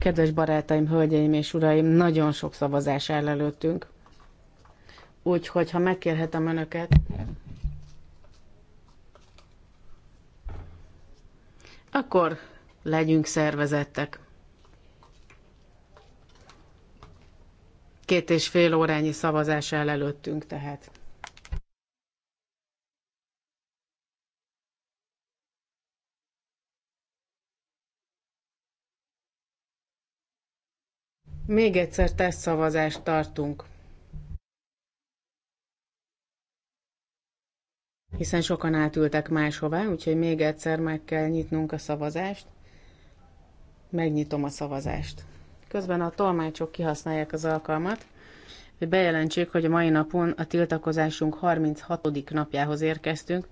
Kedves barátaim, hölgyeim és uraim, nagyon sok szavazás áll előttünk. Úgyhogy, ha megkérhetem önöket, akkor legyünk szervezettek. Két és fél órányi szavazás áll előttünk tehát. Még egyszer tesztszavazást tartunk. Hiszen sokan átültek máshová, úgyhogy még egyszer meg kell nyitnunk a szavazást. Megnyitom a szavazást. Közben a tolmácsok kihasználják az alkalmat, hogy bejelentsék, hogy a mai napon a tiltakozásunk 36. napjához érkeztünk.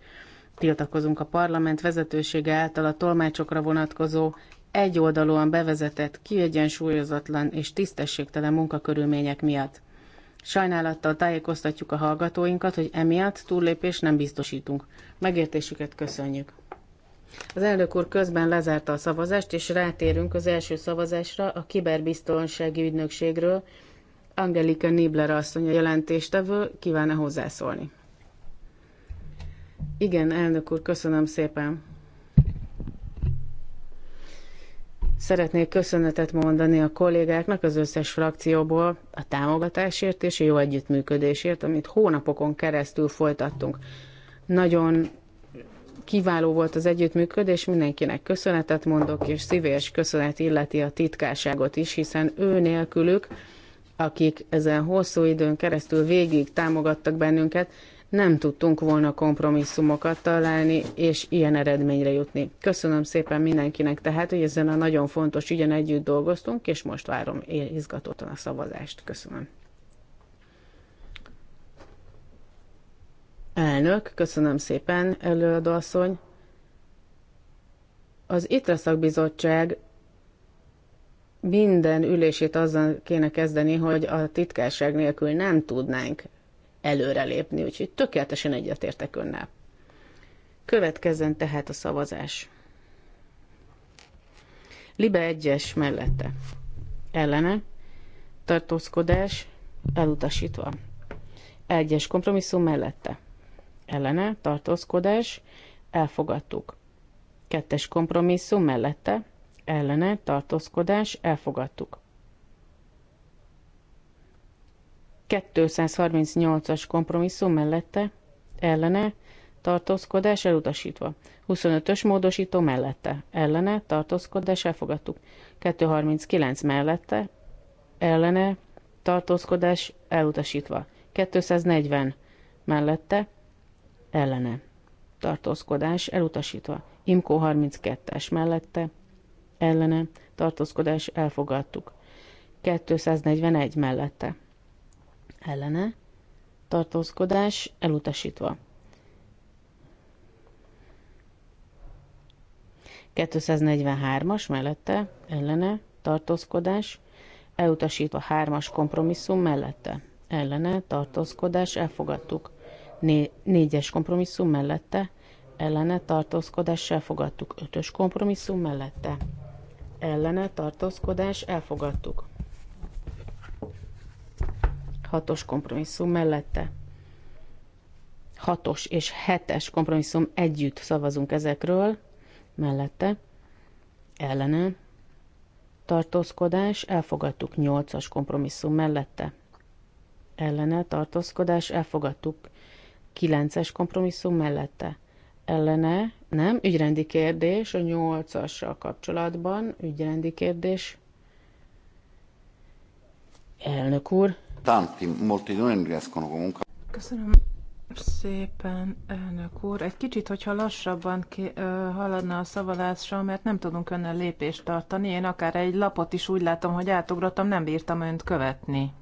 Tiltakozunk a parlament vezetősége által a tolmácsokra vonatkozó egyoldalúan bevezetett, kiegyensúlyozatlan és tisztességtelen munkakörülmények miatt. Sajnálattal tájékoztatjuk a hallgatóinkat, hogy emiatt túllépés nem biztosítunk. Megértésüket köszönjük. Az elnök úr közben lezárta a szavazást, és rátérünk az első szavazásra a kiberbiztonsági ügynökségről. Angelika Nibler asszony a jelentéstevő, kívánna hozzászólni. Igen, elnök úr, köszönöm szépen. Szeretnék köszönetet mondani a kollégáknak az összes frakcióból a támogatásért és a jó együttműködésért, amit hónapokon keresztül folytattunk. Nagyon kiváló volt az együttműködés, mindenkinek köszönetet mondok, és szívés köszönet illeti a titkárságot is, hiszen ő nélkülük, akik ezen hosszú időn keresztül végig támogattak bennünket, nem tudtunk volna kompromisszumokat találni, és ilyen eredményre jutni. Köszönöm szépen mindenkinek tehát, hogy ezen a nagyon fontos ügyen együtt dolgoztunk, és most várom izgatottan a szavazást. Köszönöm. Elnök, köszönöm szépen, előadóasszony. Az ITRA szakbizottság minden ülését azzal kéne kezdeni, hogy a titkárság nélkül nem tudnánk előrelépni, úgyhogy tökéletesen egyetértek önnel. Következzen tehát a szavazás. Libe 1-es mellette. Ellene. Tartózkodás elutasítva. 1-es kompromisszum mellette. Ellene. Tartózkodás elfogadtuk. 2-es kompromisszum mellette. Ellene. Tartózkodás elfogadtuk. 238-as kompromisszum mellette, ellene, tartózkodás elutasítva. 25-ös módosító mellette, ellene, tartózkodás elfogadtuk. 239 mellette, ellene, tartózkodás elutasítva. 240 mellette, ellene, tartózkodás elutasítva. Imkó 32-es mellette, ellene, tartózkodás elfogadtuk. 241 mellette, ellene tartózkodás elutasítva. 243-as mellette ellene tartózkodás elutasítva 3-as kompromisszum mellette ellene tartózkodás elfogadtuk. 4-es kompromisszum mellette ellene tartózkodás elfogadtuk. 5-ös kompromisszum mellette ellene tartózkodás elfogadtuk hatos kompromisszum mellette. Hatos és hetes kompromisszum együtt szavazunk ezekről, mellette. Ellene. Tartózkodás, elfogadtuk nyolcas kompromisszum mellette. Ellene, tartózkodás, elfogadtuk kilences kompromisszum mellette. Ellene, nem, ügyrendi kérdés a nyolcassal kapcsolatban, ügyrendi kérdés, Elnök úr. Tanti, molti non riescono comunque. Köszönöm szépen, elnök úr. Egy kicsit, hogyha lassabban ki, ö, haladna a szavalásra, mert nem tudunk önnel lépést tartani. Én akár egy lapot is úgy látom, hogy átugrottam, nem bírtam önt követni.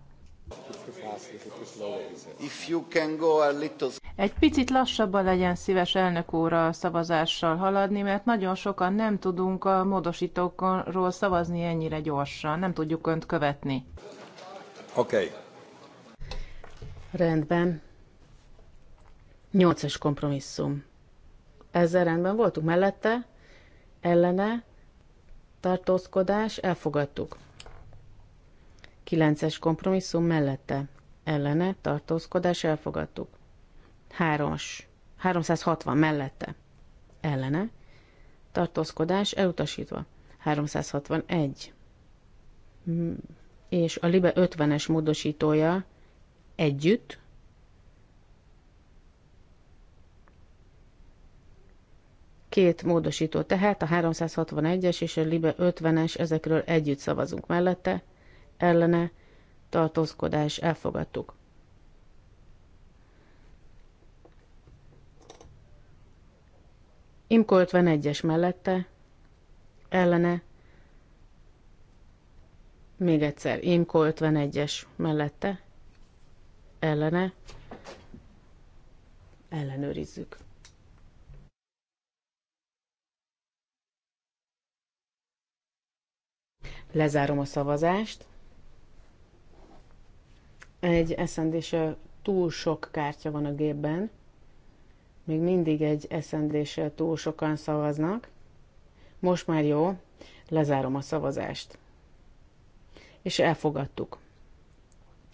If you can go a Little... Egy picit lassabban legyen szíves elnök úr a szavazással haladni, mert nagyon sokan nem tudunk a módosítókról szavazni ennyire gyorsan, nem tudjuk önt követni. Oké. Okay. Rendben. Nyolcas kompromisszum. Ezzel rendben voltunk mellette, ellene, tartózkodás, elfogadtuk. Kilences kompromisszum mellette, ellene, tartózkodás, elfogadtuk. Hármas, 360 mellette, ellene, tartózkodás, elutasítva. 361 és a Libe 50-es módosítója együtt, két módosító tehát, a 361-es és a Libe 50-es, ezekről együtt szavazunk mellette, ellene tartózkodás elfogadtuk. Imko 51-es mellette, ellene még egyszer, Imko 51-es mellette, ellene, ellenőrizzük. Lezárom a szavazást. Egy eszendéssel túl sok kártya van a gépben. Még mindig egy eszendéssel túl sokan szavaznak. Most már jó, lezárom a szavazást és elfogadtuk.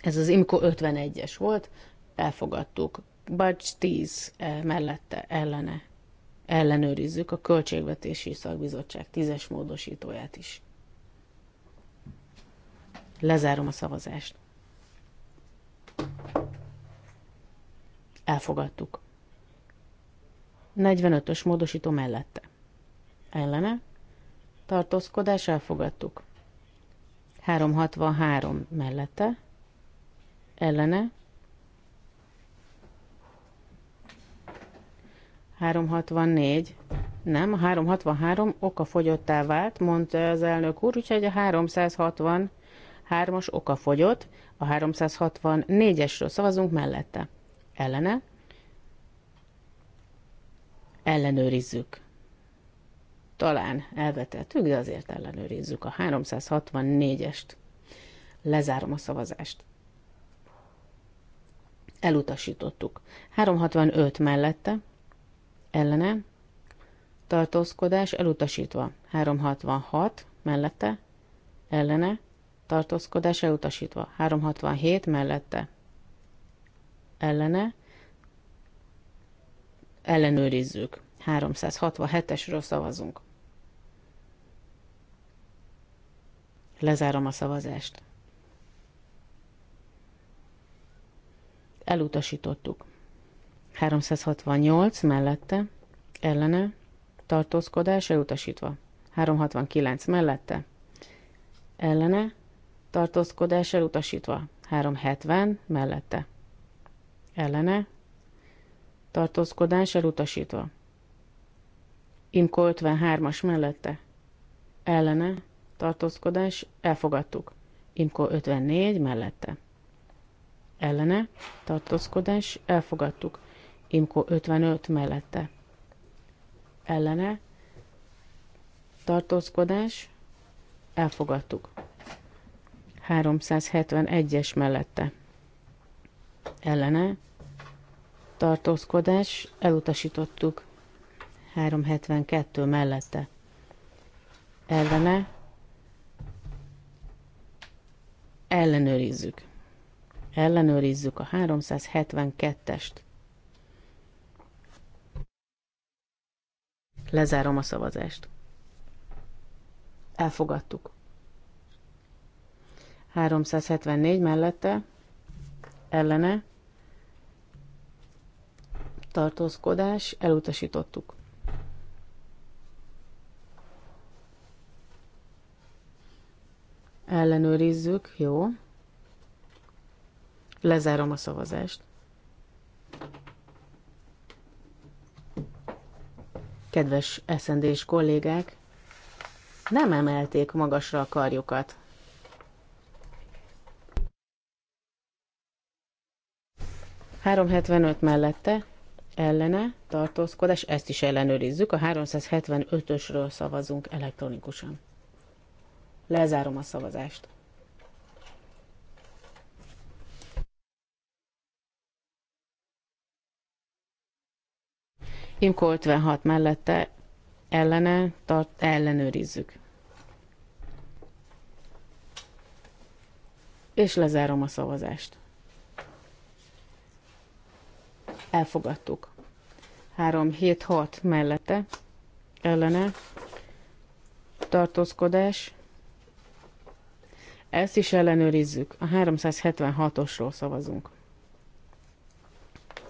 Ez az IMCO 51-es volt, elfogadtuk. Bacs 10 e, mellette ellene ellenőrizzük a Költségvetési Szakbizottság 10-es módosítóját is. Lezárom a szavazást. Elfogadtuk. 45-ös módosító mellette. Ellene. Tartózkodás elfogadtuk. 363 mellette, ellene, 364, nem, a 363 okafogyottá vált, mondta az elnök úr, úgyhogy a 363-as okafogyott, a 364-esről szavazunk mellette. Ellene, ellenőrizzük talán elvetettük, de azért ellenőrizzük a 364-est. Lezárom a szavazást. Elutasítottuk. 365 mellette, ellene, tartózkodás elutasítva. 366 mellette, ellene, tartózkodás elutasítva. 367 mellette, ellene, ellenőrizzük. 367-esről szavazunk. Lezárom a szavazást. Elutasítottuk. 368 mellette, ellene, tartózkodás elutasítva. 369 mellette, ellene, tartózkodás elutasítva. 370 mellette, ellene, tartózkodás elutasítva. Imko 53-as mellette, ellene, tartózkodás, elfogadtuk. Imko 54 mellette. Ellene, tartózkodás, elfogadtuk. Imko 55 mellette. Ellene, tartózkodás, elfogadtuk. 371-es mellette. Ellene, tartózkodás, elutasítottuk. 372 mellette. Ellene, ellenőrizzük. Ellenőrizzük a 372-est. Lezárom a szavazást. Elfogadtuk. 374 mellette ellene tartózkodás elutasítottuk. Ellenőrizzük, jó. Lezárom a szavazást. Kedves eszendés kollégák, nem emelték magasra a karjukat. ...375 mellette, ellene, tartózkodás, ezt is ellenőrizzük. A 375-ösről szavazunk elektronikusan. Lezárom a szavazást. Imko 56 mellette ellene tart, ellenőrizzük. És lezárom a szavazást. Elfogadtuk. 376 mellette ellene tartózkodás ezt is ellenőrizzük. A 376-osról szavazunk.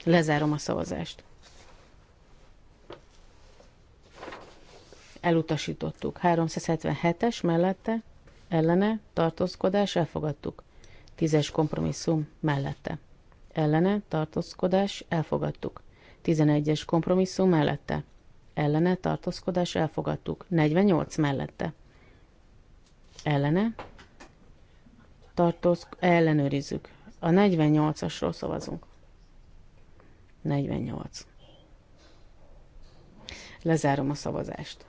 Lezárom a szavazást. Elutasítottuk. 377-es mellette, ellene, tartózkodás, elfogadtuk. 10-es kompromisszum mellette. Ellene, tartózkodás, elfogadtuk. 11-es kompromisszum mellette. Ellene, tartózkodás, elfogadtuk. 48 mellette. Ellene, tartóz, ellenőrizzük. A 48-asról szavazunk. 48. Lezárom a szavazást.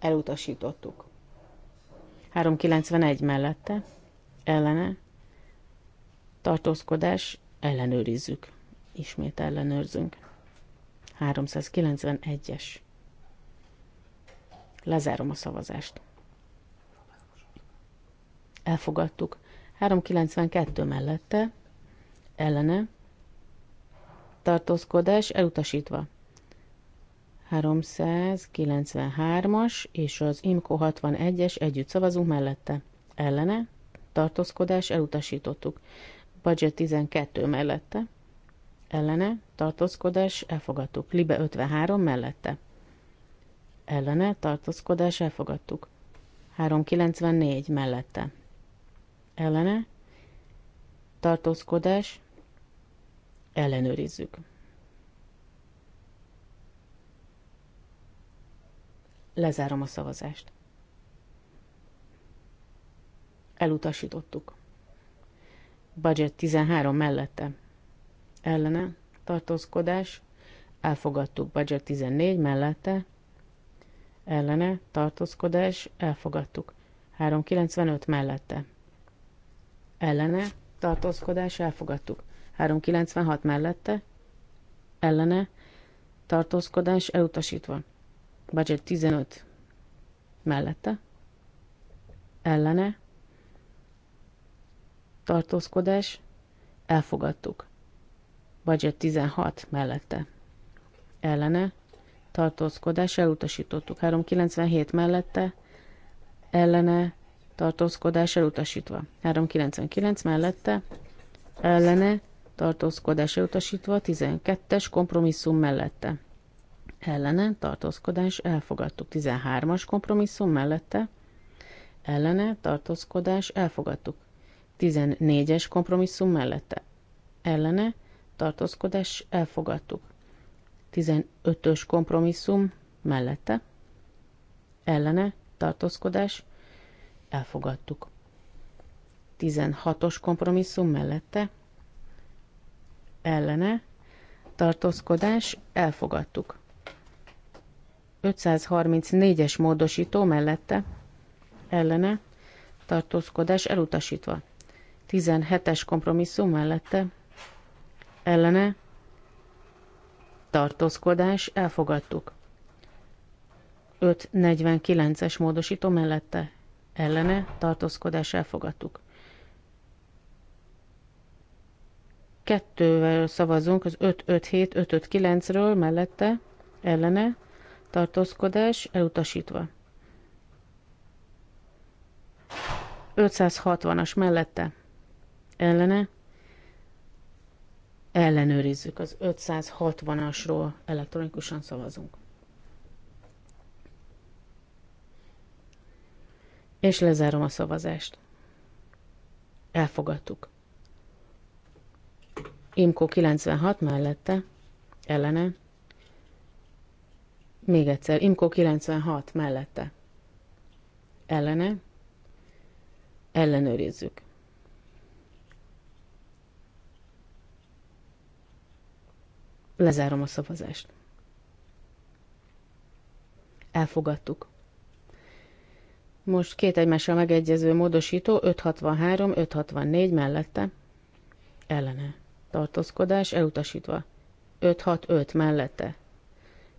Elutasítottuk. 391 mellette, ellene, tartózkodás, ellenőrizzük. Ismét ellenőrzünk. 391-es. Lezárom a szavazást. Elfogadtuk. 392 mellette, ellene, tartózkodás elutasítva. 393-as és az IMCO 61-es együtt szavazunk mellette. Ellene, tartózkodás elutasítottuk. Budget 12 mellette. Ellene, tartózkodás elfogadtuk. Libe 53 mellette. Ellene, tartózkodás elfogadtuk. 394 mellette ellene, tartózkodás, ellenőrizzük. Lezárom a szavazást. Elutasítottuk. Budget 13 mellette. Ellene, tartózkodás, elfogadtuk. Budget 14 mellette, ellene, tartózkodás, elfogadtuk. 395 mellette ellene, tartózkodás, elfogadtuk. 396 mellette, ellene, tartózkodás, elutasítva. Budget 15 mellette, ellene, tartózkodás, elfogadtuk. Budget 16 mellette, ellene, tartózkodás, elutasítottuk. 397 mellette, ellene, tartózkodás elutasítva. 399 mellette ellene tartózkodás elutasítva, 12-es kompromisszum mellette ellene tartózkodás elfogadtuk, 13-as kompromisszum mellette ellene tartózkodás elfogadtuk, 14-es kompromisszum mellette ellene tartózkodás elfogadtuk, 15-ös kompromisszum mellette ellene tartózkodás elfogadtuk. 16-os kompromisszum mellette ellene tartózkodás elfogadtuk. 534-es módosító mellette ellene tartózkodás elutasítva. 17-es kompromisszum mellette ellene tartózkodás elfogadtuk. 549-es módosító mellette ellene tartózkodás elfogadtuk. Kettővel szavazunk az 557 559 ről mellette ellene tartózkodás elutasítva. 560-as mellette ellene ellenőrizzük az 560-asról elektronikusan szavazunk. És lezárom a szavazást. Elfogadtuk. Imko 96 mellette, ellene. Még egyszer, Imko 96 mellette, ellene. Ellenőrizzük. Lezárom a szavazást. Elfogadtuk. Most két egymással megegyező módosító 563, 564 mellette. Ellene. Tartózkodás elutasítva. 565 mellette.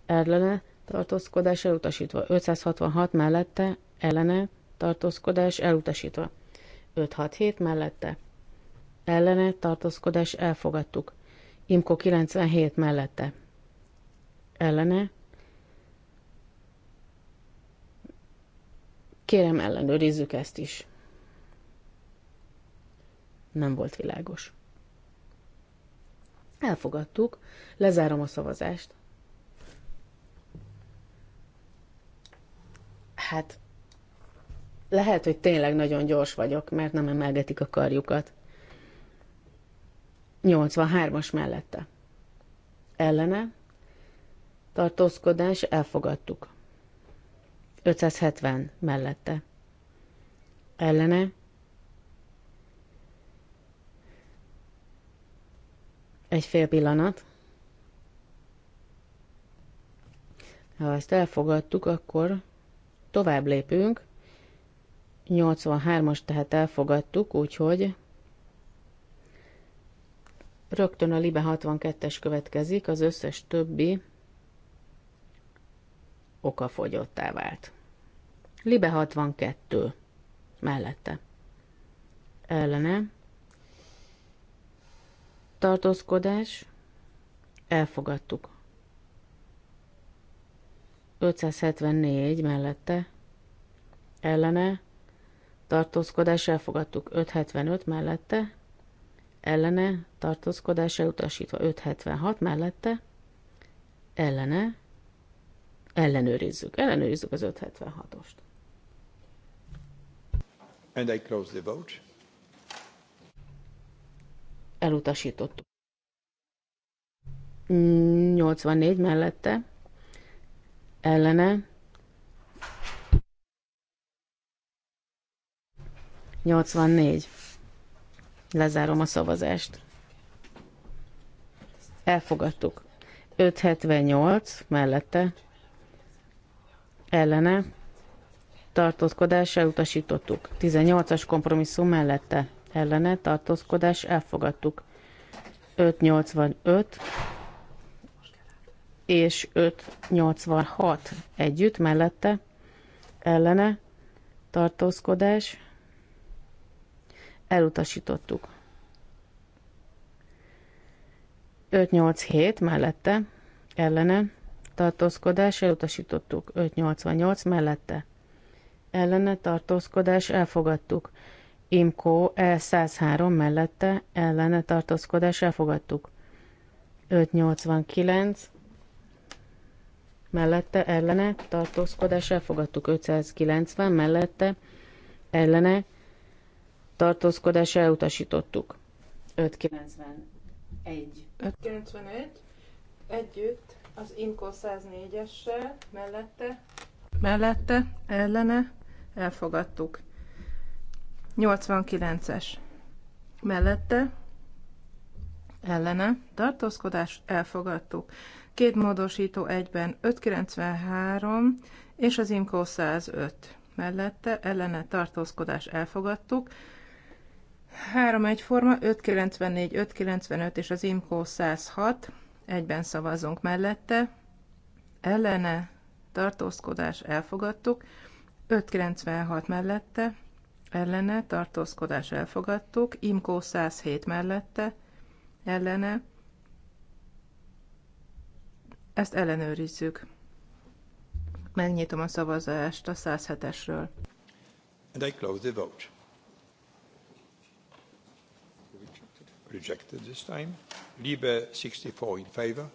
Ellene. Tartózkodás elutasítva. 566 mellette. Ellene. Tartózkodás elutasítva. 567 mellette. Ellene. Tartózkodás elfogadtuk. Imko 97 mellette. Ellene. Kérem, ellenőrizzük ezt is. Nem volt világos. Elfogadtuk, lezárom a szavazást. Hát, lehet, hogy tényleg nagyon gyors vagyok, mert nem emelgetik a karjukat. 83-as mellette. Ellene, tartózkodás, elfogadtuk. 570 mellette. Ellene. Egy fél pillanat. Ha ezt elfogadtuk, akkor tovább lépünk. 83-as tehát elfogadtuk, úgyhogy rögtön a Libe 62-es következik, az összes többi okafogyottá vált. Libe 62 mellette. Ellene. Tartózkodás. Elfogadtuk. 574 mellette. Ellene. Tartózkodás elfogadtuk. 575 mellette. Ellene. Tartózkodás elutasítva. 576 mellette. Ellene. Ellenőrizzük. Ellenőrizzük az 576-ost. And I close the vote. 84 mellette, ellene, 84. Lezárom a szavazást. Elfogadtuk. 578 mellette, ellene, tartózkodás elutasítottuk. 18-as kompromisszum mellette ellene tartózkodás elfogadtuk. 585 és 586 együtt mellette ellene tartózkodás elutasítottuk. 587 mellette ellene tartózkodás elutasítottuk. 588 mellette ellene tartózkodás elfogadtuk. Imkó E103 mellette ellene tartózkodás elfogadtuk. 589 mellette ellene tartózkodás elfogadtuk. 590 mellette ellene tartózkodás elutasítottuk. 591. 591 együtt az Imkó 104-essel mellette mellette ellene elfogadtuk. 89-es mellette, ellene, tartózkodás, elfogadtuk. Két módosító egyben 593 és az IMCO 105 mellette, ellene, tartózkodás, elfogadtuk. 3 egyforma, 594, 595 és az IMCO 106, egyben szavazunk mellette, ellene, tartózkodás, elfogadtuk. 596 mellette, ellene, tartózkodás elfogadtuk, Imkó 107 mellette, ellene, ezt ellenőrizzük. Megnyitom a szavazást a 107-esről. And I close the vote. Rejected this time. Libe 64 in favor.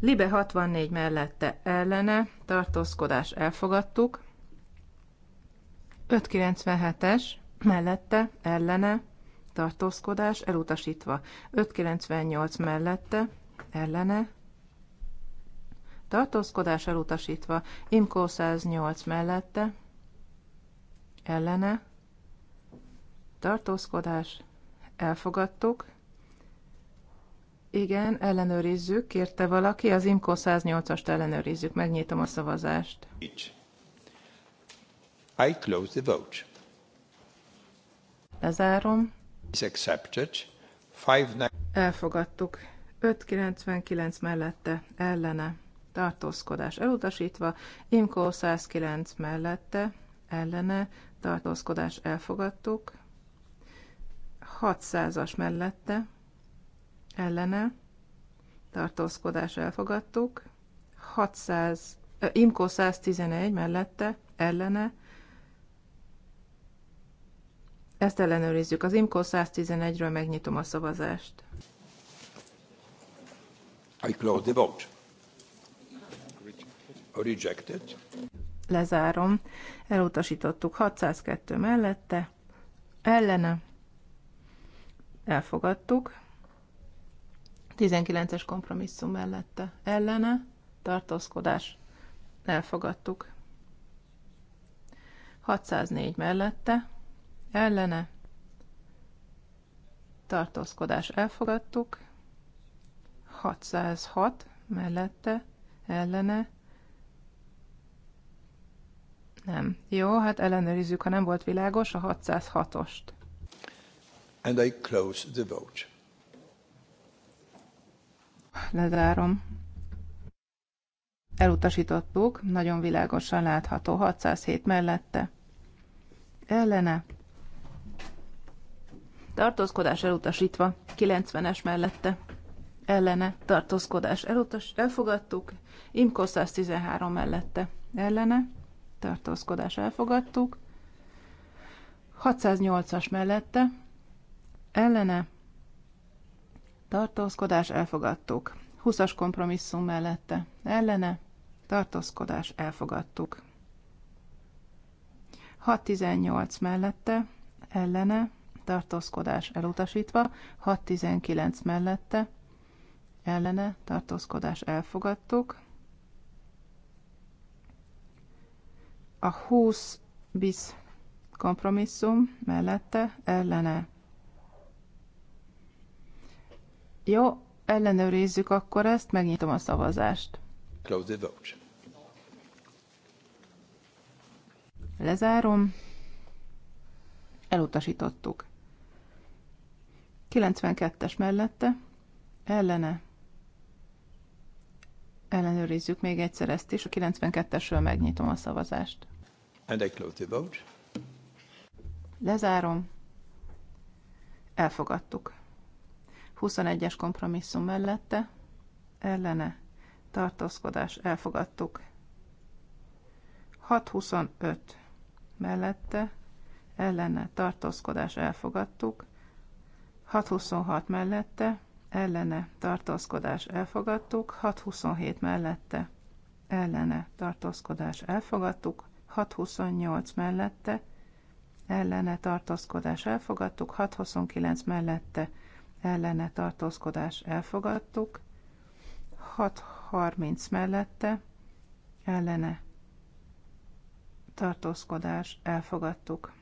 Libe 64 mellette ellene, tartózkodás elfogadtuk. 597-es mellette, ellene, tartózkodás elutasítva. 598 mellette, ellene, tartózkodás elutasítva. Imkó 108 mellette, ellene, tartózkodás elfogadtuk. Igen, ellenőrizzük, kérte valaki, az IMCO 108-ast ellenőrizzük, megnyitom a szavazást. Itt. I close the vote. Lezárom. Is accepted. Five Elfogadtuk. 599 mellette, ellene, tartózkodás elutasítva, Imco 109 mellette, ellene, tartózkodás elfogadtuk, 600-as mellette, ellene, tartózkodás elfogadtuk, 600, eh, 111 mellette, ellene, ezt ellenőrizzük. Az IMCO 111-ről megnyitom a szavazást. I close the vote. Rejected. Lezárom. Elutasítottuk 602 mellette. Ellene. Elfogadtuk. 19-es kompromisszum mellette. Ellene. Tartózkodás. Elfogadtuk. 604 mellette ellene, tartózkodás elfogadtuk, 606 mellette, ellene, nem. Jó, hát ellenőrizzük, ha nem volt világos, a 606-ost. And I close the vote. Lezárom. Elutasítottuk, nagyon világosan látható, 607 mellette. Ellene, tartózkodás elutasítva, 90-es mellette ellene tartózkodás elutas, elfogadtuk, Imko 113 mellette ellene tartózkodás elfogadtuk, 608-as mellette ellene tartózkodás elfogadtuk, 20-as kompromisszum mellette ellene tartózkodás elfogadtuk. 618 mellette ellene tartózkodás elutasítva, 619 mellette, ellene tartózkodás elfogadtuk. A 20 bis kompromisszum mellette, ellene. Jó, ellenőrizzük akkor ezt, megnyitom a szavazást. Close the vote. Lezárom. Elutasítottuk. 92-es mellette, ellene, ellenőrizzük még egyszer ezt is, a 92-esről megnyitom a szavazást. And I close the vote. Lezárom. Elfogadtuk. 21-es kompromisszum mellette, ellene, tartózkodás, elfogadtuk. 625 mellette, ellene, tartózkodás, elfogadtuk. 626 mellette, ellene tartózkodás elfogadtuk, 627 mellette, ellene tartózkodás elfogadtuk, 628 mellette, ellene tartózkodás elfogadtuk, 629 mellette, ellene tartózkodás elfogadtuk, 630 mellette, ellene tartózkodás elfogadtuk.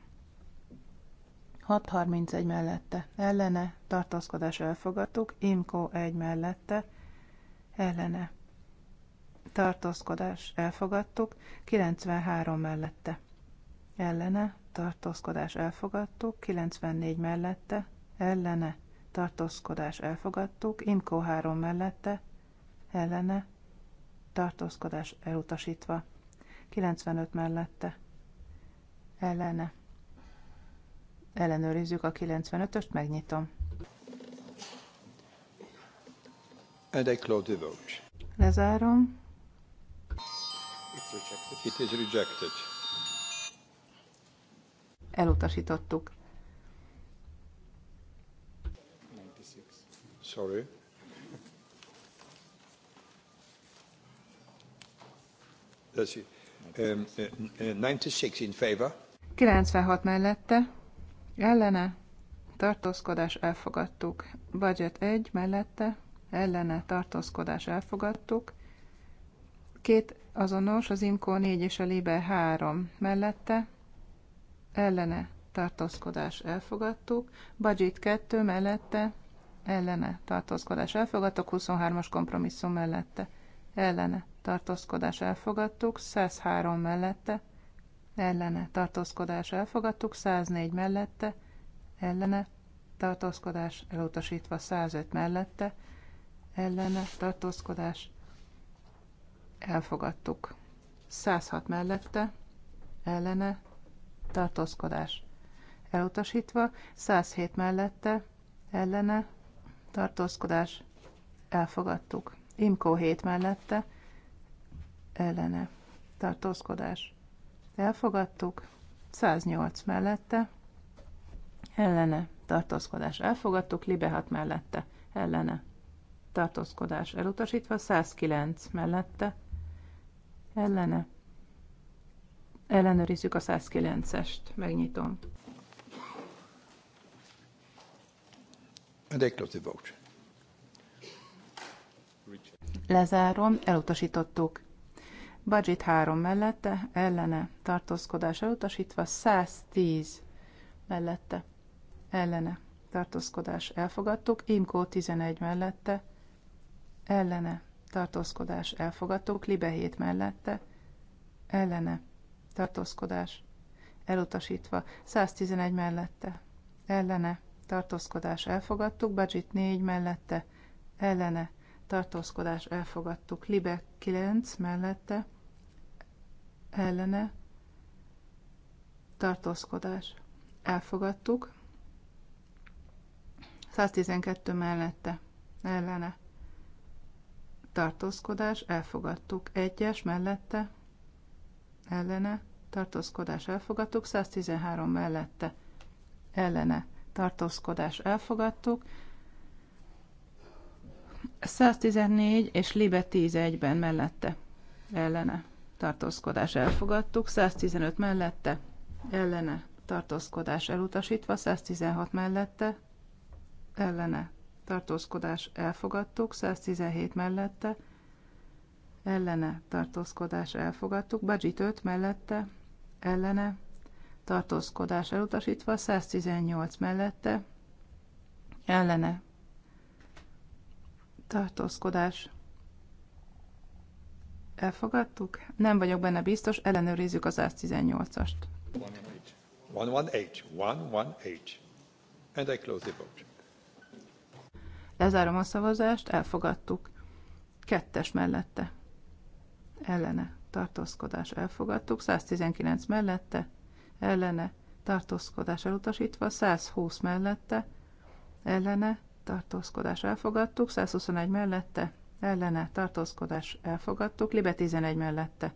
631 mellette, ellene, tartózkodás elfogadtuk, Imko 1 mellette, ellene, tartózkodás elfogadtuk, 93 mellette, ellene, tartózkodás elfogadtuk, 94 mellette, ellene, tartózkodás elfogadtuk, Imko 3 mellette, ellene, tartózkodás elutasítva, 95 mellette, ellene, Ellenőrizzük a 95-öst, megnyitom. And I close the vote. Lezárom. It's rejected. It is rejected. Elutasítottuk. 96. Sorry. That's it. Um, uh, 96 uh, in favor. 96 mellette ellene, tartózkodás elfogadtuk. Budget 1 mellette, ellene, tartózkodás elfogadtuk. Két azonos, az IMCO 4 és a LIBE 3 mellette, ellene, tartózkodás elfogadtuk. Budget 2 mellette, ellene, tartózkodás elfogadtuk. 23-as kompromisszum mellette, ellene, tartózkodás elfogadtuk. 103 mellette, ellene tartózkodás elfogadtuk, 104 mellette ellene tartózkodás elutasítva, 105 mellette ellene tartózkodás elfogadtuk, 106 mellette ellene tartózkodás elutasítva, 107 mellette ellene tartózkodás elfogadtuk. Imkó 7 mellette ellene tartózkodás elfogadtuk, 108 mellette, ellene, tartózkodás elfogadtuk, libe 6 mellette, ellene, tartózkodás elutasítva, 109 mellette, ellene, ellenőrizzük a 109-est, megnyitom. Lezárom, elutasítottuk. Budget 3 mellette, ellene, tartózkodás elutasítva, 110 mellette, ellene, tartózkodás elfogadtuk, IMCO 11 mellette, ellene, tartózkodás elfogadtuk, Libe 7 mellette, ellene, tartózkodás elutasítva, 111 mellette, ellene, tartózkodás elfogadtuk, Budget 4 mellette, ellene, tartózkodás elfogadtuk, Libe 9 mellette, ellene tartózkodás. Elfogadtuk. 112 mellette ellene tartózkodás. Elfogadtuk. Egyes mellette ellene tartózkodás. Elfogadtuk. 113 mellette ellene tartózkodás. Elfogadtuk. 114 és Libe 10 egyben mellette ellene tartózkodás elfogadtuk, 115 mellette ellene tartózkodás elutasítva, 116 mellette ellene tartózkodás elfogadtuk, 117 mellette ellene tartózkodás elfogadtuk, budget 5 mellette ellene tartózkodás elutasítva, 118 mellette ellene tartózkodás Elfogadtuk? Nem vagyok benne biztos, ellenőrizzük az 18 ast 118, 118. And close vote. Lezárom a szavazást, elfogadtuk. Kettes mellette. Ellene. Tartózkodás elfogadtuk. 119 mellette. Ellene. Tartózkodás elutasítva. 120 mellette. Ellene. Tartózkodás elfogadtuk. 121 mellette ellene tartózkodás elfogadtuk, Libe 11 mellette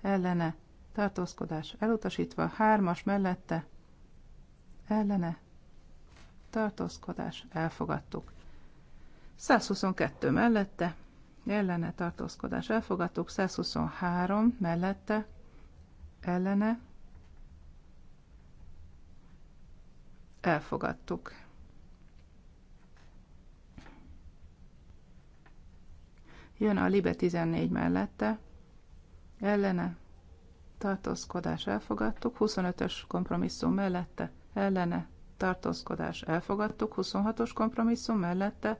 ellene tartózkodás elutasítva, hármas mellette ellene tartózkodás elfogadtuk. 122 mellette ellene tartózkodás elfogadtuk, 123 mellette ellene elfogadtuk. Jön a Libe 14 mellette, ellene, tartózkodás elfogadtuk, 25-ös kompromisszum mellette, ellene, tartózkodás elfogadtuk, 26-os kompromisszum mellette,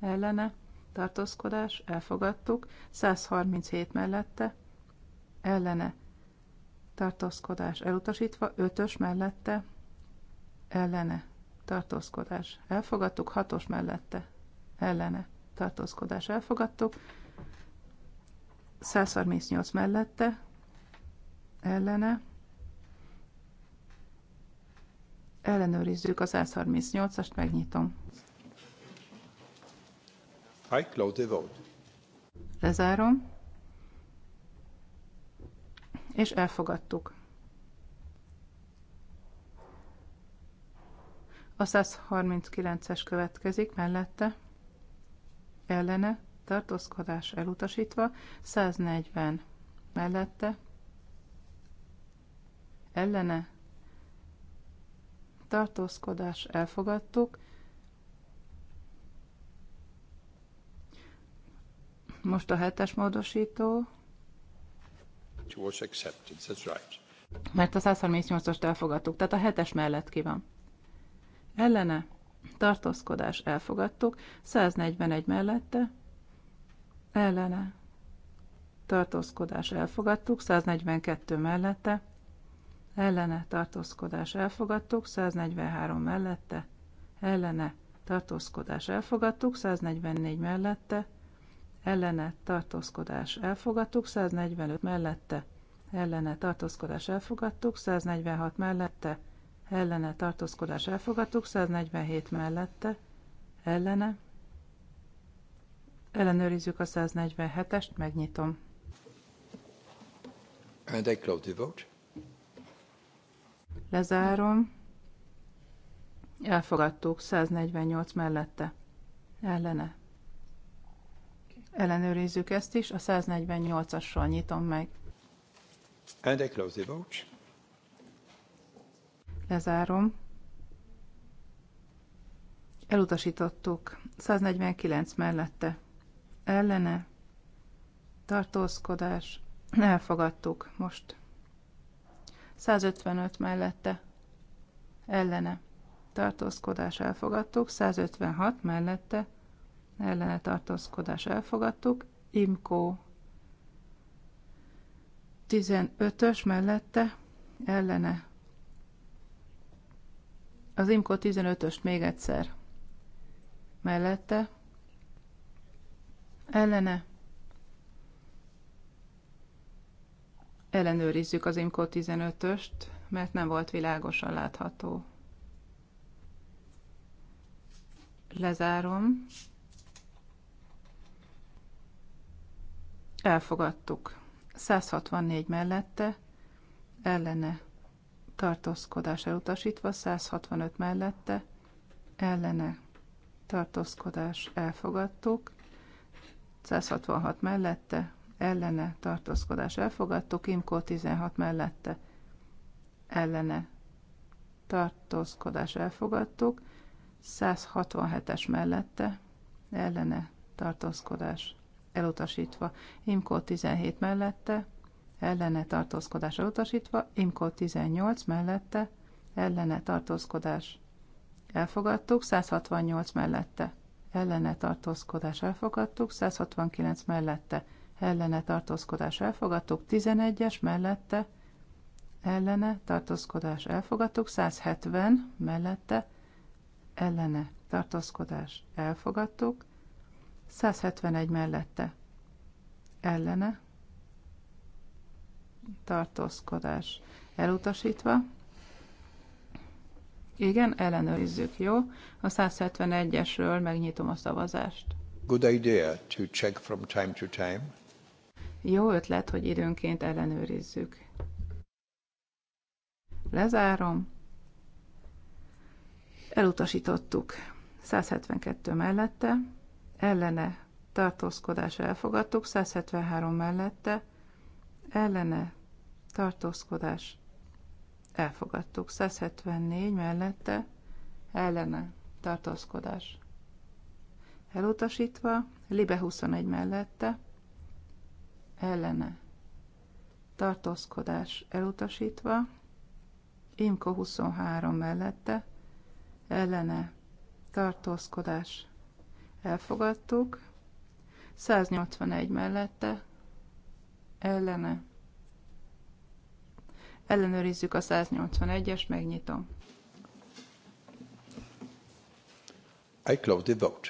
ellene, tartózkodás elfogadtuk, 137 mellette, ellene, tartózkodás elutasítva, 5-ös mellette, ellene, tartózkodás elfogadtuk, 6-os mellette, ellene, tartózkodás elfogadtuk, 138 mellette, ellene, ellenőrizzük az 138-ast, megnyitom. I close the vote. Lezárom, és elfogadtuk. A 139-es következik mellette ellene tartózkodás elutasítva, 140 mellette ellene tartózkodás elfogadtuk, Most a hetes módosító. It was accepted, that's right. Mert a 138-ast elfogadtuk, tehát a hetes mellett ki van. Ellene tartózkodás elfogadtuk, 141 mellette, ellene, tartózkodás elfogadtuk, 142 mellette, ellene, tartózkodás elfogadtuk, 143 mellette, ellene, tartózkodás elfogadtuk, 144 mellette, ellene, tartózkodás elfogadtuk, 145 mellette, ellene, tartózkodás elfogadtuk, 146 mellette, ellene tartózkodás elfogadtuk, 147 mellette ellene. Ellenőrizzük a 147-est, megnyitom. And I close the vote. Lezárom. Elfogadtuk 148 mellette. Ellene. Ellenőrizzük ezt is, a 148-assal nyitom meg. And I close the vote. Lezárom. Elutasítottuk. 149 mellette. Ellene. Tartózkodás. Elfogadtuk most. 155 mellette. Ellene. Tartózkodás elfogadtuk. 156 mellette. Ellene tartózkodás elfogadtuk. Imkó 15-ös mellette ellene az IMCO 15-öst még egyszer. Mellette. Ellene. Ellenőrizzük az IMCO 15-öst, mert nem volt világosan látható. Lezárom. Elfogadtuk. 164 mellette, ellene tartózkodás elutasítva, 165 mellette, ellene tartózkodás elfogadtuk, 166 mellette, ellene tartózkodás elfogadtuk, Imkó 16 mellette, ellene tartózkodás elfogadtuk, 167-es mellette, ellene tartózkodás elutasítva, Imkó 17 mellette, ellene tartózkodásra utasítva, Imko 18 mellette ellene tartózkodás elfogadtuk, 168 mellette ellene tartózkodás elfogadtuk, 169 mellette ellene tartózkodás elfogadtuk, 11-es mellette ellene tartózkodás elfogadtuk, 170 mellette ellene tartózkodás elfogadtuk, 171 mellette ellene tartózkodás elutasítva. Igen, ellenőrizzük, jó? A 171-esről megnyitom a szavazást. Good idea to check from time to time. Jó ötlet, hogy időnként ellenőrizzük. Lezárom. Elutasítottuk. 172 mellette, ellene tartózkodás elfogadtuk, 173 mellette, ellene tartózkodás elfogadtuk. 174 mellette ellene tartózkodás elutasítva, Libe 21 mellette ellene tartózkodás elutasítva, Imko 23 mellette ellene tartózkodás elfogadtuk, 181 mellette ellene Ellenőrizzük a 181-es, megnyitom. I close the vote.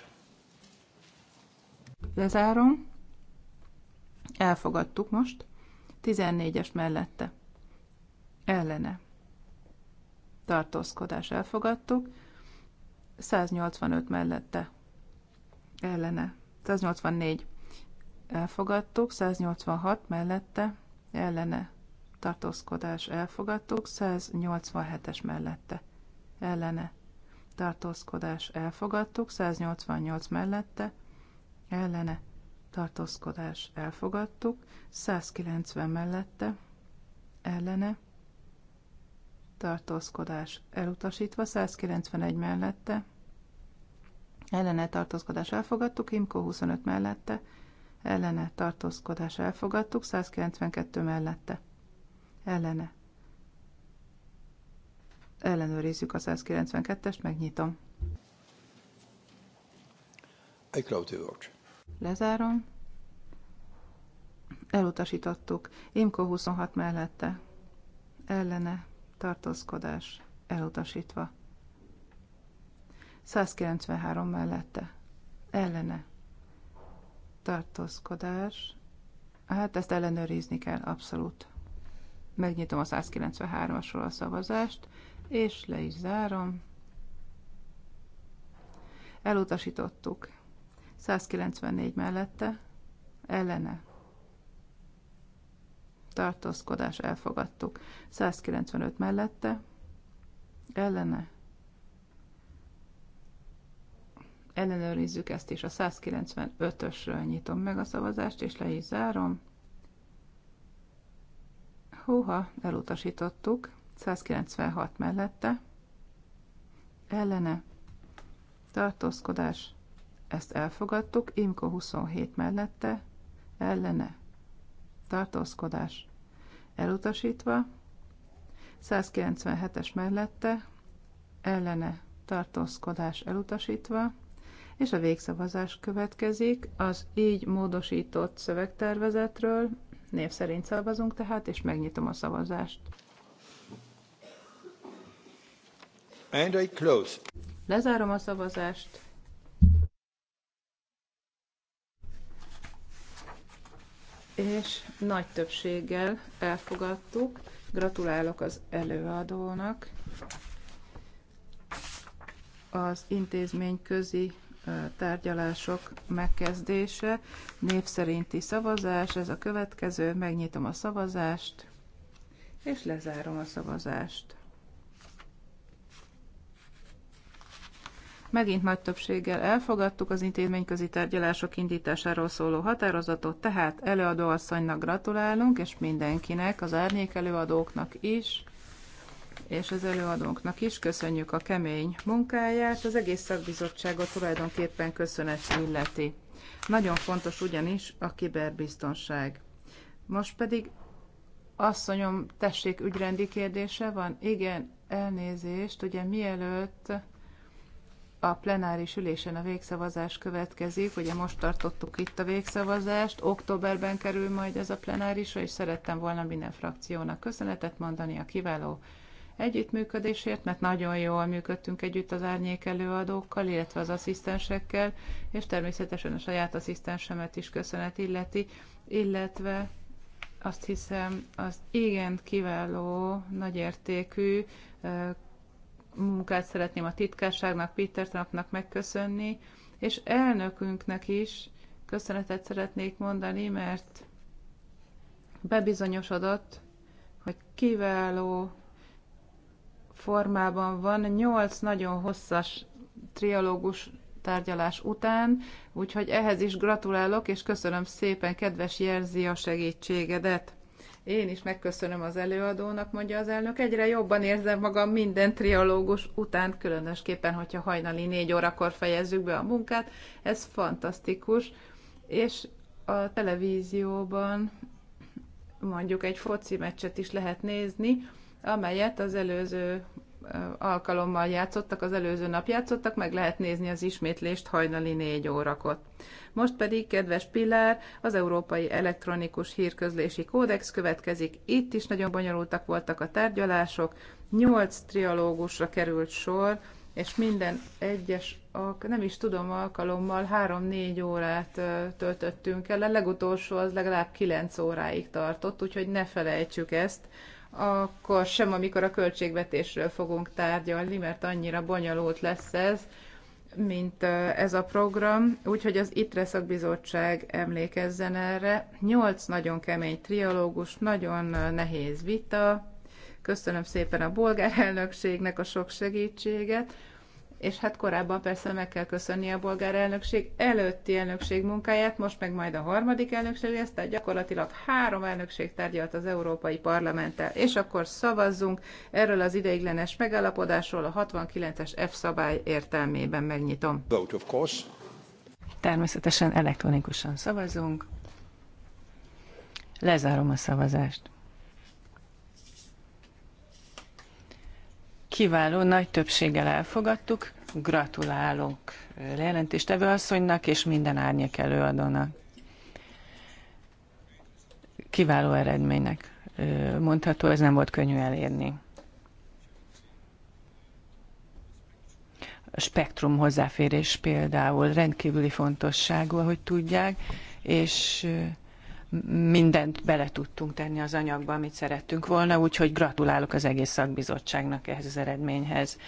Lezárom. Elfogadtuk most. 14-es mellette. Ellene. Tartózkodás elfogadtuk. 185 mellette. Ellene. 184 elfogadtuk. 186 mellette. Ellene tartózkodás elfogadtuk, 187-es mellette ellene tartózkodás elfogadtuk, 188 mellette ellene tartózkodás elfogadtuk, 190 mellette ellene tartózkodás elutasítva, 191 mellette ellene tartózkodás elfogadtuk, Imko 25 mellette ellene tartózkodás elfogadtuk, 192 mellette ellene. Ellenőrizzük a 192-est, megnyitom. I close the Lezárom. Elutasítottuk. Imko 26 mellette. Ellene. Tartózkodás. Elutasítva. 193 mellette. Ellene. Tartózkodás. Hát ezt ellenőrizni kell, abszolút. Megnyitom a 193-asról a szavazást, és le is zárom. Elutasítottuk. 194 mellette, ellene. Tartózkodás elfogadtuk. 195 mellette, ellene. Ellenőrizzük ezt is. A 195-ösről nyitom meg a szavazást, és le is zárom. Húha, elutasítottuk. 196 mellette. Ellene. Tartózkodás. Ezt elfogadtuk. Imko 27 mellette. Ellene. Tartózkodás. Elutasítva. 197-es mellette. Ellene. Tartózkodás elutasítva és a végszavazás következik az így módosított szövegtervezetről Név szerint szavazunk tehát, és megnyitom a szavazást. And I close. Lezárom a szavazást. És nagy többséggel elfogadtuk. Gratulálok az előadónak. Az intézmény közi tárgyalások megkezdése, név szerinti szavazás, ez a következő, megnyitom a szavazást, és lezárom a szavazást. Megint nagy többséggel elfogadtuk az intézményközi tárgyalások indításáról szóló határozatot, tehát előadóasszonynak gratulálunk, és mindenkinek, az árnyék előadóknak is és az előadónknak is köszönjük a kemény munkáját, az egész szakbizottságot tulajdonképpen köszönet illeti. Nagyon fontos ugyanis a kiberbiztonság. Most pedig asszonyom, tessék, ügyrendi kérdése van? Igen, elnézést, ugye mielőtt a plenáris ülésen a végszavazás következik, ugye most tartottuk itt a végszavazást, októberben kerül majd ez a plenárisra, és szerettem volna minden frakciónak köszönetet mondani a kiváló együttműködésért, mert nagyon jól működtünk együtt az árnyék előadókkal, illetve az asszisztensekkel, és természetesen a saját asszisztensemet is köszönet illeti, illetve azt hiszem az igen kiváló, nagyértékű munkát szeretném a titkárságnak, Peter Trumpnak megköszönni, és elnökünknek is köszönetet szeretnék mondani, mert bebizonyosodott, hogy kiváló formában van, nyolc nagyon hosszas trialógus tárgyalás után, úgyhogy ehhez is gratulálok, és köszönöm szépen, kedves Jerzi, a segítségedet. Én is megköszönöm az előadónak, mondja az elnök. Egyre jobban érzem magam minden triológus után, különösképpen, hogyha hajnali négy órakor fejezzük be a munkát. Ez fantasztikus. És a televízióban mondjuk egy foci meccset is lehet nézni, amelyet az előző alkalommal játszottak, az előző nap játszottak, meg lehet nézni az ismétlést hajnali négy órakor. Most pedig, kedves Pillár, az Európai Elektronikus Hírközlési Kódex következik. Itt is nagyon bonyolultak voltak a tárgyalások, nyolc trialógusra került sor, és minden egyes, nem is tudom, alkalommal 3-4 órát töltöttünk el, a legutolsó az legalább 9 óráig tartott, úgyhogy ne felejtsük ezt, akkor sem, amikor a költségvetésről fogunk tárgyalni, mert annyira bonyolult lesz ez, mint ez a program, úgyhogy az ITRE szakbizottság emlékezzen erre. Nyolc nagyon kemény trialógus, nagyon nehéz vita. Köszönöm szépen a bolgár elnökségnek a sok segítséget és hát korábban persze meg kell köszönni a bolgár elnökség előtti elnökség munkáját, most meg majd a harmadik elnökség lesz, tehát gyakorlatilag három elnökség tárgyalt az Európai Parlamenttel. És akkor szavazzunk erről az ideiglenes megállapodásról a 69-es F szabály értelmében megnyitom. Vote, of course. Természetesen elektronikusan szavazunk. Lezárom a szavazást. Kiváló, nagy többséggel elfogadtuk. Gratulálunk jelentéstevő asszonynak és minden árnyék előadónak. Kiváló eredménynek mondható, ez nem volt könnyű elérni. A spektrum hozzáférés például rendkívüli fontosságú, ahogy tudják, és mindent bele tudtunk tenni az anyagba, amit szerettünk volna, úgyhogy gratulálok az egész szakbizottságnak ehhez az eredményhez.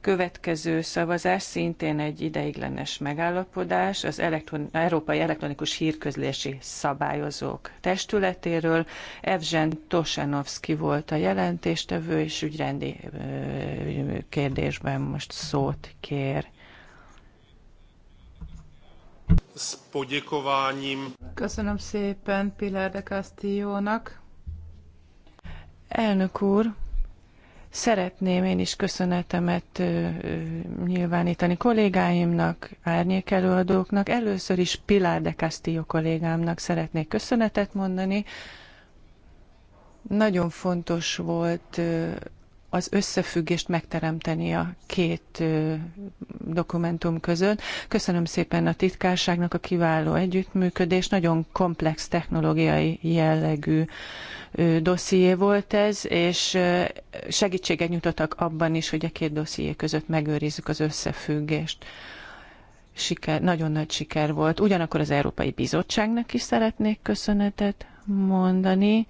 Következő szavazás szintén egy ideiglenes megállapodás az elektron, Európai Elektronikus Hírközlési Szabályozók Testületéről. Evzsen Tosanovski volt a jelentéstevő, és ügyrendi kérdésben most szót kér s poděkováním. Köszönöm szépen Pilar de Castillo-nak. Elnök úr, szeretném én is köszönetemet ö, nyilvánítani kollégáimnak, árnyékelőadóknak. Először is Pilar de Castillo kollégámnak szeretnék köszönetet mondani. Nagyon fontos volt az összefüggést megteremteni a két dokumentum között. Köszönöm szépen a titkárságnak a kiváló együttműködés, nagyon komplex technológiai jellegű dosszié volt ez, és segítséget nyújtottak abban is, hogy a két dosszié között megőrizzük az összefüggést. Siker, nagyon nagy siker volt. Ugyanakkor az Európai Bizottságnak is szeretnék köszönetet mondani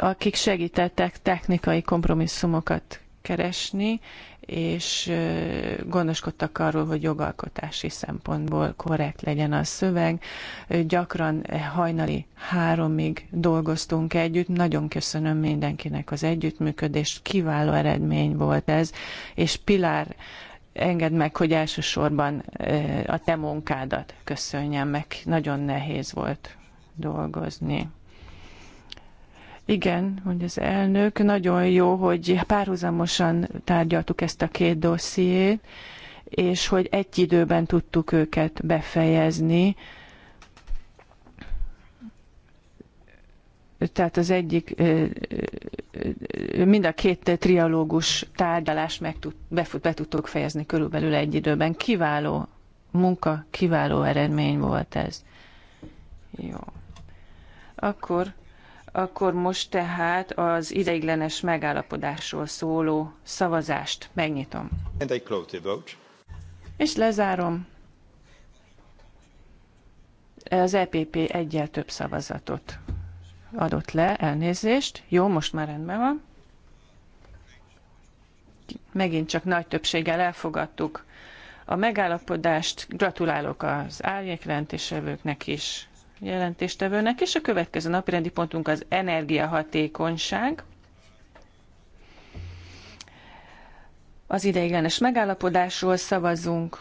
akik segítettek technikai kompromisszumokat keresni, és gondoskodtak arról, hogy jogalkotási szempontból korrekt legyen a szöveg. Gyakran eh, hajnali háromig dolgoztunk együtt. Nagyon köszönöm mindenkinek az együttműködést. Kiváló eredmény volt ez, és Pilár engedd meg, hogy elsősorban a te munkádat köszönjem meg. Nagyon nehéz volt dolgozni. Igen, hogy az elnök, nagyon jó, hogy párhuzamosan tárgyaltuk ezt a két dossziét, és hogy egy időben tudtuk őket befejezni. Tehát az egyik, mind a két trialógus tárgyalást meg tud, be, be tudtuk fejezni körülbelül egy időben. Kiváló munka, kiváló eredmény volt ez. Jó. Akkor akkor most tehát az ideiglenes megállapodásról szóló szavazást megnyitom. And I close the vote. És lezárom. Az EPP egyel több szavazatot adott le, elnézést. Jó, most már rendben van. Megint csak nagy többséggel elfogadtuk a megállapodást. Gratulálok az árnyékrendtésevőknek is jelentéstevőnek, és a következő napirendi pontunk az energiahatékonyság. Az ideiglenes megállapodásról szavazunk,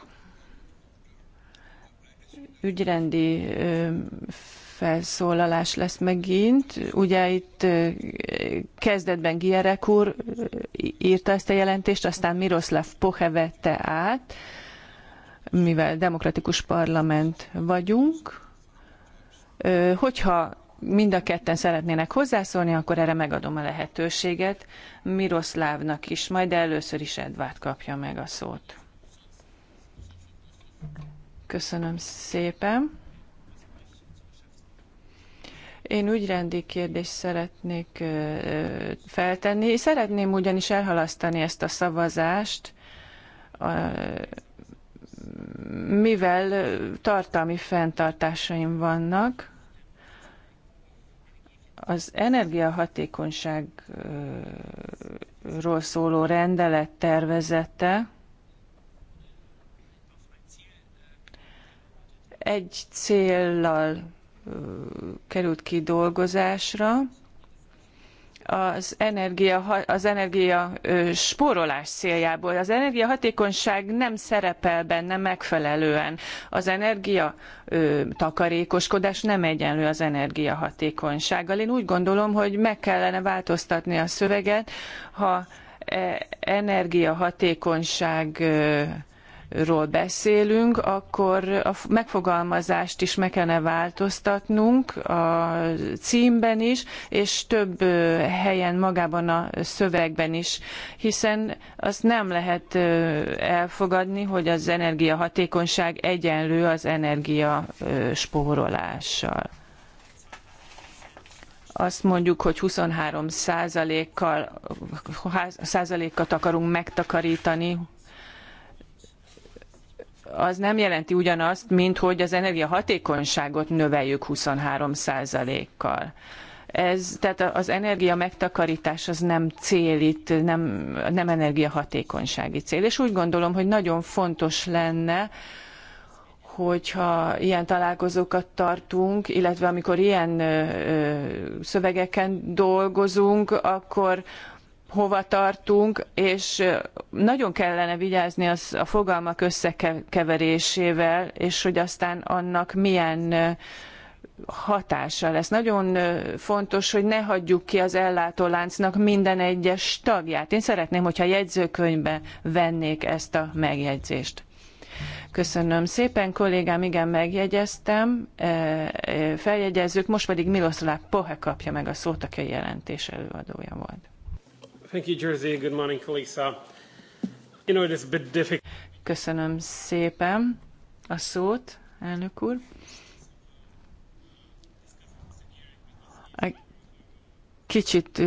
ügyrendi felszólalás lesz megint. Ugye itt kezdetben Gierek úr írta ezt a jelentést, aztán Miroslav Pohe vette át, mivel demokratikus parlament vagyunk, Hogyha mind a ketten szeretnének hozzászólni, akkor erre megadom a lehetőséget Miroszlávnak is, majd először is Edvárd kapja meg a szót. Köszönöm szépen. Én ügyrendi kérdést szeretnék feltenni. Szeretném ugyanis elhalasztani ezt a szavazást, mivel tartalmi fenntartásaim vannak, az energiahatékonyságról szóló rendelet tervezete egy céllal került kidolgozásra, az energia, az energia spórolás céljából. Az energiahatékonyság nem szerepel benne megfelelően. Az energia ö, takarékoskodás nem egyenlő az energiahatékonysággal. Én úgy gondolom, hogy meg kellene változtatni a szöveget, ha e-, energiahatékonyság ról beszélünk, akkor a megfogalmazást is meg kellene változtatnunk a címben is, és több helyen magában a szövegben is, hiszen azt nem lehet elfogadni, hogy az energiahatékonyság egyenlő az energia spórolással azt mondjuk, hogy 23 százalékkal, százalékkal akarunk megtakarítani az nem jelenti ugyanazt, mint hogy az energiahatékonyságot növeljük 23%-kal. Ez, tehát az energia megtakarítás az nem cél itt, nem, nem energiahatékonysági cél. És úgy gondolom, hogy nagyon fontos lenne, hogyha ilyen találkozókat tartunk, illetve amikor ilyen szövegeken dolgozunk, akkor hova tartunk, és nagyon kellene vigyázni az, a fogalmak összekeverésével, és hogy aztán annak milyen hatása lesz. Nagyon fontos, hogy ne hagyjuk ki az ellátóláncnak minden egyes tagját. Én szeretném, hogyha a jegyzőkönyvbe vennék ezt a megjegyzést. Köszönöm szépen, kollégám, igen, megjegyeztem, feljegyezzük, most pedig Miloszláv Pohe kapja meg a szót, aki a jelentés előadója volt. Thank you, Jersey. Good morning, Kalisa. You know, it is a bit difficult. Köszönöm szépen a szót, elnök úr. kicsit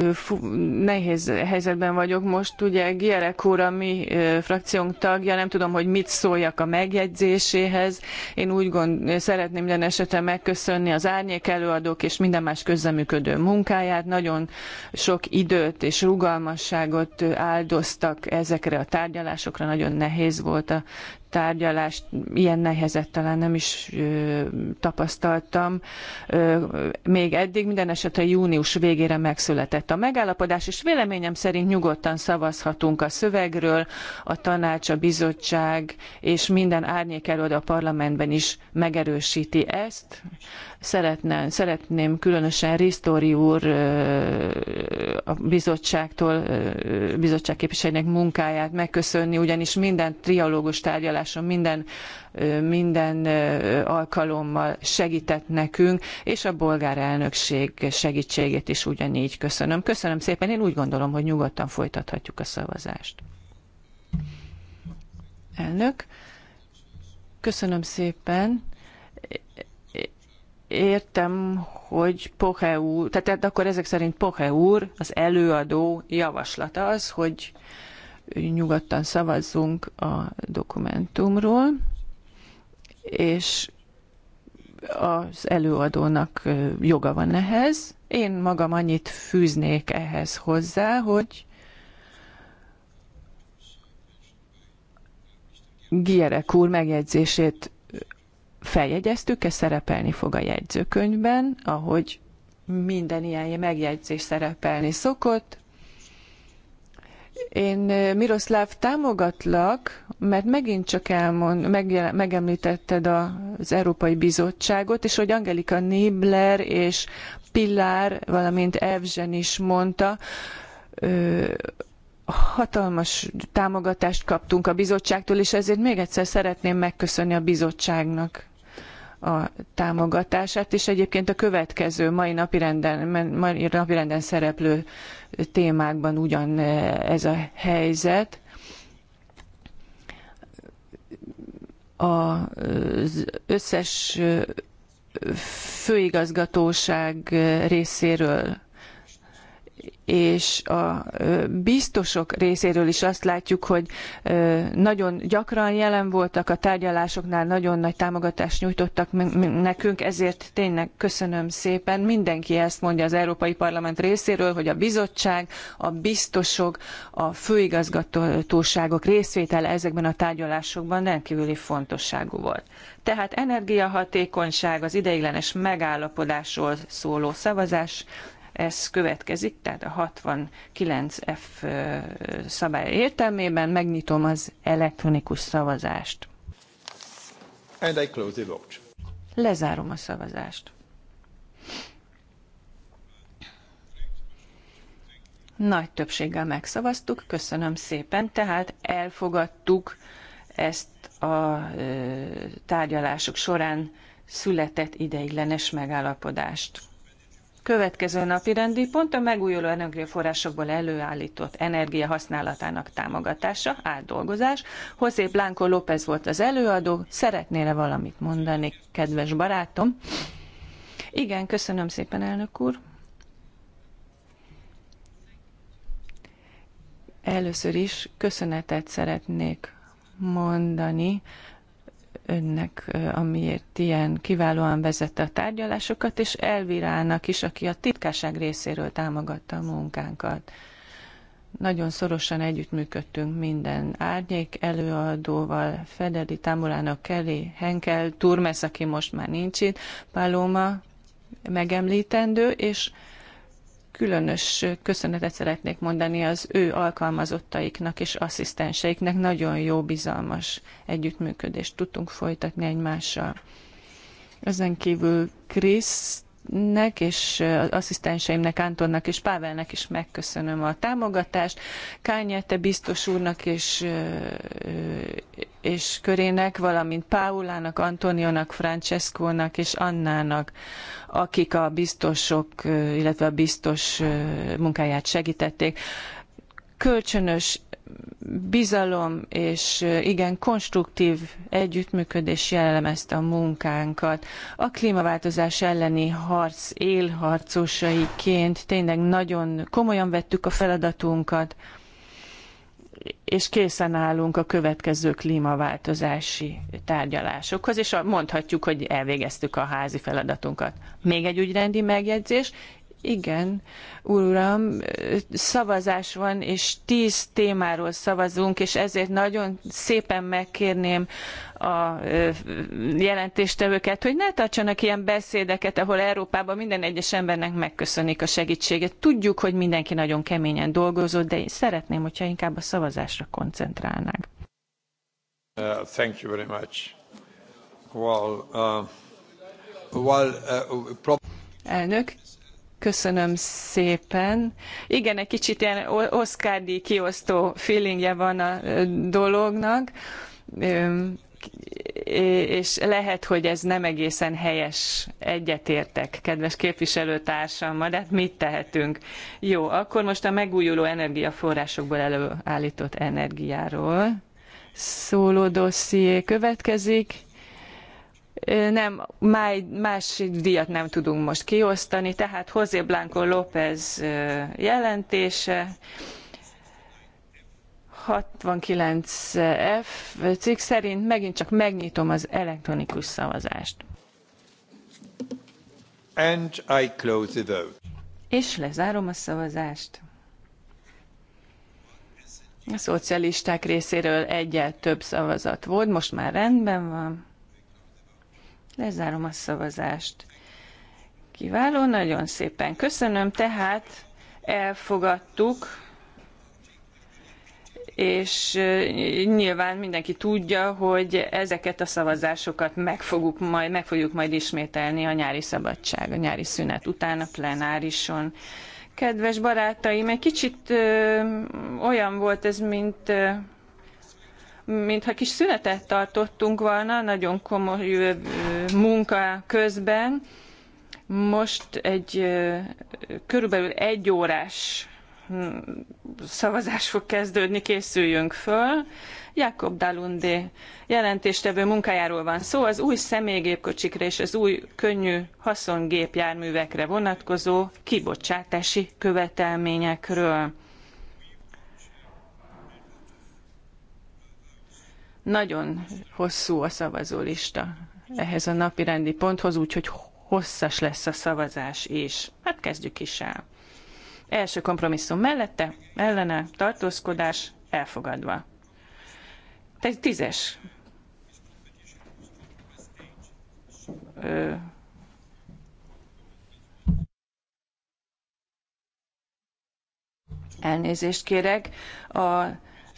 nehéz helyzetben vagyok most. Ugye Gierek úr, a mi frakciónk tagja, nem tudom, hogy mit szóljak a megjegyzéséhez. Én úgy gond, szeretném minden esetre megköszönni az árnyék előadók és minden más közleműködő munkáját. Nagyon sok időt és rugalmasságot áldoztak ezekre a tárgyalásokra. Nagyon nehéz volt a tárgyalást ilyen nehezet talán nem is ö, tapasztaltam. Ö, még eddig minden esetre június végére megszületett a megállapodás, és véleményem szerint nyugodtan szavazhatunk a szövegről, a tanács, a bizottság és minden árnyék a parlamentben is megerősíti ezt. Szeretne, szeretném különösen Risztóri úr a bizottságtól, bizottság képviselőnek munkáját megköszönni, ugyanis minden trialógus tárgyaláson, minden, minden alkalommal segített nekünk, és a bolgár elnökség segítségét is ugyanígy köszönöm. Köszönöm szépen, én úgy gondolom, hogy nyugodtan folytathatjuk a szavazást. Elnök, köszönöm szépen értem, hogy Poche úr, tehát, tehát akkor ezek szerint Poche úr, az előadó javaslata az, hogy nyugodtan szavazzunk a dokumentumról, és az előadónak joga van ehhez. Én magam annyit fűznék ehhez hozzá, hogy Gierek úr megjegyzését feljegyeztük, ez szerepelni fog a jegyzőkönyvben, ahogy minden ilyen megjegyzés szerepelni szokott. Én Miroszláv támogatlak, mert megint csak elmond, megjel, megemlítetted az Európai Bizottságot, és hogy Angelika Nibler és Pillár, valamint Evzsen is mondta, ö, hatalmas támogatást kaptunk a bizottságtól, és ezért még egyszer szeretném megköszönni a bizottságnak a támogatását, és egyébként a következő mai napirenden, szereplő témákban ugyan eh, ez a helyzet. Az összes eh, főigazgatóság részéről és a biztosok részéről is azt látjuk, hogy nagyon gyakran jelen voltak a tárgyalásoknál, nagyon nagy támogatást nyújtottak nekünk, ezért tényleg köszönöm szépen. Mindenki ezt mondja az Európai Parlament részéről, hogy a bizottság, a biztosok, a főigazgatóságok részvétele ezekben a tárgyalásokban rendkívüli fontosságú volt. Tehát energiahatékonyság, az ideiglenes megállapodásról szóló szavazás, ez következik, tehát a 69F szabály értelmében megnyitom az elektronikus szavazást. And I close the vote. Lezárom a szavazást. Nagy többséggel megszavaztuk, köszönöm szépen, tehát elfogadtuk ezt a tárgyalások során született ideiglenes megállapodást. Következő napi rendi pont a megújuló energiaforrásokból előállított energia használatának támogatása, átdolgozás. José Blanco López volt az előadó. Szeretnél-e valamit mondani, kedves barátom? Igen, köszönöm szépen, elnök úr. Először is köszönetet szeretnék mondani önnek, amiért ilyen kiválóan vezette a tárgyalásokat, és Elvirának is, aki a titkáság részéről támogatta a munkánkat. Nagyon szorosan együttműködtünk minden árnyék előadóval, Fedeli, Tamulának, Kelly, Henkel, Turmes, aki most már nincs itt, Paloma megemlítendő, és különös köszönetet szeretnék mondani az ő alkalmazottaiknak és asszisztenseiknek. Nagyon jó, bizalmas együttműködést tudtunk folytatni egymással. Ezen kívül Kriszt nek és asszisztenseimnek, Antonnak és Pávelnek is megköszönöm a támogatást. Kányete biztos úrnak és, és körének, valamint Paulának, Antoniónak, Francescónak és Annának, akik a biztosok, illetve a biztos munkáját segítették kölcsönös bizalom és igen konstruktív együttműködés jellemezte a munkánkat. A klímaváltozás elleni harc élharcosaiként tényleg nagyon komolyan vettük a feladatunkat, és készen állunk a következő klímaváltozási tárgyalásokhoz, és mondhatjuk, hogy elvégeztük a házi feladatunkat. Még egy ügyrendi megjegyzés, igen, uram, szavazás van, és tíz témáról szavazunk, és ezért nagyon szépen megkérném a jelentéstevőket, hogy ne tartsanak ilyen beszédeket, ahol Európában minden egyes embernek megköszönik a segítséget. Tudjuk, hogy mindenki nagyon keményen dolgozott, de én szeretném, hogyha inkább a szavazásra koncentrálnánk. Uh, thank you very much. Well, uh, well, uh, elnök. Köszönöm szépen. Igen, egy kicsit ilyen oszkárdi kiosztó feelingje van a dolognak, és lehet, hogy ez nem egészen helyes. Egyetértek, kedves képviselőtársammal, de hát mit tehetünk? Jó, akkor most a megújuló energiaforrásokból előállított energiáról szóló dosszié következik nem, máj, más díjat nem tudunk most kiosztani, tehát José Blanco López jelentése, 69F cikk szerint megint csak megnyitom az elektronikus szavazást. And I close the vote. És lezárom a szavazást. A szocialisták részéről egyel több szavazat volt, most már rendben van. Lezárom a szavazást. Kiváló, nagyon szépen köszönöm. Tehát elfogadtuk, és nyilván mindenki tudja, hogy ezeket a szavazásokat meg, fogjuk majd, meg fogjuk majd ismételni a nyári szabadság, a nyári szünet után a plenárison. Kedves barátaim, egy kicsit ö, olyan volt ez, mint ö, mintha kis szünetet tartottunk volna, nagyon komoly munka közben. Most egy körülbelül egy órás hm, szavazás fog kezdődni, készüljünk föl. Jakob Dalundé jelentéstevő munkájáról van szó, az új személygépkocsikra és az új könnyű haszongépjárművekre vonatkozó kibocsátási követelményekről. Nagyon hosszú a szavazólista ehhez a napi rendi ponthoz, úgyhogy hosszas lesz a szavazás is. Hát kezdjük is el. Első kompromisszum mellette, ellene, tartózkodás, elfogadva. Tehát tízes. Ö, Elnézést kérek. A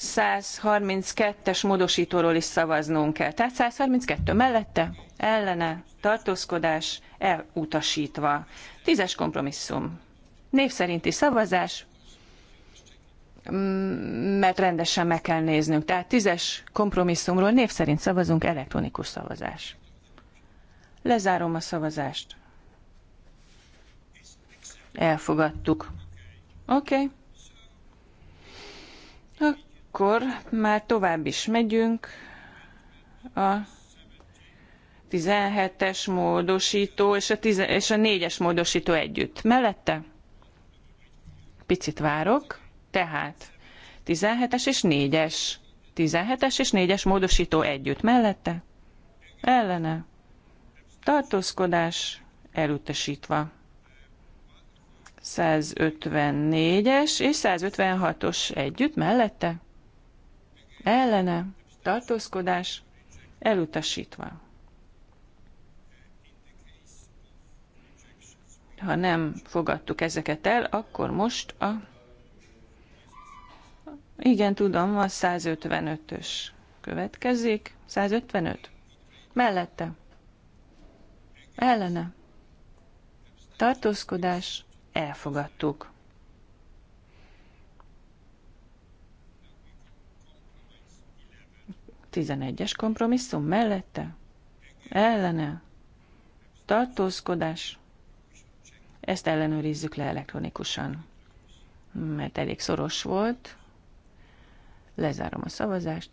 132-es módosítóról is szavaznunk kell. Tehát 132 mellette, ellene, tartózkodás, elutasítva. Tízes kompromisszum. Név szerinti szavazás, mm, mert rendesen meg kell néznünk. Tehát tízes kompromisszumról név szerint szavazunk, elektronikus szavazás. Lezárom a szavazást. Elfogadtuk. Oké. Okay akkor már tovább is megyünk. A 17-es módosító és a, 10, és a 4-es módosító együtt. Mellette? Picit várok. Tehát 17-es és 4-es. 17-es és 4-es módosító együtt. Mellette? Ellene. Tartózkodás elutasítva. 154-es és 156-os együtt mellette? ellene, tartózkodás elutasítva. Ha nem fogadtuk ezeket el, akkor most a... Igen, tudom, a 155-ös következik. 155. Mellette. Ellene. Tartózkodás. Elfogadtuk. 11-es kompromisszum mellette, ellene, tartózkodás. Ezt ellenőrizzük le elektronikusan, mert elég szoros volt. Lezárom a szavazást.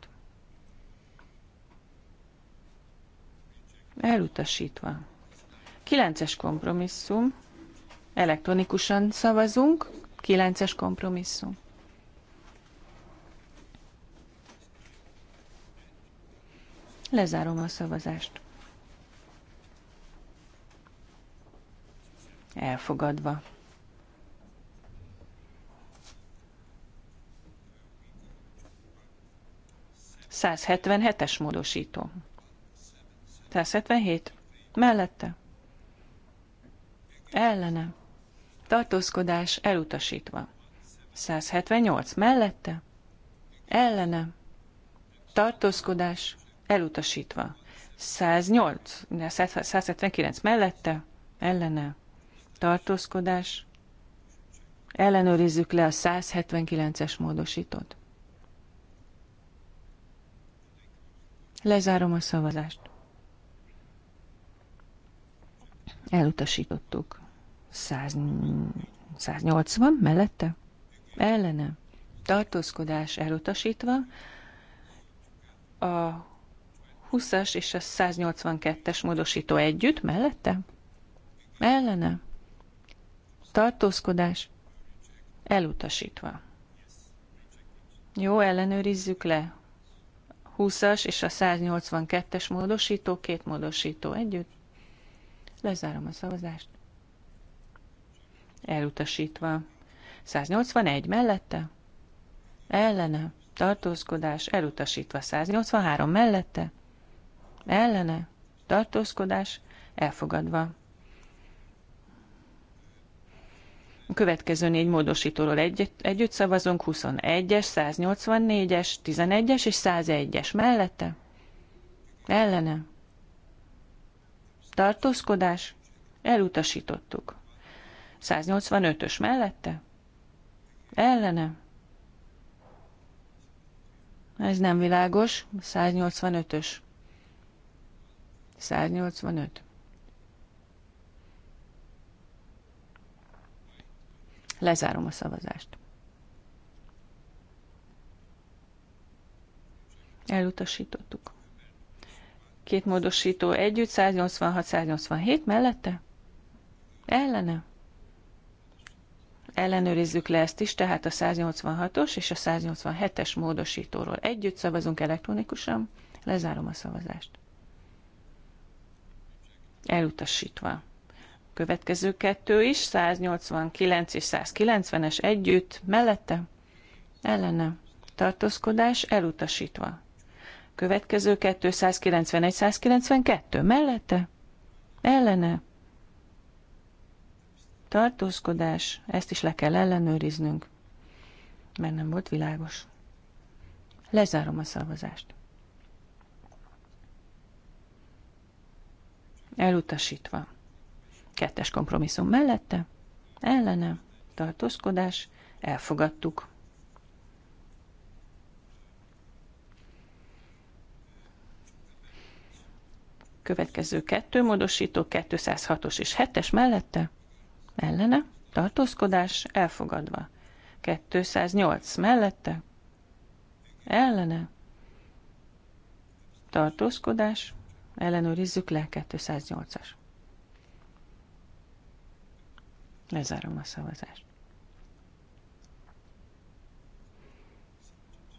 Elutasítva. 9-es kompromisszum. Elektronikusan szavazunk. 9-es kompromisszum. Lezárom a szavazást. Elfogadva. es módosító. 177. Mellette. Ellene. Tartózkodás elutasítva. 178. Mellette. Ellene. Tartózkodás elutasítva. 108, 179 mellette, ellene, tartózkodás, ellenőrizzük le a 179-es módosítót. Lezárom a szavazást. Elutasítottuk. 100, 180 mellette? Ellene. Tartózkodás elutasítva. A 20-as és a 182-es módosító együtt, mellette? Ellene. Tartózkodás. Elutasítva. Jó, ellenőrizzük le. 20-as és a 182-es módosító, két módosító együtt. Lezárom a szavazást. Elutasítva. 181 mellette? Ellene. Tartózkodás elutasítva. 183 mellette? ellene, tartózkodás elfogadva. A következő négy módosítóról együtt, együtt szavazunk, 21-es, 184-es, 11-es és 101-es mellette. Ellene. Tartózkodás. Elutasítottuk. 185-ös mellette. Ellene. Ez nem világos. 185-ös. 185. Lezárom a szavazást. Elutasítottuk. Két módosító együtt, 186-187 mellette? Ellene? Ellenőrizzük le ezt is, tehát a 186-os és a 187-es módosítóról együtt szavazunk elektronikusan. Lezárom a szavazást elutasítva. Következő kettő is, 189 és 190-es együtt, mellette, ellene, tartózkodás elutasítva. Következő kettő 191, 192 mellette? Ellene? Tartózkodás, ezt is le kell ellenőriznünk, mert nem volt világos. Lezárom a szavazást. elutasítva. Kettes kompromisszum mellette, ellene, tartózkodás, elfogadtuk. Következő kettő módosító, 206-os és 7-es mellette, ellene, tartózkodás, elfogadva. 208 mellette, ellene, tartózkodás, Ellenőrizzük le 208-as. Lezárom a szavazást.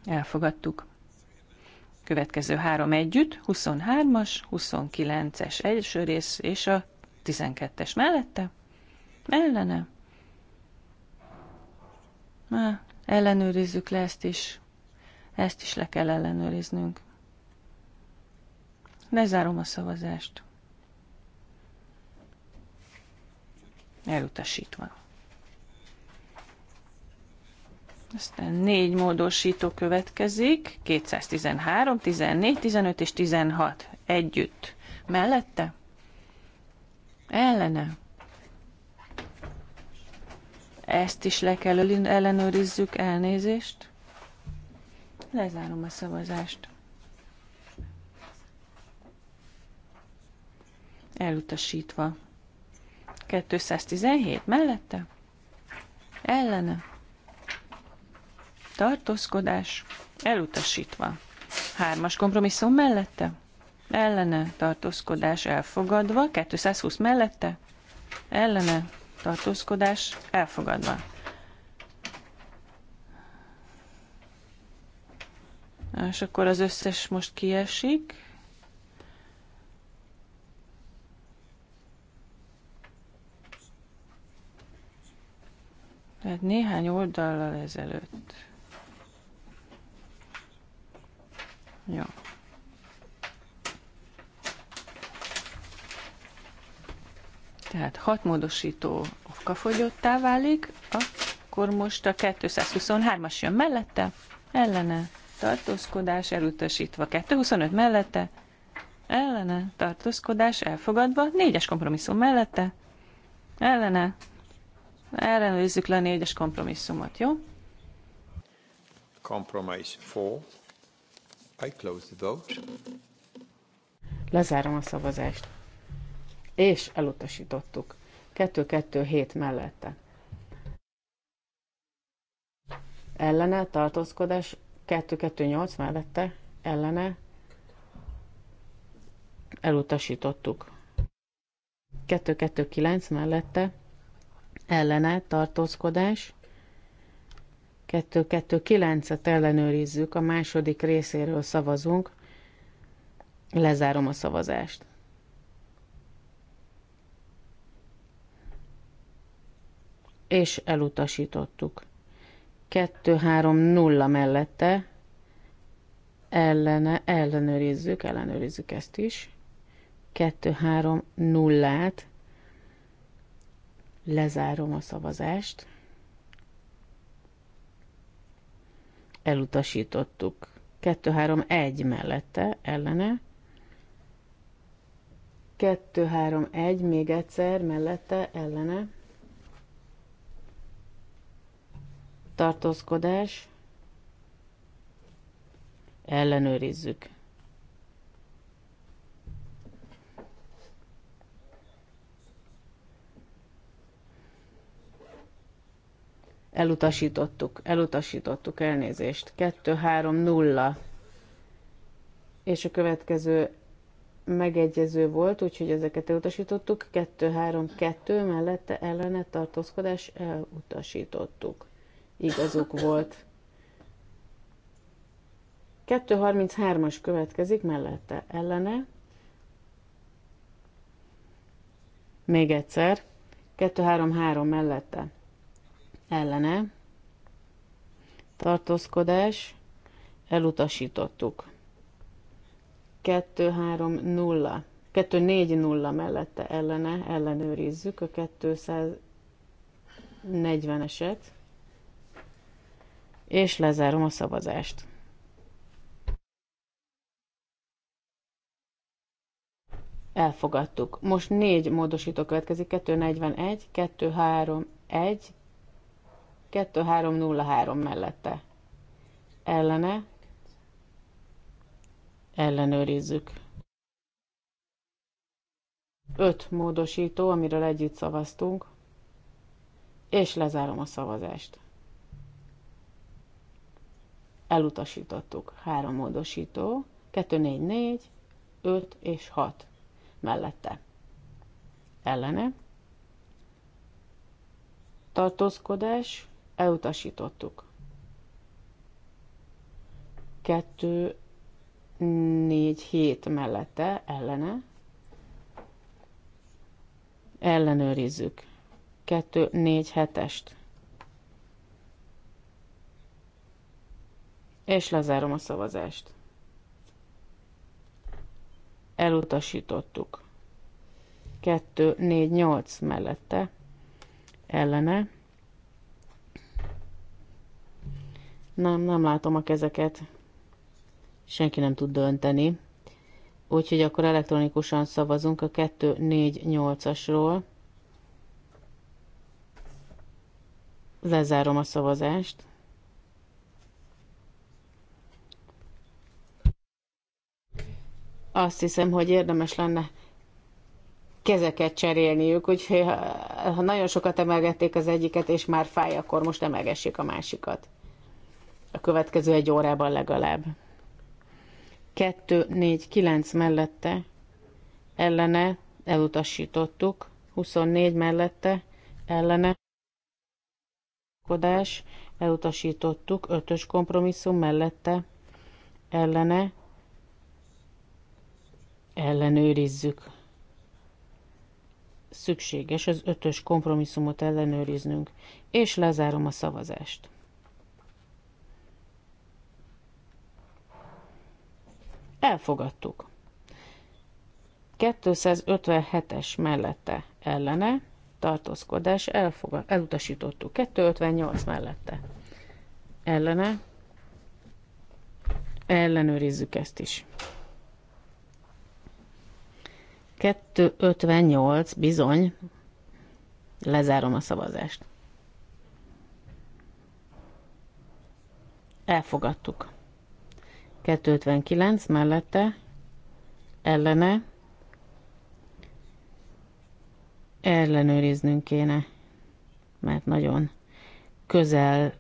Elfogadtuk. Következő három együtt, 23-as, 29-es első rész és a 12-es mellette. Ellene. Már ellenőrizzük le ezt is. Ezt is le kell ellenőriznünk zárom a szavazást. Elutasítva. Aztán négy módosító következik, 213, 14, 15 és 16 együtt. Mellette? Ellene? Ezt is le kell ellenőrizzük, elnézést. Lezárom a szavazást. elutasítva. 217 mellette, ellene, tartózkodás, elutasítva. Hármas kompromisszum mellette, ellene, tartózkodás, elfogadva, 220 mellette, ellene, tartózkodás, elfogadva. És akkor az összes most kiesik. Tehát néhány oldallal ezelőtt. Jó. Tehát hat módosító okafogyottá válik, akkor most a 223-as jön mellette, ellene, tartózkodás elutasítva, 225 mellette, ellene, tartózkodás elfogadva, négyes kompromisszum mellette, ellene, Ellenőrizzük le a négyes kompromisszumot, jó? Compromise 4. I close the vote. Lezárom a szavazást. És elutasítottuk. 2-2-7 mellette. Ellene tartózkodás 2-2-8 mellette. Ellene elutasítottuk. 2-2-9 mellette 2-2-9 ellene tartózkodás. 229-et ellenőrizzük, a második részéről szavazunk. Lezárom a szavazást. És elutasítottuk. 2-3-0 mellette ellene, ellenőrizzük, ellenőrizzük ezt is. 2-3-0-át Lezárom a szavazást. Elutasítottuk. 2-3-1 mellette, ellene. 2-3-1 még egyszer, mellette, ellene. Tartózkodás. Ellenőrizzük. 2-3-1. Elutasítottuk, elutasítottuk elnézést. 2-3-0. És a következő megegyező volt, úgyhogy ezeket elutasítottuk. 2-3-2 mellette ellene tartózkodás elutasítottuk. Igazuk volt. 2 33 as következik mellette ellene. Még egyszer. 2-3-3 mellette ellene tartózkodás elutasítottuk. 2-3-0, 2-4-0 mellette ellene ellenőrizzük a 240-eset, és lezárom a szavazást. elfogadtuk. Most négy módosító következik, 241, 231, 2303 mellette. Ellene. Ellenőrizzük. 5 módosító, amiről együtt szavaztunk, és lezárom a szavazást. Elutasítottuk. 3 módosító, 244, 5 és 6 mellette. Ellene. Tartózkodás, Elutasítottuk. Kettő, négy, hét mellette, ellene. Ellenőrizzük. Kettő, négy, hetest. És lezárom a szavazást. Elutasítottuk. Kettő, négy, nyolc mellette ellene Nem, nem látom a kezeket. Senki nem tud dönteni. Úgyhogy akkor elektronikusan szavazunk a 248-asról. Lezárom a szavazást. Azt hiszem, hogy érdemes lenne kezeket cserélniük, úgyhogy ha, ha nagyon sokat emelgették az egyiket, és már fáj, akkor most emelgessék a másikat a következő egy órában legalább. 2, 4, 9 mellette ellene elutasítottuk, 24 mellette ellene kodás, elutasítottuk, 5-ös kompromisszum mellette ellene ellenőrizzük. Szükséges az ötös kompromisszumot ellenőriznünk, és lezárom a szavazást. Elfogadtuk. 257-es mellette ellene, tartózkodás, elfogad, elutasítottuk. 258 mellette ellene, ellenőrizzük ezt is. 258 bizony, lezárom a szavazást. Elfogadtuk. 259 mellette, ellene, ellenőriznünk kéne, mert nagyon közel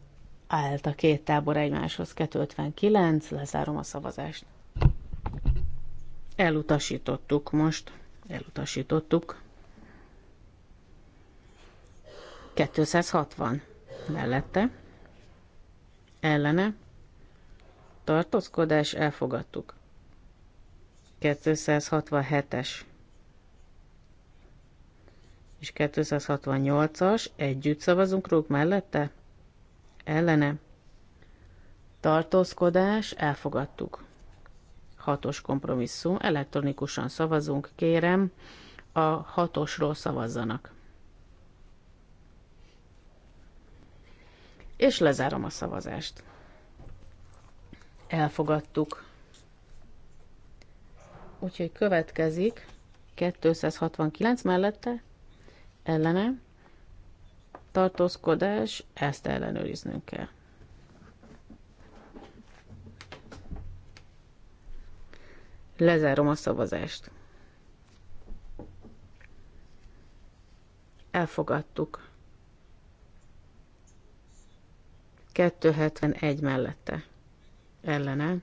állt a két tábor egymáshoz. 259, lezárom a szavazást. Elutasítottuk most, elutasítottuk. 260 mellette, ellene, tartózkodás, elfogadtuk. 267-es és 268-as, együtt szavazunk rók mellette? Ellene. Tartózkodás, elfogadtuk. Hatos kompromisszum, elektronikusan szavazunk, kérem, a hatosról szavazzanak. És lezárom a szavazást elfogadtuk. Úgyhogy következik 269 mellette ellene tartózkodás, ezt ellenőriznünk kell. Lezárom a szavazást. Elfogadtuk. 271 mellette ellene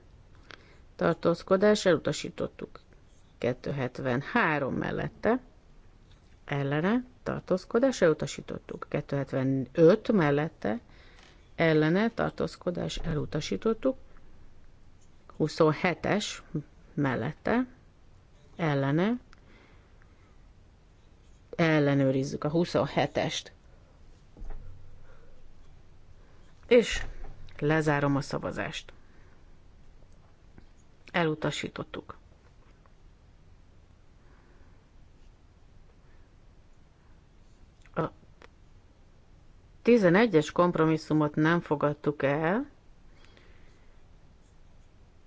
tartózkodás elutasítottuk. 273 mellette ellene tartózkodás elutasítottuk. 275 mellette ellene tartózkodás elutasítottuk. 27-es mellette ellene ellenőrizzük a 27-est. És lezárom a szavazást. Elutasítottuk. A 11-es kompromisszumot nem fogadtuk el,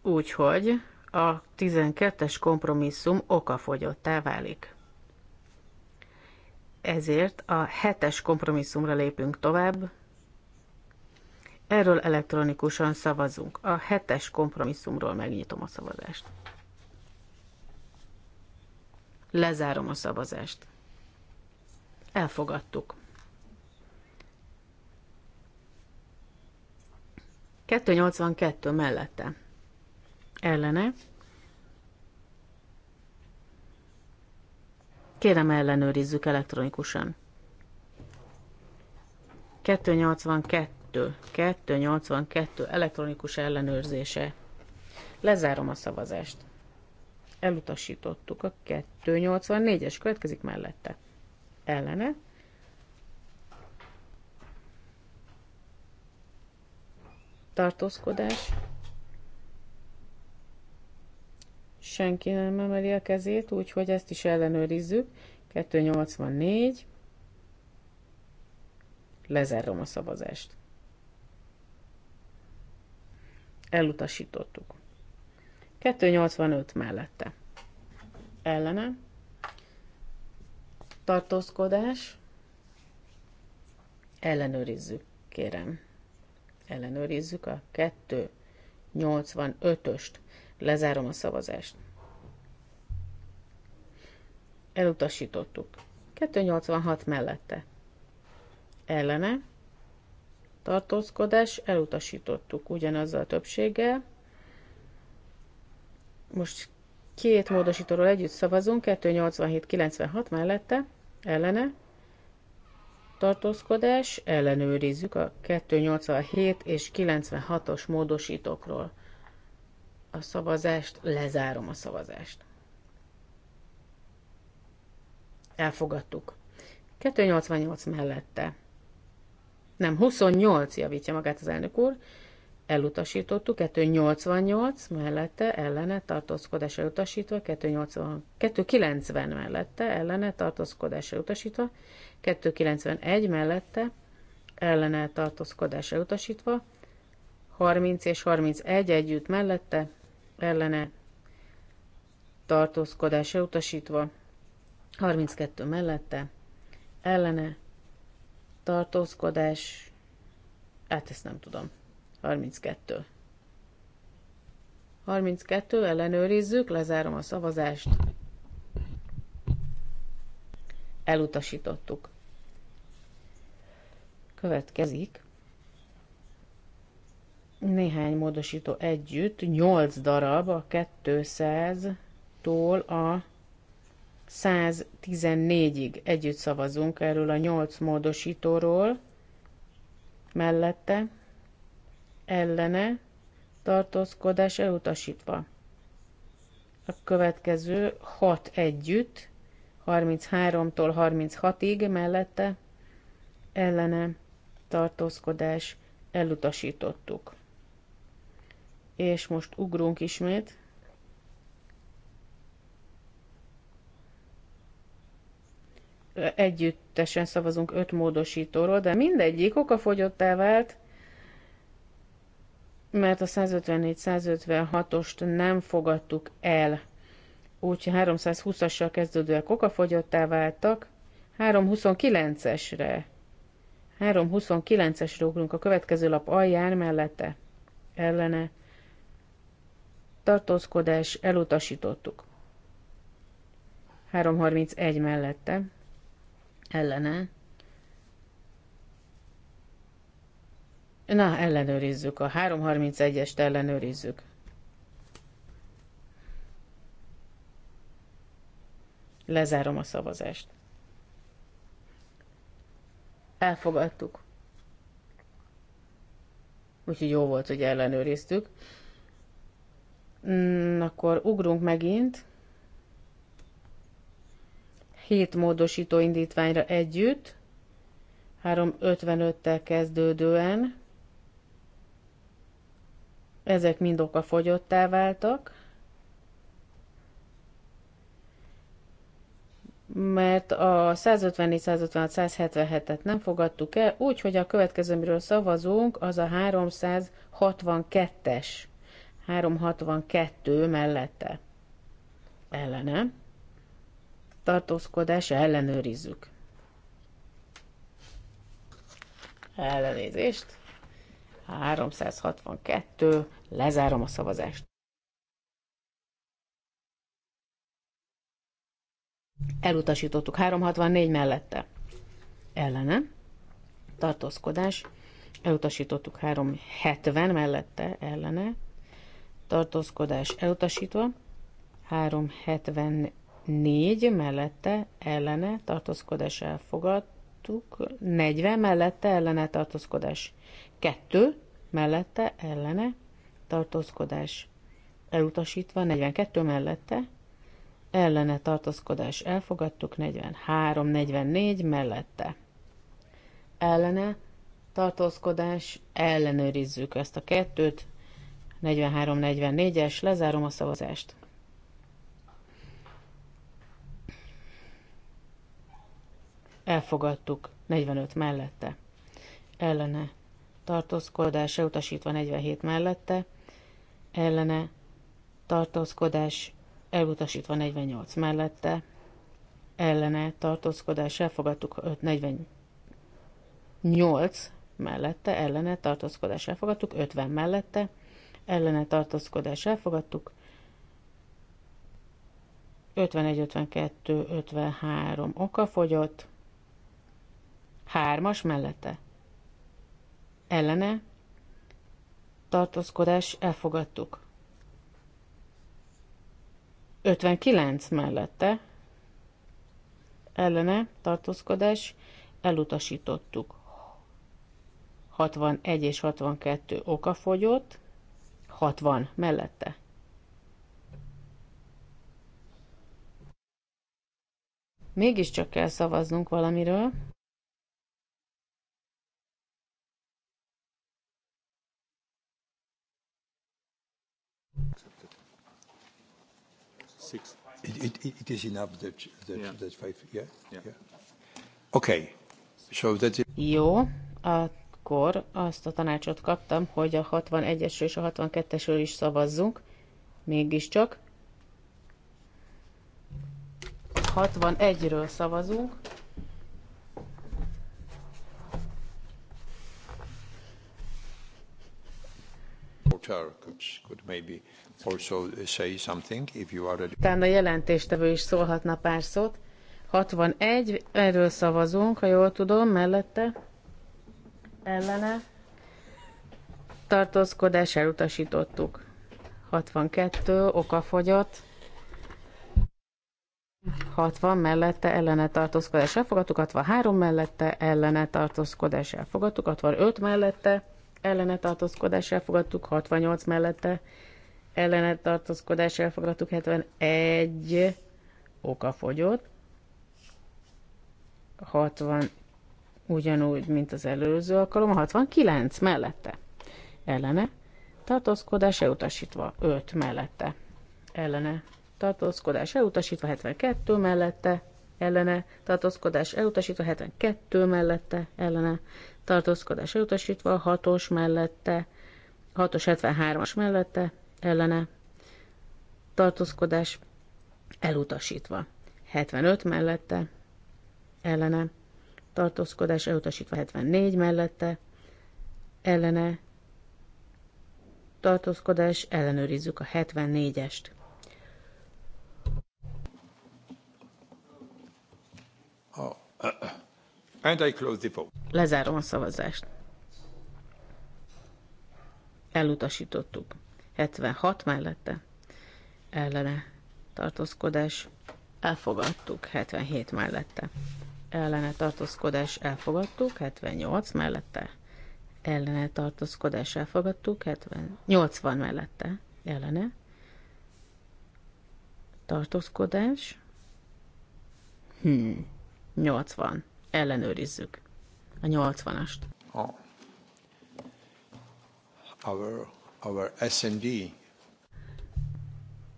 úgyhogy a 12-es kompromisszum okafogyottá válik. Ezért a 7-es kompromisszumra lépünk tovább, Erről elektronikusan szavazunk. A hetes kompromisszumról megnyitom a szavazást. Lezárom a szavazást. Elfogadtuk. 282 mellette. Ellene. Kérem ellenőrizzük elektronikusan. 282 2. 282 elektronikus ellenőrzése. Lezárom a szavazást. Elutasítottuk a 284-es, következik mellette. Ellene. Tartózkodás. Senki nem emeli a kezét, úgyhogy ezt is ellenőrizzük. 284. Lezárom a szavazást. Elutasítottuk. 285 mellette. Ellene. Tartózkodás. Ellenőrizzük, kérem. Ellenőrizzük a 285-öst. Lezárom a szavazást. Elutasítottuk. 286 mellette. Ellene tartózkodás elutasítottuk ugyanazzal a többséggel. Most két módosítóról együtt szavazunk, 287-96 mellette, ellene, tartózkodás, ellenőrizzük a 287 és 96-os módosítókról. A szavazást, lezárom a szavazást. Elfogadtuk. 288 mellette, nem, 28 javítja magát az elnök úr, elutasítottuk, 288 mellette ellene tartózkodás elutasítva, 280, 290 mellette ellene tartózkodás elutasítva, 291 mellette ellene tartózkodás elutasítva, 30 és 31 együtt mellette ellene tartózkodás elutasítva, 32 mellette ellene tartózkodás, hát ezt nem tudom, 32. 32, ellenőrizzük, lezárom a szavazást. Elutasítottuk. Következik néhány módosító együtt, 8 darab a 200-tól a 114-ig együtt szavazunk erről a 8 módosítóról, mellette, ellene, tartózkodás elutasítva. A következő 6 együtt, 33-tól 36-ig mellette, ellene, tartózkodás elutasítottuk. És most ugrunk ismét együttesen szavazunk öt módosítóról, de mindegyik okafogyottá vált, mert a 154-156-ost nem fogadtuk el. Úgyhogy 320-assal kezdődőek okafogyottá váltak, 329-esre. 329-esre ugrunk a következő lap alján mellette. Ellene tartózkodás elutasítottuk. 331 mellette ellene. Na, ellenőrizzük. A 331-est ellenőrizzük. Lezárom a szavazást. Elfogadtuk. Úgyhogy jó volt, hogy ellenőriztük. Mm, akkor ugrunk megint. 7 módosító indítványra együtt, 3.55-tel kezdődően, ezek mind oka fogyottá váltak, mert a 154, 156, 177-et nem fogadtuk el, úgyhogy a következő, amiről szavazunk, az a 362-es, 362 mellette ellene tartózkodása ellenőrizzük. Ellenézést. 362. Lezárom a szavazást. Elutasítottuk 364 mellette. Ellene. Tartózkodás. Elutasítottuk 370 mellette. Ellene. Tartózkodás elutasítva. 370 4 mellette ellene tartózkodás elfogadtuk, 40 mellette ellene tartózkodás, 2 mellette ellene tartózkodás elutasítva, 42 mellette ellene tartózkodás elfogadtuk, 43, 44 mellette ellene tartózkodás, ellenőrizzük ezt a kettőt, 43-44-es, lezárom a szavazást. Elfogadtuk. 45 mellette. Ellene. Tartózkodás elutasítva 47 mellette. Ellene. Tartózkodás elutasítva 48 mellette. Ellene. Tartózkodás elfogadtuk 48 mellette. Ellene. Tartózkodás elfogadtuk 50 mellette. Ellene. Tartózkodás elfogadtuk 51, 52, 53 fogyott, Hármas mellette. Ellene. Tartózkodás elfogadtuk. 59 mellette. Ellene. Tartózkodás elutasítottuk. 61 és 62 okafogyott. 60 mellette. Mégiscsak kell szavaznunk valamiről. six. It, it, it is enough that, that, yeah. that five, yeah? Yeah. yeah. Okay. So that's it. Jó, akkor azt a tanácsot kaptam, hogy a 61-esről és a 62-esről is szavazzunk, mégiscsak. 61-ről szavazunk. which a jelentéstevő is szólhatna pár szót. 61, erről szavazunk, ha jól tudom, mellette, ellene, tartózkodás elutasítottuk. 62, okafogyott, 60 mellette ellene tartózkodás elfogadtuk, 63 mellette ellene tartózkodás elfogadtuk, 65 mellette ellene tartózkodás elfogadtuk, 68 mellette ellene tartózkodás elfogadtuk, 71 oka fogyott, 60 ugyanúgy, mint az előző alkalom, 69 mellette ellene tartózkodás elutasítva, 5 mellette ellene tartózkodás elutasítva, 72 mellette ellene, tartózkodás elutasítva 72 mellette ellene, tartózkodás elutasítva, 6-os mellette, 673 73-as mellette, ellene, tartózkodás elutasítva, 75 mellette, ellene, tartózkodás elutasítva, 74 mellette, ellene, tartózkodás, ellenőrizzük a 74-est. Oh. And I close the vote. Lezárom a szavazást. Elutasítottuk. 76 mellette. Ellene. Tartózkodás. Elfogadtuk. 77 mellette. Ellene tartózkodás. Elfogadtuk. 78 mellette. Ellene tartózkodás. Elfogadtuk. 70. 80 mellette. Ellene. Tartózkodás. Hmm. 80 ellenőrizzük. A 80-ast. Oh. Our, our SND.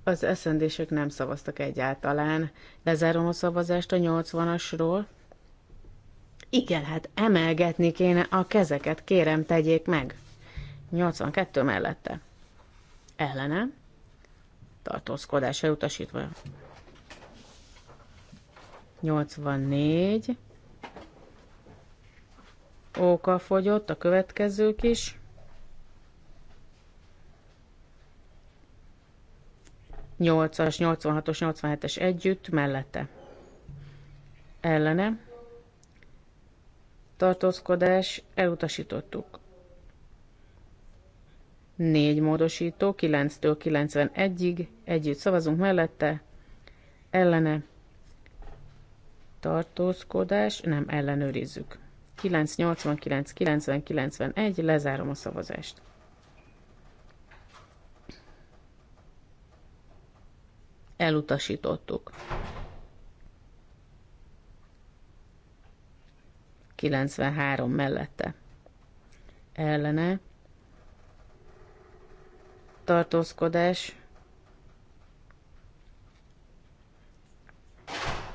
Az SND-sek nem szavaztak egyáltalán. Lezárom a szavazást a 80-asról. Igen, hát emelgetni kéne a kezeket, kérem, tegyék meg. 82 mellette. Ellene. Tartózkodásra elutasítva. 84 Óka fogyott, a következők is. Nyolcas, 86-os, 87-es együtt, mellette. Ellene. Tartózkodás, elutasítottuk. 4 módosító, 9-től 91-ig, együtt szavazunk mellette, ellene, tartózkodás, nem ellenőrizzük. 989, 90, 91, lezárom a szavazást. Elutasítottuk. 93 mellette. Ellene. Tartózkodás.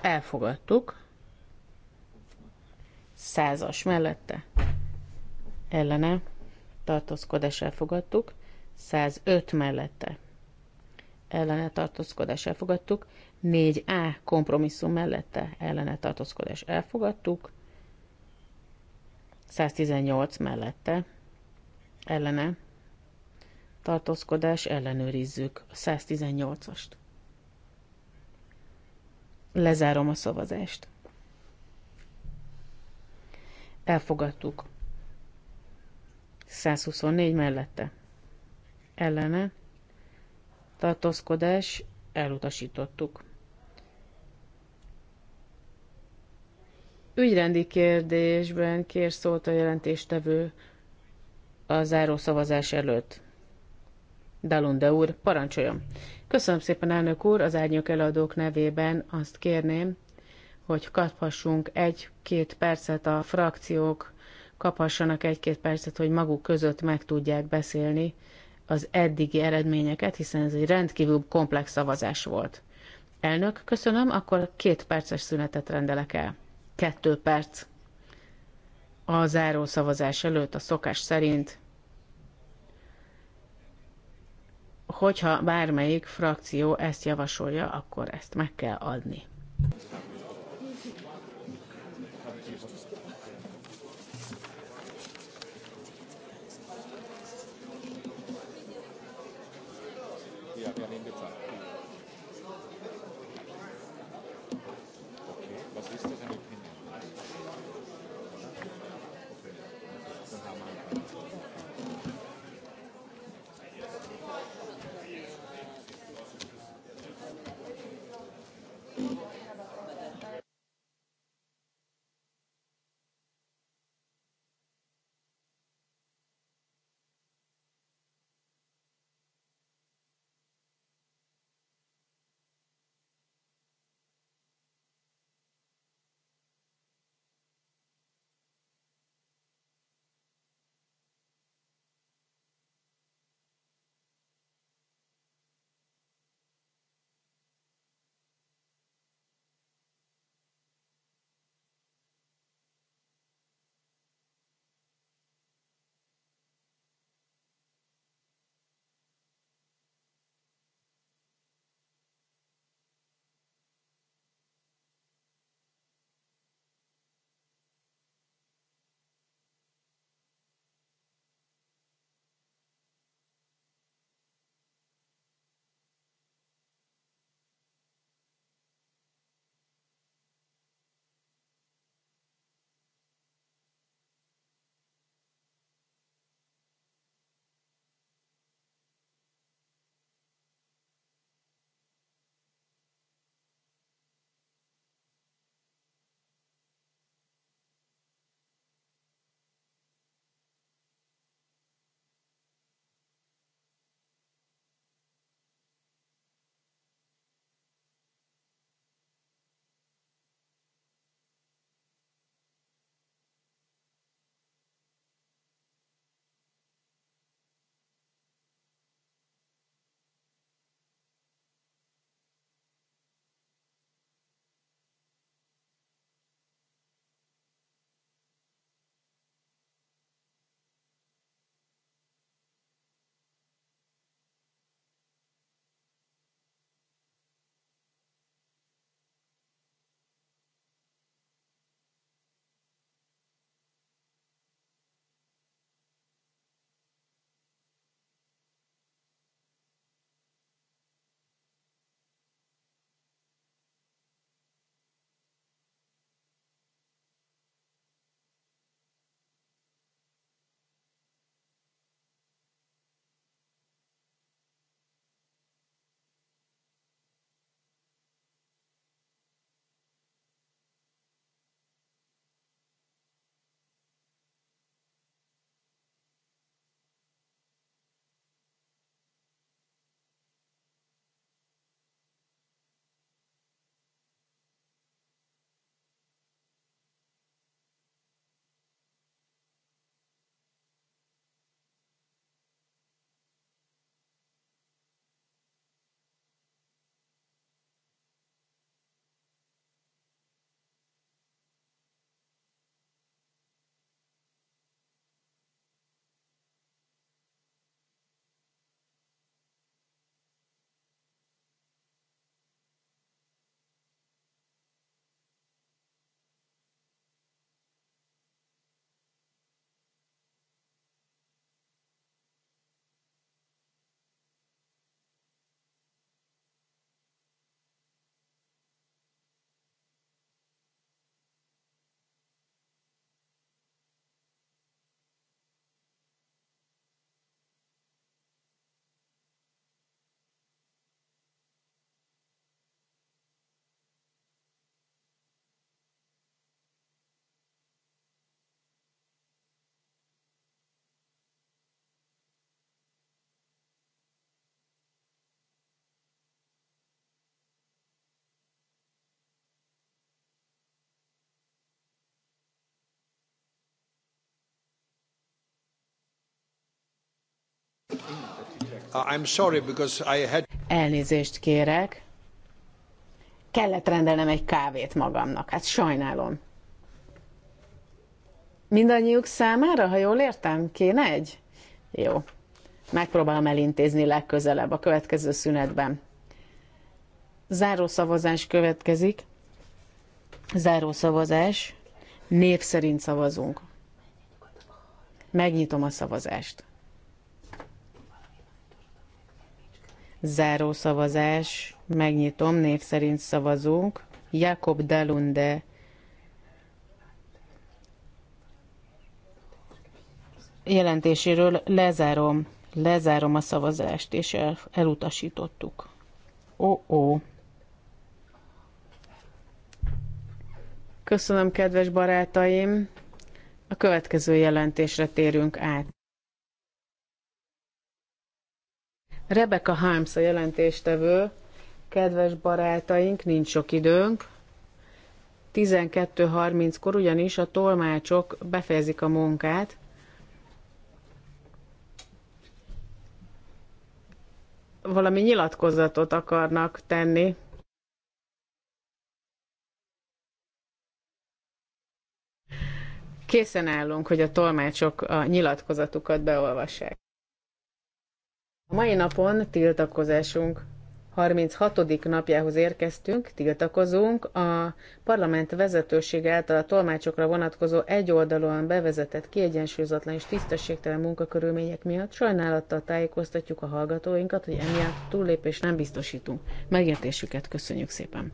Elfogadtuk százas mellette ellene tartózkodás elfogadtuk, 105 mellette ellene tartózkodás elfogadtuk, 4A kompromisszum mellette ellene tartózkodás elfogadtuk, 118 mellette ellene tartózkodás ellenőrizzük a 118-ast. Lezárom a szavazást. Elfogadtuk. 124 mellette. Ellene. Tartózkodás. Elutasítottuk. Ügyrendi kérdésben kér szólt a jelentéstevő a záró szavazás előtt. Dalunde úr, parancsoljon! Köszönöm szépen, elnök úr, az árnyok eladók nevében azt kérném, hogy kaphassunk egy-két percet a frakciók, kaphassanak egy-két percet, hogy maguk között meg tudják beszélni az eddigi eredményeket, hiszen ez egy rendkívül komplex szavazás volt. Elnök, köszönöm, akkor két perces szünetet rendelek el. Kettő perc. A záró szavazás előtt a szokás szerint hogyha bármelyik frakció ezt javasolja, akkor ezt meg kell adni. I'm sorry, because I had... Elnézést kérek. Kellett rendelnem egy kávét magamnak, hát sajnálom. Mindannyiuk számára, ha jól értem, kéne egy? Jó. Megpróbálom elintézni legközelebb a következő szünetben. Záró szavazás következik. Záró szavazás. Név szerint szavazunk. Megnyitom a szavazást. Záró szavazás, megnyitom, név szerint szavazunk. Jakob Dalunde jelentéséről lezárom, lezárom a szavazást, és el, elutasítottuk. Ó, ó. Köszönöm, kedves barátaim! A következő jelentésre térünk át. Rebecca Harms a jelentéstevő. Kedves barátaink, nincs sok időnk. 12.30-kor ugyanis a tolmácsok befejezik a munkát, valami nyilatkozatot akarnak tenni. Készen állunk, hogy a tolmácsok a nyilatkozatukat beolvassák. A mai napon tiltakozásunk 36. napjához érkeztünk, tiltakozunk a parlament vezetősége által a tolmácsokra vonatkozó egyoldalúan bevezetett kiegyensúlyozatlan és tisztességtelen munkakörülmények miatt sajnálattal tájékoztatjuk a hallgatóinkat, hogy emiatt túllépés nem biztosítunk. Megértésüket köszönjük szépen!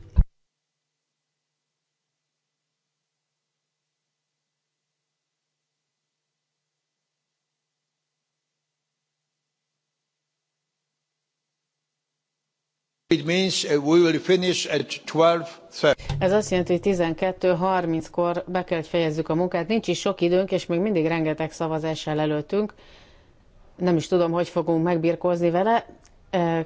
It means uh, we will finish at 12.30. Ez azt jelenti, hogy 12.30-kor be kell, hogy fejezzük a munkát. Nincs is sok időnk, és még mindig rengeteg szavazással előttünk. Nem is tudom, hogy fogunk megbirkózni vele.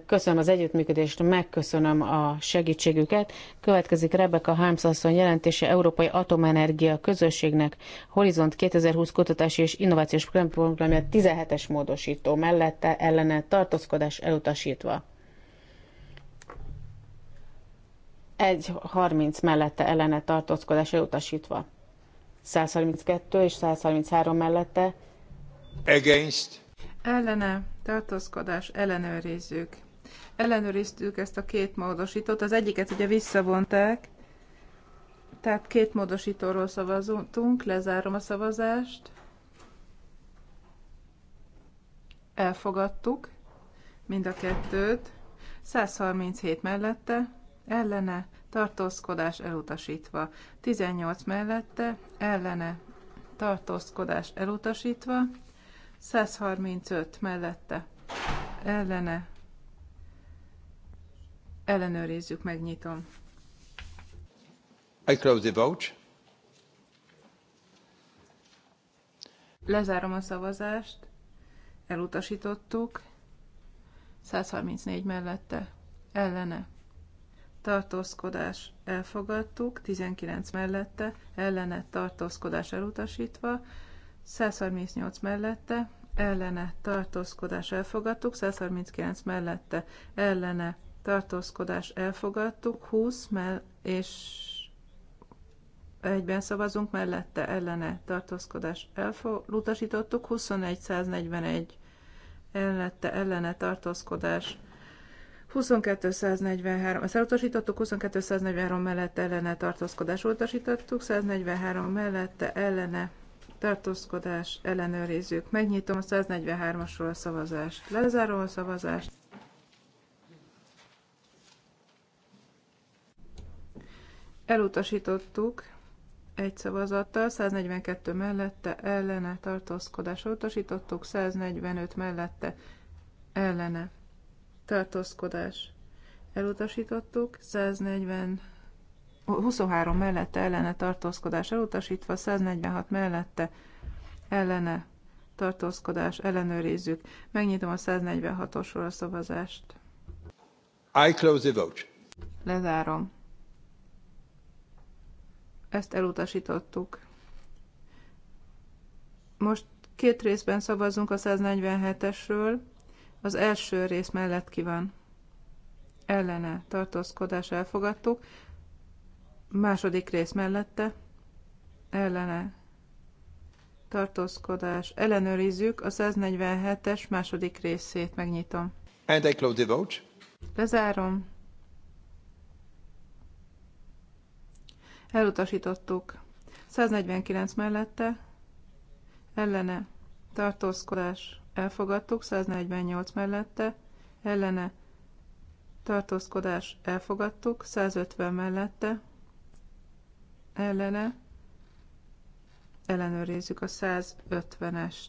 Köszönöm az együttműködést, megköszönöm a segítségüket. Következik Rebecca Harms asszony jelentése Európai Atomenergia Közösségnek Horizont 2020 kutatási és innovációs programja 17-es módosító mellette ellene tartózkodás elutasítva. 1.30 mellette ellene tartózkodás elutasítva. 132 és 133 mellette. Against. Ellene tartózkodás ellenőrizzük. Ellenőriztük ezt a két módosítót. Az egyiket ugye visszavonták, tehát két módosítóról szavazunk, lezárom a szavazást. Elfogadtuk mind a kettőt. 137 mellette ellene, tartózkodás elutasítva. 18 mellette, ellene, tartózkodás elutasítva. 135 mellette, ellene, ellenőrizzük, megnyitom. I close the vote. Lezárom a szavazást, elutasítottuk, 134 mellette, ellene tartózkodás elfogadtuk, 19 mellette, ellene tartózkodás elutasítva, 138 mellette, ellene tartózkodás elfogadtuk, 139 mellette, ellene tartózkodás elfogadtuk, 20 mell és egyben szavazunk, mellette ellene tartózkodás elutasítottuk, 21 141 ellette ellene tartózkodás 2243, ezt elutasítottuk, 2243 mellette ellene tartózkodás utasítottuk, 143 mellette ellene tartózkodás ellenőrizzük. Megnyitom a 143-asról a szavazást. Lezárom a szavazást. Elutasítottuk egy szavazattal, 142 mellette ellene tartózkodás utasítottuk, 145 mellette ellene tartózkodás elutasítottuk, 140 23 mellette ellene tartózkodás elutasítva, 146 mellette ellene tartózkodás ellenőrizzük. Megnyitom a 146-osról a szavazást. I close the vote. Lezárom. Ezt elutasítottuk. Most két részben szavazunk a 147-esről az első rész mellett kíván, Ellene tartózkodás elfogadtuk. Második rész mellette? Ellene tartózkodás. Ellenőrizzük a 147-es második részét, megnyitom. And I close the vote. Lezárom. Elutasítottuk. 149 mellette, ellene, tartózkodás, elfogadtuk, 148 mellette, ellene tartózkodás elfogadtuk, 150 mellette, ellene ellenőrizzük a 150-est.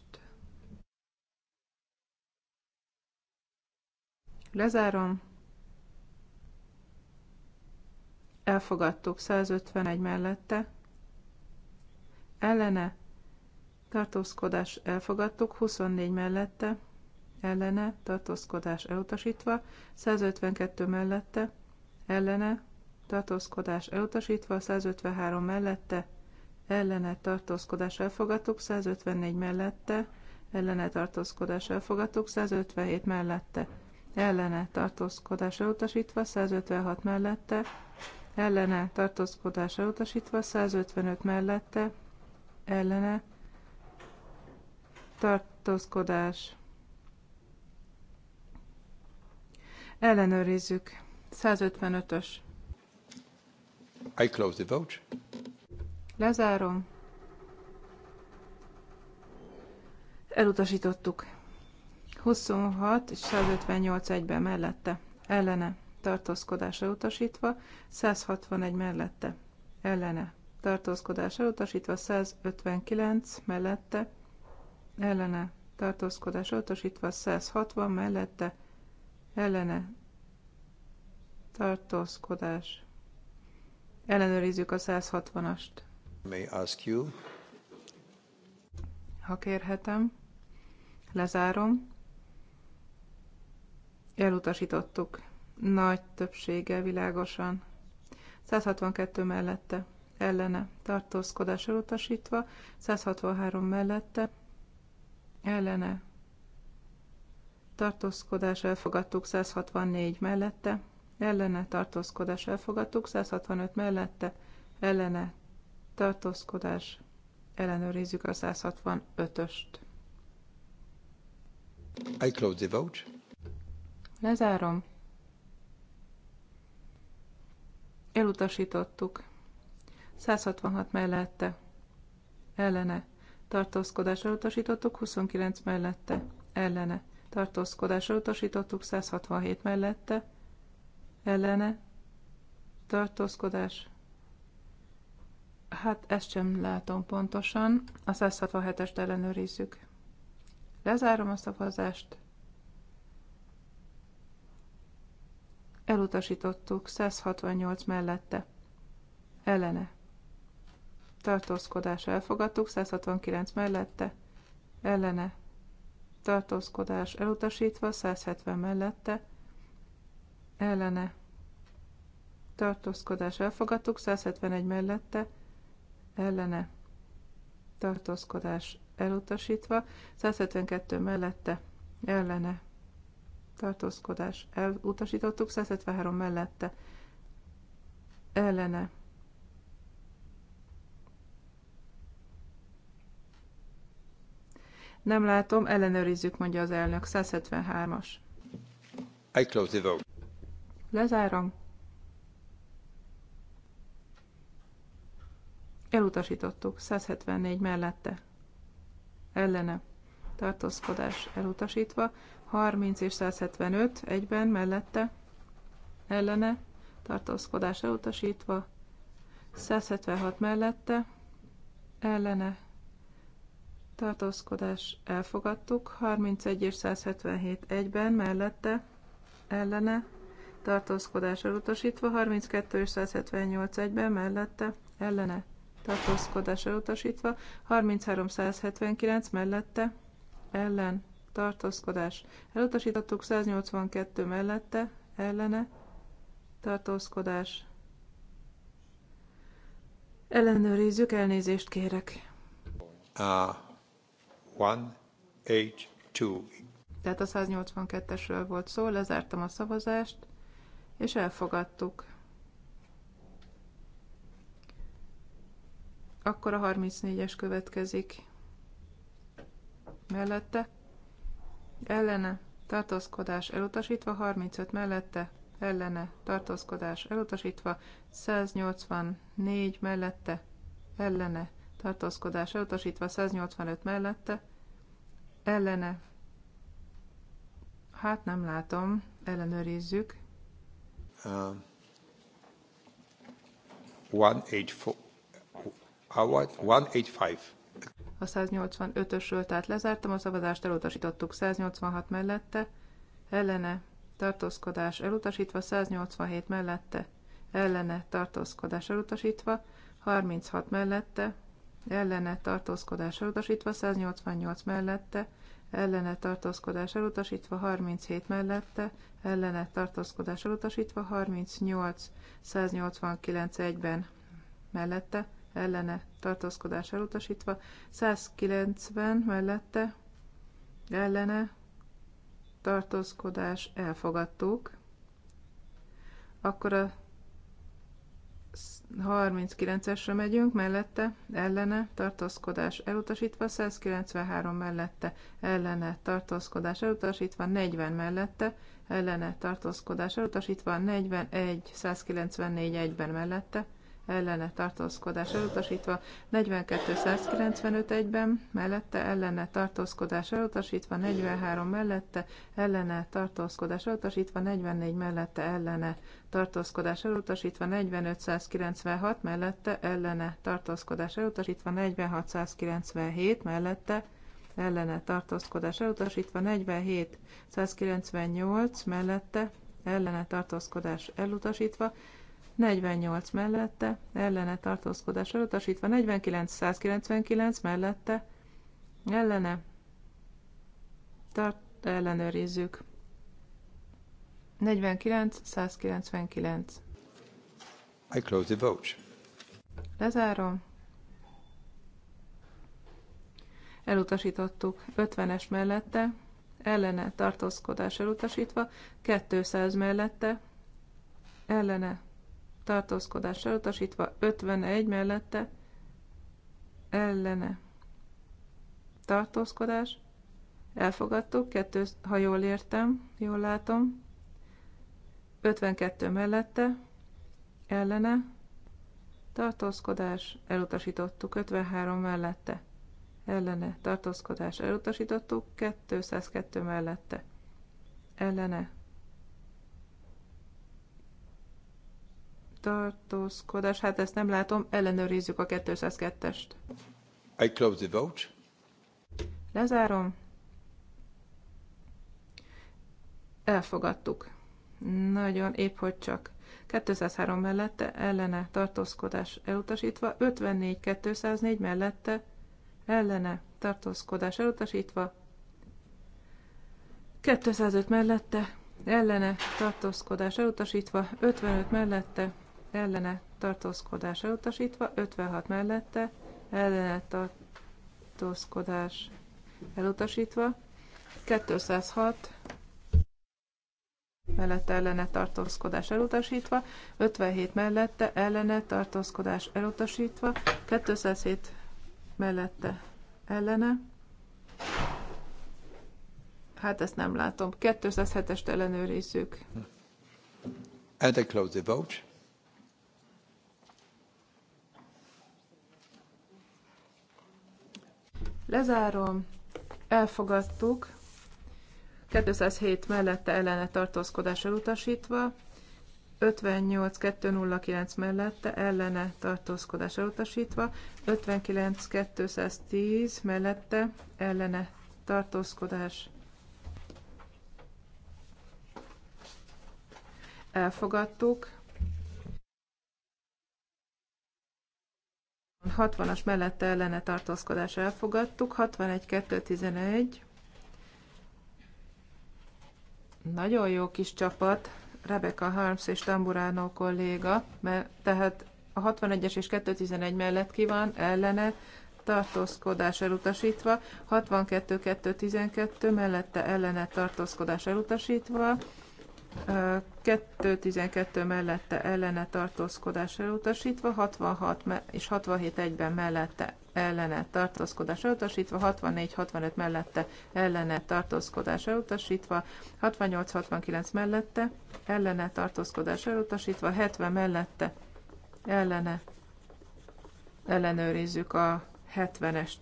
Lezárom. Elfogadtuk 151 mellette. Ellene tartózkodás elfogadtuk, 24 mellette, ellene, tartózkodás elutasítva, 152 mellette, ellene, tartózkodás elutasítva, 153 mellette, ellene, tartózkodás elfogadtuk, 154 mellette, ellene, tartózkodás elfogadtuk, 157 mellette, ellene, tartózkodás elutasítva, 156 mellette, ellene, tartózkodás elutasítva, 155 mellette, ellene, tartózkodás. Ellenőrizzük. 155-ös. I close the vote. Lezárom. Elutasítottuk. 26 és 158 egyben mellette. Ellene. Tartózkodásra utasítva. 161 mellette. Ellene. Tartózkodásra utasítva. 159 mellette ellene tartózkodás utasítva 160 mellette ellene tartózkodás. Ellenőrizzük a 160-ast. May ask you. Ha kérhetem, lezárom. Elutasítottuk. Nagy többséggel világosan. 162 mellette ellene tartózkodás elutasítva, 163 mellette ellene tartózkodás elfogadtuk 164 mellette, ellene tartózkodás elfogadtuk 165 mellette, ellene tartózkodás ellenőrizzük a 165-öst. I close the vote. Lezárom. Elutasítottuk. 166 mellette, ellene tartózkodásra elutasítottuk, 29 mellette ellene Tartózkodásra elutasítottuk, 167 mellette ellene tartózkodás. Hát ezt sem látom pontosan. A 167-est ellenőrizzük. Lezárom a szavazást. Elutasítottuk 168 mellette. Ellene tartózkodás elfogadtuk, 169 mellette ellene tartózkodás elutasítva, 170 mellette ellene tartózkodás elfogadtuk, 171 mellette ellene tartózkodás elutasítva, 172 mellette ellene tartózkodás elutasítottuk, 173 mellette ellene Nem látom, ellenőrizzük, mondja az elnök. 173-as. I close the vote. Lezárom. Elutasítottuk. 174 mellette. Ellene. Tartózkodás elutasítva. 30 és 175 egyben mellette. Ellene. Tartózkodás elutasítva. 176 mellette. Ellene tartózkodás elfogadtuk, 31 és 177 egyben mellette ellene tartózkodás elutasítva, 32 és 178 egyben mellette ellene tartózkodás elutasítva, 33 179 mellette ellen tartózkodás elutasítottuk, 182 mellette ellene tartózkodás ellenőrizzük, elnézést kérek. Uh. Tehát a 182-esről volt szó, lezártam a szavazást, és elfogadtuk. Akkor a 34-es következik. Mellette. Ellene. Tartózkodás elutasítva. 35 mellette. Ellene. Tartózkodás elutasítva. 184 mellette. Ellene. Tartózkodás elutasítva. 185 mellette ellene, hát nem látom, ellenőrizzük. Uh, one uh, uh A 185-ösről, tehát lezártam a szavazást, elutasítottuk 186 mellette, ellene, tartózkodás elutasítva, 187 mellette, ellene, tartózkodás elutasítva, 36 mellette, ellene tartózkodás elutasítva, 188 mellette, ellene tartózkodás elutasítva, 37 mellette, ellene tartózkodás elutasítva, 38, 189 ben mellette, ellene tartózkodás elutasítva, 190 mellette, ellene tartózkodás elfogadtuk, akkor a 39 esre megyünk, mellette, ellene, tartózkodás elutasítva, 193 mellette, ellene, tartózkodás elutasítva, 40 mellette, ellene, tartózkodás elutasítva, 41, 194 egyben mellette, ellene tartózkodás elutasítva, 42 195 egyben, mellette ellene tartózkodás elutasítva, 43 mellette ellene tartózkodás elutasítva, 44 mellette ellene tartózkodás elutasítva, 45 196 mellette ellene tartózkodás elutasítva, 46 197 mellette ellene tartózkodás elutasítva, 47 198 mellette ellene tartózkodás elutasítva, 48 mellette, ellene tartózkodás elutasítva, 49, 199 mellette, ellene, tart, ellenőrizzük. 49, 199. I close the vote. Lezárom. Elutasítottuk 50-es mellette, ellene tartózkodás elutasítva, 200 mellette, ellene tartózkodás elutasítva, 51 mellette ellene tartózkodás, elfogadtuk, kettő, ha jól értem, jól látom, 52 mellette ellene tartózkodás, elutasítottuk, 53 mellette ellene tartózkodás, elutasítottuk, 202 mellette ellene tartózkodás, hát ezt nem látom, ellenőrizzük a 202-est. I close the vote. Lezárom. Elfogadtuk. Nagyon épp, hogy csak. 203 mellette ellene tartózkodás elutasítva, 54-204 mellette ellene tartózkodás elutasítva, 205 mellette ellene tartózkodás elutasítva, 55 mellette ellene tartózkodás elutasítva, 56 mellette ellene tartózkodás elutasítva, 206 mellette ellene tartózkodás elutasítva, 57 mellette ellene tartózkodás elutasítva, 207 mellette ellene. Hát ezt nem látom. 207-est ellenőrizzük. And close the vote. Lezárom, elfogadtuk, 207 mellette ellene tartózkodás elutasítva, 58.209 mellette ellene tartózkodás elutasítva, 59.210 mellette ellene tartózkodás elfogadtuk, 60-as mellette ellene tartózkodás elfogadtuk, 61-2-11. Nagyon jó kis csapat, Rebecca Harms és Tamburano kolléga, mert tehát a 61-es és 211 mellett ki van, ellene, tartózkodás elutasítva, 62 mellette ellene tartózkodás elutasítva, 2.12 mellette ellene tartózkodás elutasítva, 66 és 67 egyben mellette ellene tartózkodás elutasítva, 64-65 mellette ellene tartózkodás elutasítva, 68-69 mellette ellene tartózkodás elutasítva, 70 mellette ellene ellenőrizzük a 70-est.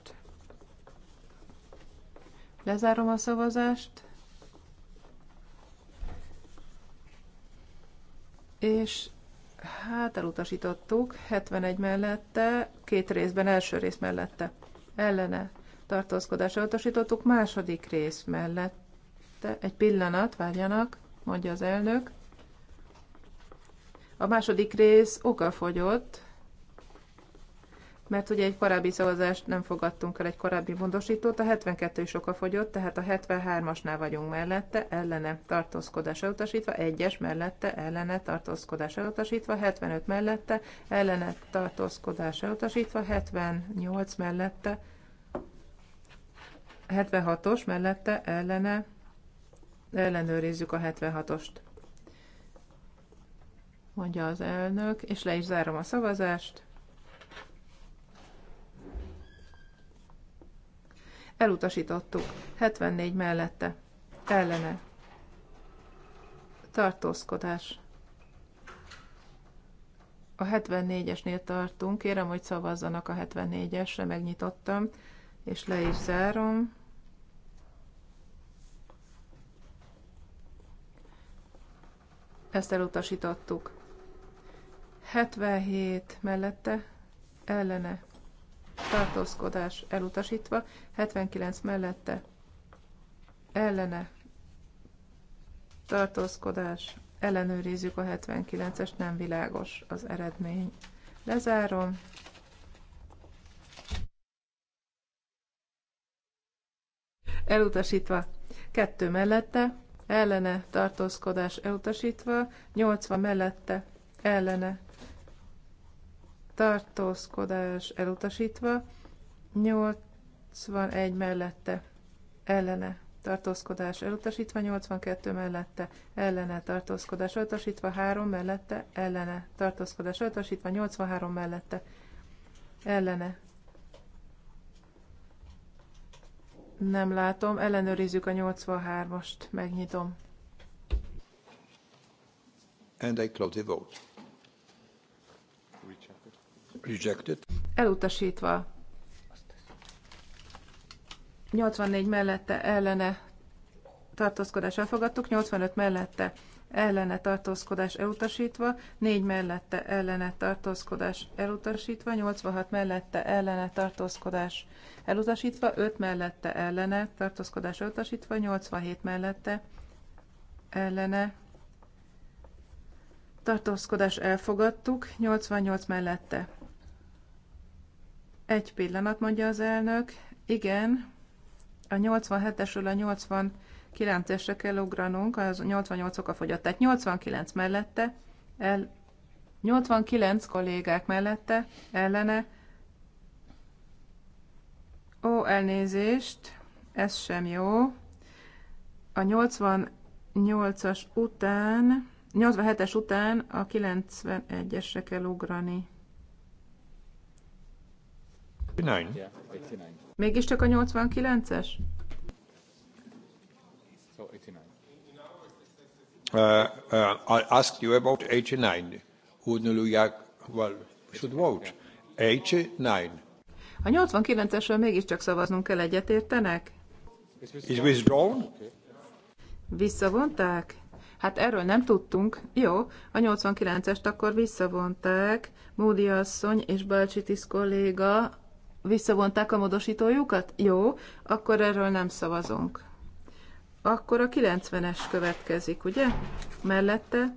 Lezárom a szavazást. és hát elutasítottuk, 71 mellette, két részben, első rész mellette, ellene tartózkodásra elutasítottuk, második rész mellette, egy pillanat, várjanak, mondja az elnök. A második rész okafogyott, mert ugye egy korábbi szavazást nem fogadtunk el, egy korábbi módosítót, a 72 is fogyott, tehát a 73-asnál vagyunk mellette, ellene tartózkodás elutasítva, 1-es mellette, ellene tartózkodás elutasítva, 75 mellette, ellene tartózkodás elutasítva, 78 mellette, 76-os mellette, ellene, ellenőrizzük a 76-ost mondja az elnök, és le is zárom a szavazást. elutasítottuk. 74 mellette, ellene, tartózkodás. A 74-esnél tartunk, kérem, hogy szavazzanak a 74-esre, megnyitottam, és le is zárom. Ezt elutasítottuk. 77 mellette, ellene, tartózkodás elutasítva, 79 mellette ellene tartózkodás, ellenőrizzük a 79-es, nem világos az eredmény. Lezárom. Elutasítva. 2 mellette, ellene tartózkodás elutasítva, 80 mellette, ellene tartózkodás elutasítva, 81 mellette ellene tartózkodás elutasítva, 82 mellette ellene tartózkodás elutasítva, 3 mellette ellene tartózkodás elutasítva, 83 mellette ellene. Nem látom, ellenőrizzük a 83-ast, megnyitom. And I close the vote. Rejected. Elutasítva. 84 mellette ellene tartózkodás elfogadtuk, 85 mellette ellene tartózkodás elutasítva, 4 mellette ellene tartózkodás elutasítva, 86 mellette ellene tartózkodás elutasítva, 5 mellette ellene tartózkodás elutasítva, 87 mellette ellene tartózkodás elfogadtuk, 88 mellette egy pillanat, mondja az elnök. Igen, a 87-esről a 89-esre kell ugranunk, az 88 oka fogyott, tehát 89 mellette, el, 89 kollégák mellette, ellene. Ó, elnézést, ez sem jó. A 88-as után, 87-es után a 91-esre kell ugrani. 89. Mégiscsak a 89-es? Uh, uh, I asked you about 89. Unuluják, well, should vote. 89. A 89-esről mégiscsak szavaznunk kell, egyetértenek? Is withdrawn? Visszavonták? Hát erről nem tudtunk. Jó, a 89-est akkor visszavonták. Módi asszony és Balcsitis kolléga Visszavonták a módosítójukat? Jó, akkor erről nem szavazunk. Akkor a 90-es következik, ugye? Mellette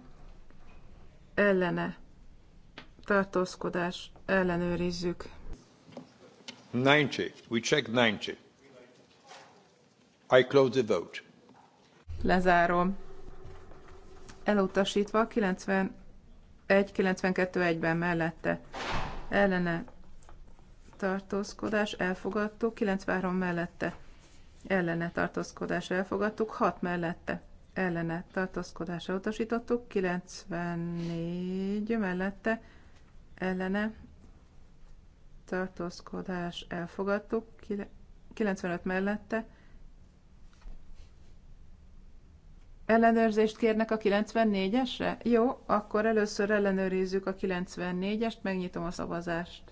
ellene tartózkodás ellenőrizzük. 90. We check 90. I close the vote. Lezárom. Elutasítva 91-92-1-ben mellette ellene tartózkodás elfogadtuk, 93 mellette ellene tartózkodás elfogadtuk, 6 mellette ellene tartózkodás elutasítottuk, 94 mellette ellene tartózkodás elfogadtuk, 95 mellette Ellenőrzést kérnek a 94-esre? Jó, akkor először ellenőrizzük a 94-est, megnyitom a szavazást.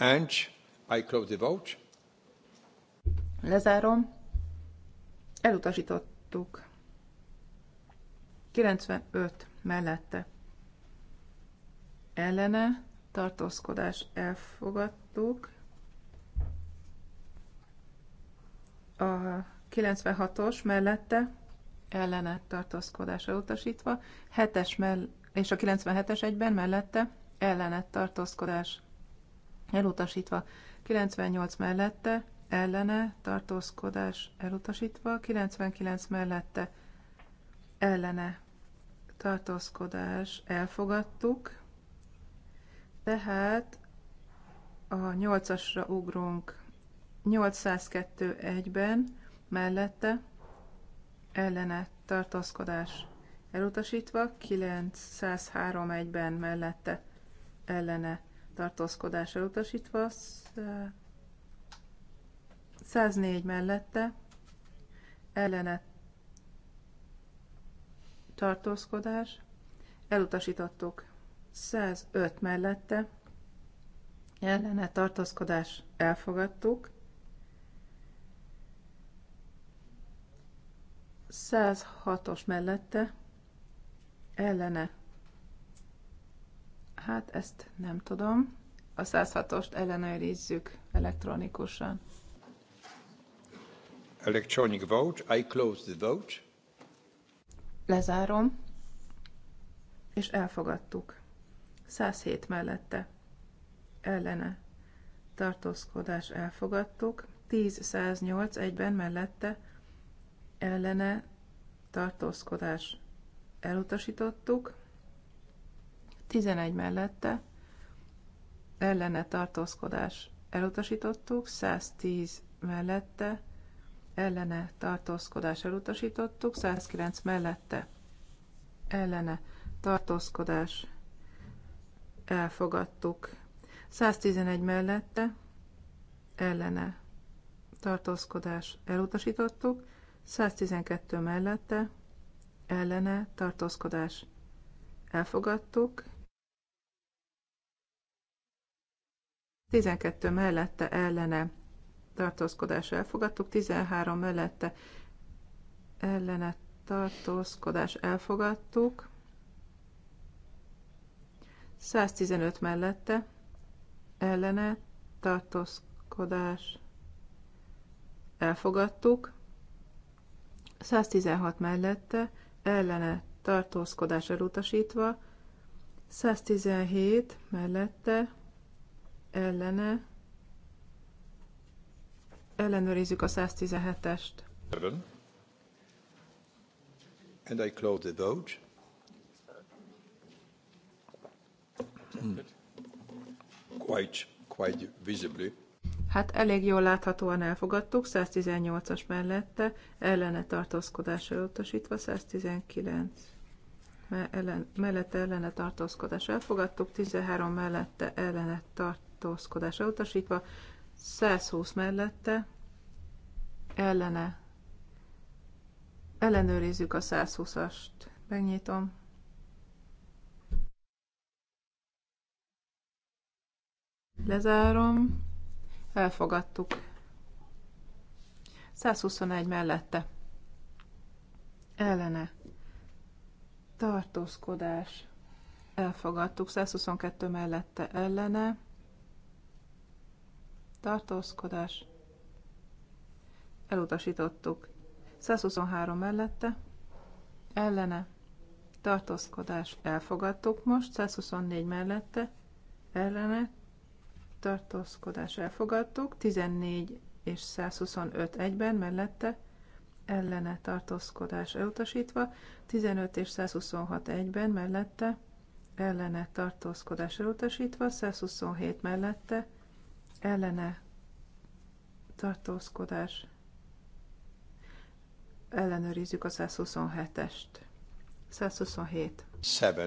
And I close the vote. Lezárom. Elutasítottuk. 95 mellette. Ellene tartózkodás elfogadtuk. A 96-os mellette ellene tartózkodás elutasítva, 7-es mell- és a 97-es egyben mellette ellene tartózkodás elutasítva, 98 mellette, ellene, tartózkodás elutasítva, 99 mellette, ellene, tartózkodás elfogadtuk, tehát a 8-asra ugrunk 802 egyben, mellette, ellene, tartózkodás elutasítva, 903 egyben mellette, ellene, tartózkodás elutasítva, 104 mellette ellene tartózkodás, elutasítottuk 105 mellette, ellene tartózkodás elfogadtuk, 106-os mellette ellene Hát ezt nem tudom. A 106-ost ellenőrizzük elektronikusan. Electronic vote. I close the vote. Lezárom. És elfogadtuk. 107 mellette. Ellene. Tartózkodás elfogadtuk. 10 egyben mellette. Ellene. Tartózkodás elutasítottuk. 11 mellette ellene tartózkodás elutasítottuk, 110 mellette ellene tartózkodás elutasítottuk, 109 mellette ellene tartózkodás elfogadtuk, 111 mellette ellene tartózkodás elutasítottuk, 112 mellette ellene tartózkodás elfogadtuk, 12 mellette ellene tartózkodás elfogadtuk, 13 mellette ellene tartózkodás elfogadtuk, 115 mellette ellene tartózkodás elfogadtuk, 116 mellette ellene tartózkodás elutasítva, 117 mellette ellene. Ellenőrizzük a 117-est. And I close the vote. Hmm. Quite, quite visibly. Hát elég jól láthatóan elfogadtuk, 118-as mellette, ellene tartózkodásra elutasítva 119. mellette ellene tartózkodás elfogadtuk, 13 mellette ellene tart tartózkodásra utasítva, 120 mellette ellene. Ellenőrizzük a 120-ast. Megnyitom. Lezárom. Elfogadtuk. 121 mellette. Ellene. Tartózkodás. Elfogadtuk. 122 mellette ellene tartózkodás, elutasítottuk. 123 mellette, ellene, tartózkodás, elfogadtuk most, 124 mellette, ellene, tartózkodás, elfogadtuk, 14 és 125 egyben mellette, ellene tartózkodás elutasítva, 15 és 126 egyben mellette, ellene tartózkodás elutasítva, 127 mellette, ellene tartózkodás ellenőrizzük a 127-est. 127. 7.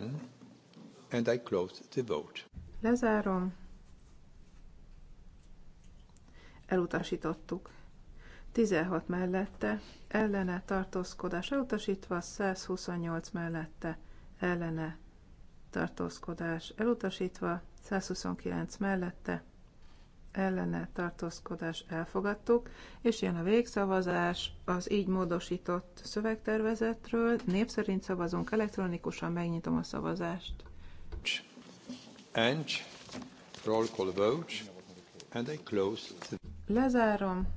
And I close the vote. Lezárom. Elutasítottuk. 16 mellette, ellene tartózkodás elutasítva, 128 mellette, ellene tartózkodás elutasítva, 129 mellette, ellene tartózkodás elfogadtuk, és jön a végszavazás az így módosított szövegtervezetről. Népszerint szavazunk elektronikusan, megnyitom a szavazást. And roll call vote, and I close. Lezárom.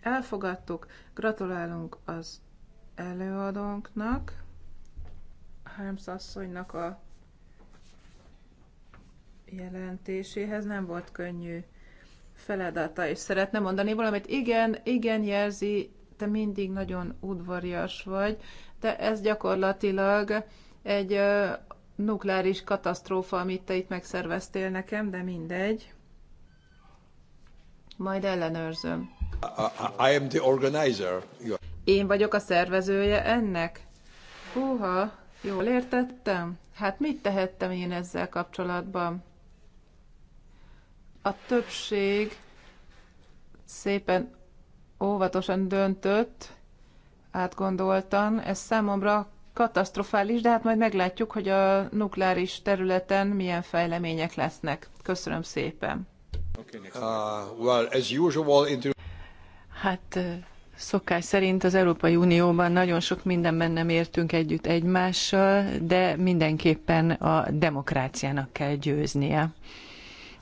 Elfogadtuk. Gratulálunk az előadónknak, Harms asszonynak a jelentéséhez nem volt könnyű feladata, és szeretne mondani valamit. Igen, igen jelzi, te mindig nagyon udvarias vagy, de ez gyakorlatilag egy nukleáris katasztrófa, amit te itt megszerveztél nekem, de mindegy. Majd ellenőrzöm. I, I am the organizer. Én vagyok a szervezője ennek? Húha, jól értettem? Hát mit tehettem én ezzel kapcsolatban? a többség szépen óvatosan döntött, átgondoltan. Ez számomra katasztrofális, de hát majd meglátjuk, hogy a nukleáris területen milyen fejlemények lesznek. Köszönöm szépen. Uh, well, as usual, into... Hát uh, szokás szerint az Európai Unióban nagyon sok mindenben nem értünk együtt egymással, de mindenképpen a demokráciának kell győznie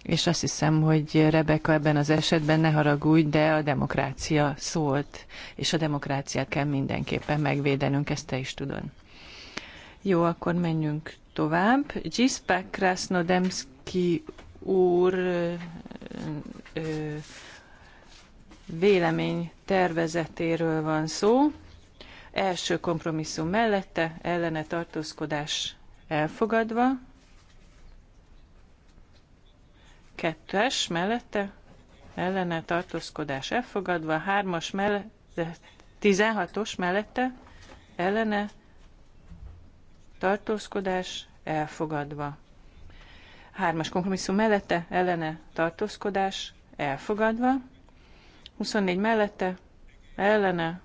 és azt hiszem, hogy Rebeka ebben az esetben ne haragudj, de a demokrácia szólt, és a demokráciát kell mindenképpen megvédenünk, ezt te is tudod. Jó, akkor menjünk tovább. Gispek Krasnodemski úr ö, ö, vélemény tervezetéről van szó. Első kompromisszum mellette, ellene tartózkodás elfogadva, Kettes mellette ellene tartózkodás elfogadva, hármas mellette, 16-os mellette ellene tartózkodás elfogadva. Hármas kompromisszum mellette ellene tartózkodás elfogadva. 24 mellette ellene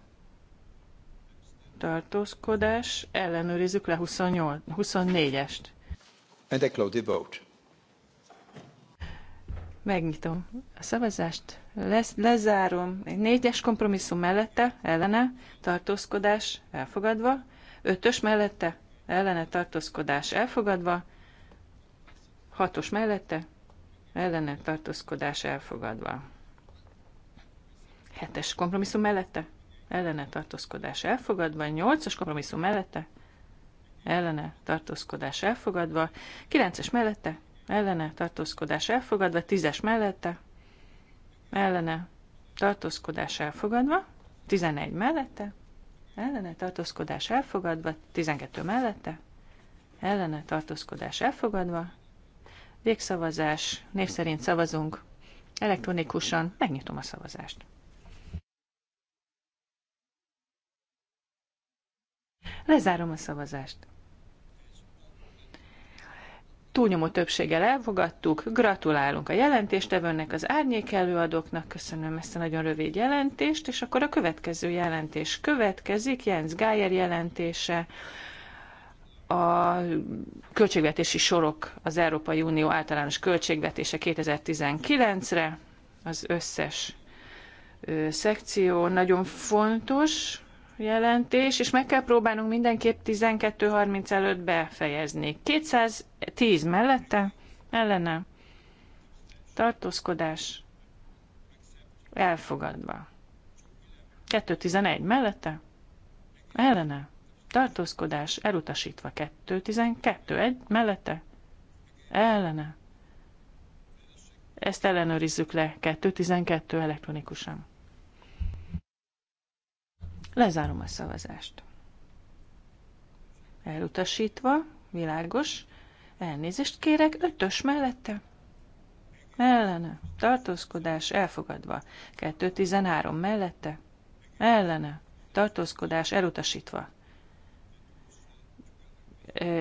tartózkodás, ellenőrizzük le 24-est. And I close vote. Megnyitom a szavazást, lesz, lezárom. Egy négyes kompromisszum mellette, ellene, tartózkodás elfogadva. Ötös mellette, ellene, tartózkodás elfogadva. Hatos mellette, ellene, tartózkodás elfogadva. Hetes kompromisszum mellette, ellene, tartózkodás elfogadva. Nyolcas kompromisszum mellette, ellene, tartózkodás elfogadva. Kilences mellette, ellene tartózkodás elfogadva, tízes mellette ellene tartózkodás elfogadva, 11 mellette ellene tartózkodás elfogadva, 12 mellette ellene tartózkodás elfogadva, végszavazás, név szerint szavazunk, elektronikusan megnyitom a szavazást. Lezárom a szavazást túlnyomó többséggel elfogadtuk. Gratulálunk a jelentéstevőnek, az árnyék előadóknak, köszönöm ezt a nagyon rövid jelentést, és akkor a következő jelentés következik, Jens Geyer jelentése, a költségvetési sorok az Európai Unió általános költségvetése 2019-re, az összes szekció nagyon fontos, jelentés, és meg kell próbálnunk mindenképp 12.30 előtt befejezni. 210 mellette, ellene, tartózkodás, elfogadva. 2.11 mellette, ellene, tartózkodás, elutasítva. 2.12 egy, mellette, ellene. Ezt ellenőrizzük le 2.12 elektronikusan. Lezárom a szavazást. Elutasítva, világos. Elnézést kérek, ötös mellette. Ellene. Tartózkodás elfogadva. 213 mellette. Ellene. Tartózkodás elutasítva.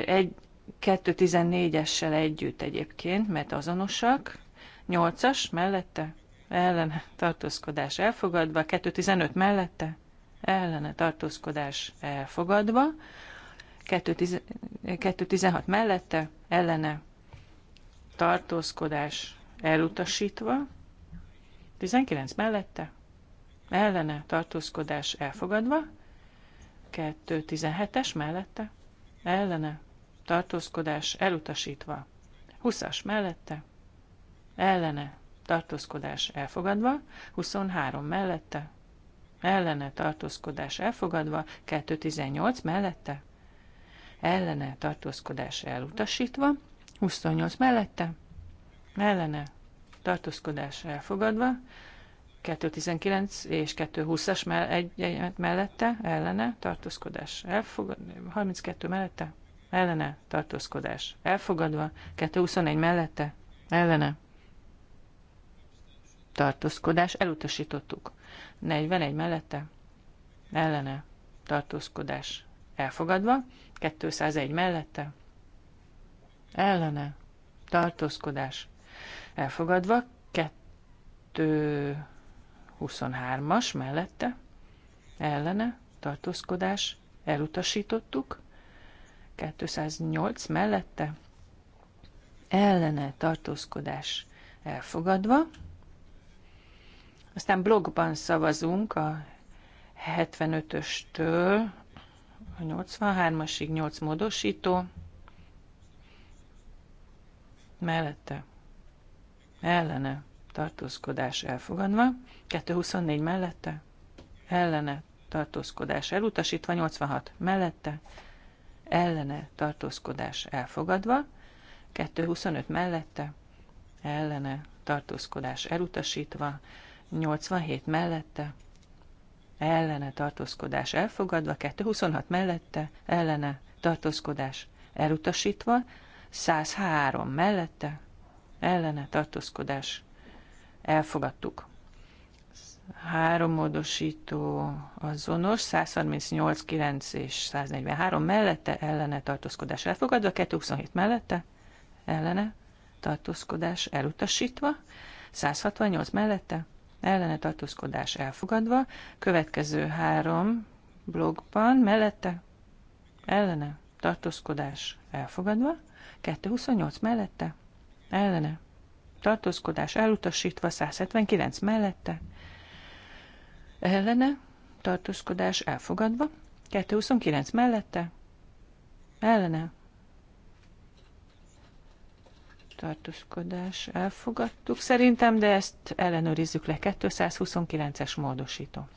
Egy, 214-essel együtt egyébként, mert azonosak. 8-as mellette. Ellene. Tartózkodás elfogadva. 215 mellette ellene tartózkodás elfogadva, 216 mellette ellene tartózkodás elutasítva, 19 mellette ellene tartózkodás elfogadva, 217-es mellette ellene tartózkodás elutasítva, 20-as mellette ellene tartózkodás elfogadva, 23 mellette ellene tartózkodás elfogadva, 218 mellette, ellene tartózkodás elutasítva, 28 mellette, ellene tartózkodás elfogadva, 219 és 220-as mell egy, egy, mellette, ellene tartózkodás elfogadva, 32 mellette, ellene tartózkodás elfogadva, 221 mellette, ellene tartózkodás elutasítottuk. 41 mellette ellene tartózkodás elfogadva, 201 mellette ellene tartózkodás elfogadva, 223-as mellette ellene tartózkodás elutasítottuk, 208 mellette ellene tartózkodás elfogadva, aztán blogban szavazunk a 75-östől a 83-asig 8 módosító. Mellette. Ellene. Tartózkodás elfogadva. 224 mellette. Ellene. Tartózkodás elutasítva. 86 mellette. Ellene. Tartózkodás elfogadva. 225 mellette. Ellene. Tartózkodás elutasítva. 87 mellette, ellene tartózkodás elfogadva, 226 mellette, ellene tartózkodás elutasítva, 103 mellette, ellene tartózkodás elfogadtuk. Három módosító azonos, 138, 9 és 143 mellette, ellene tartózkodás elfogadva, 227 mellette, ellene tartózkodás elutasítva, 168 mellette, ellene tartózkodás elfogadva. Következő három blogban mellette ellene tartózkodás elfogadva. 228 mellette ellene tartózkodás elutasítva. 179 mellette ellene tartózkodás elfogadva. 229 mellette ellene tartózkodás elfogadtuk szerintem, de ezt ellenőrizzük le. 229-es módosító.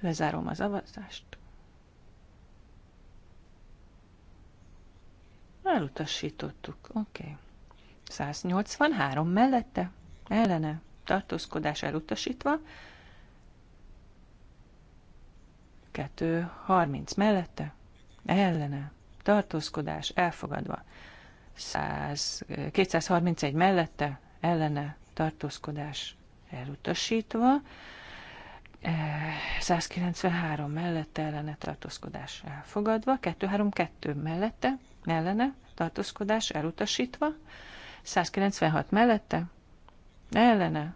Lezárom az avazást. Elutasítottuk, oké. Okay. 183 mellette, ellene, tartózkodás elutasítva. 230 mellette, ellene, tartózkodás elfogadva. 100, 231 mellette ellene tartózkodás elutasítva, 193 e, mellette ellene tartózkodás elfogadva, 232 mellette ellene tartózkodás elutasítva, 196 mellette ellene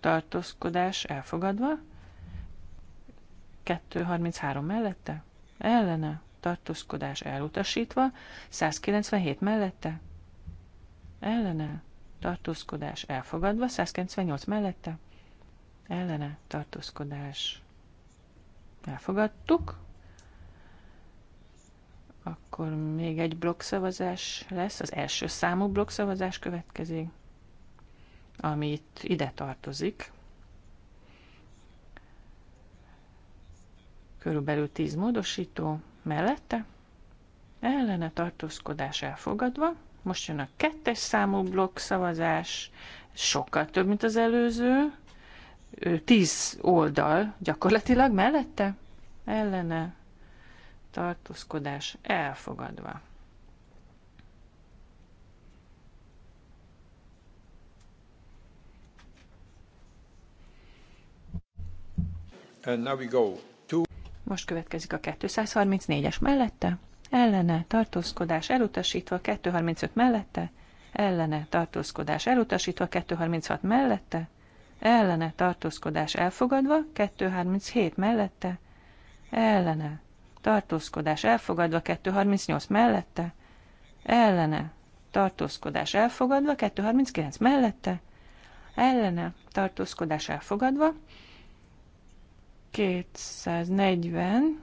tartózkodás elfogadva, 233 mellette ellene tartózkodás elutasítva, 197 mellette, ellene, tartózkodás elfogadva, 198 mellette, ellene, tartózkodás elfogadtuk, akkor még egy blokkszavazás lesz, az első számú blokkszavazás következik, amit ide tartozik. Körülbelül 10 módosító, mellette, ellene tartózkodás elfogadva. Most jön a kettes számú blokk szavazás, sokkal több, mint az előző, tíz oldal gyakorlatilag mellette, ellene tartózkodás elfogadva. And now we go most következik a 234-es mellette, ellene tartózkodás elutasítva, 235 mellette, ellene tartózkodás elutasítva, 236 mellette, ellene tartózkodás elfogadva, 237 mellette, ellene tartózkodás elfogadva, 238 mellette, ellene tartózkodás elfogadva, 239 mellette, ellene tartózkodás elfogadva, 240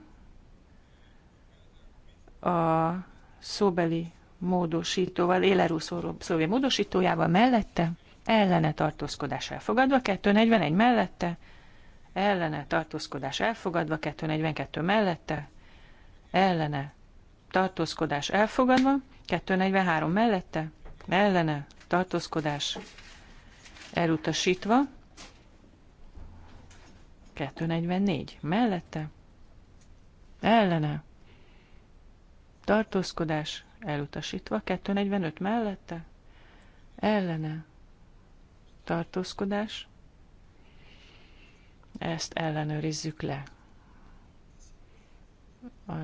a szóbeli módosítóval, Élerú szóbeli módosítójával mellette, ellene tartózkodás elfogadva, 241 mellette, ellene tartózkodás elfogadva, 242 mellette, ellene tartózkodás elfogadva, 243 mellette, ellene tartózkodás elutasítva, 244. Mellette. Ellene. Tartózkodás elutasítva. 245. Mellette. Ellene. Tartózkodás. Ezt ellenőrizzük le. A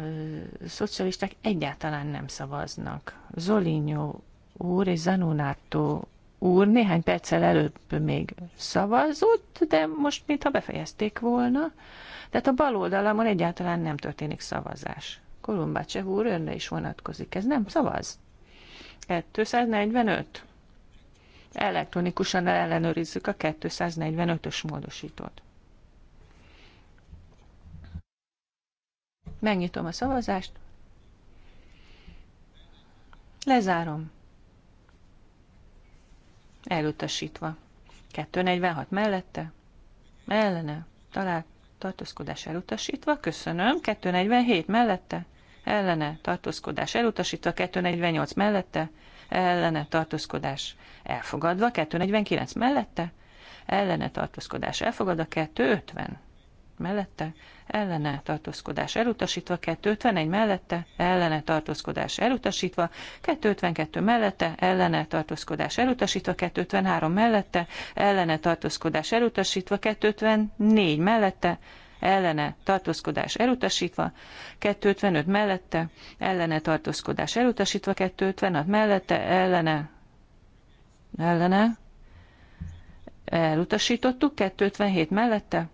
szocialisták egyáltalán nem szavaznak. Zolinyó úr és Zanunátó úr néhány perccel előbb még szavazott, de most mintha befejezték volna. Tehát a bal oldalamon egyáltalán nem történik szavazás. Kolumbácse úr önre is vonatkozik. Ez nem szavaz? 245. Elektronikusan ellenőrizzük a 245-ös módosítót. Megnyitom a szavazást. Lezárom elutasítva. 246 mellette, ellene, Talál. tartózkodás elutasítva, köszönöm. 247 mellette, ellene, tartózkodás elutasítva, 248 mellette, ellene, tartózkodás elfogadva, 249 mellette, ellene tartózkodás elfogadva, 250 mellette, ellene tartózkodás elutasítva, 251 mellette, ellene tartózkodás elutasítva, 252 mellette, ellene tartózkodás elutasítva, 253 mellette, ellene tartózkodás elutasítva, 254 mellette, ellene tartózkodás elutasítva, 255 mellette, ellene tartózkodás elutasítva, 256 mellette, ellene, ellene, elutasítottuk, 257 mellette,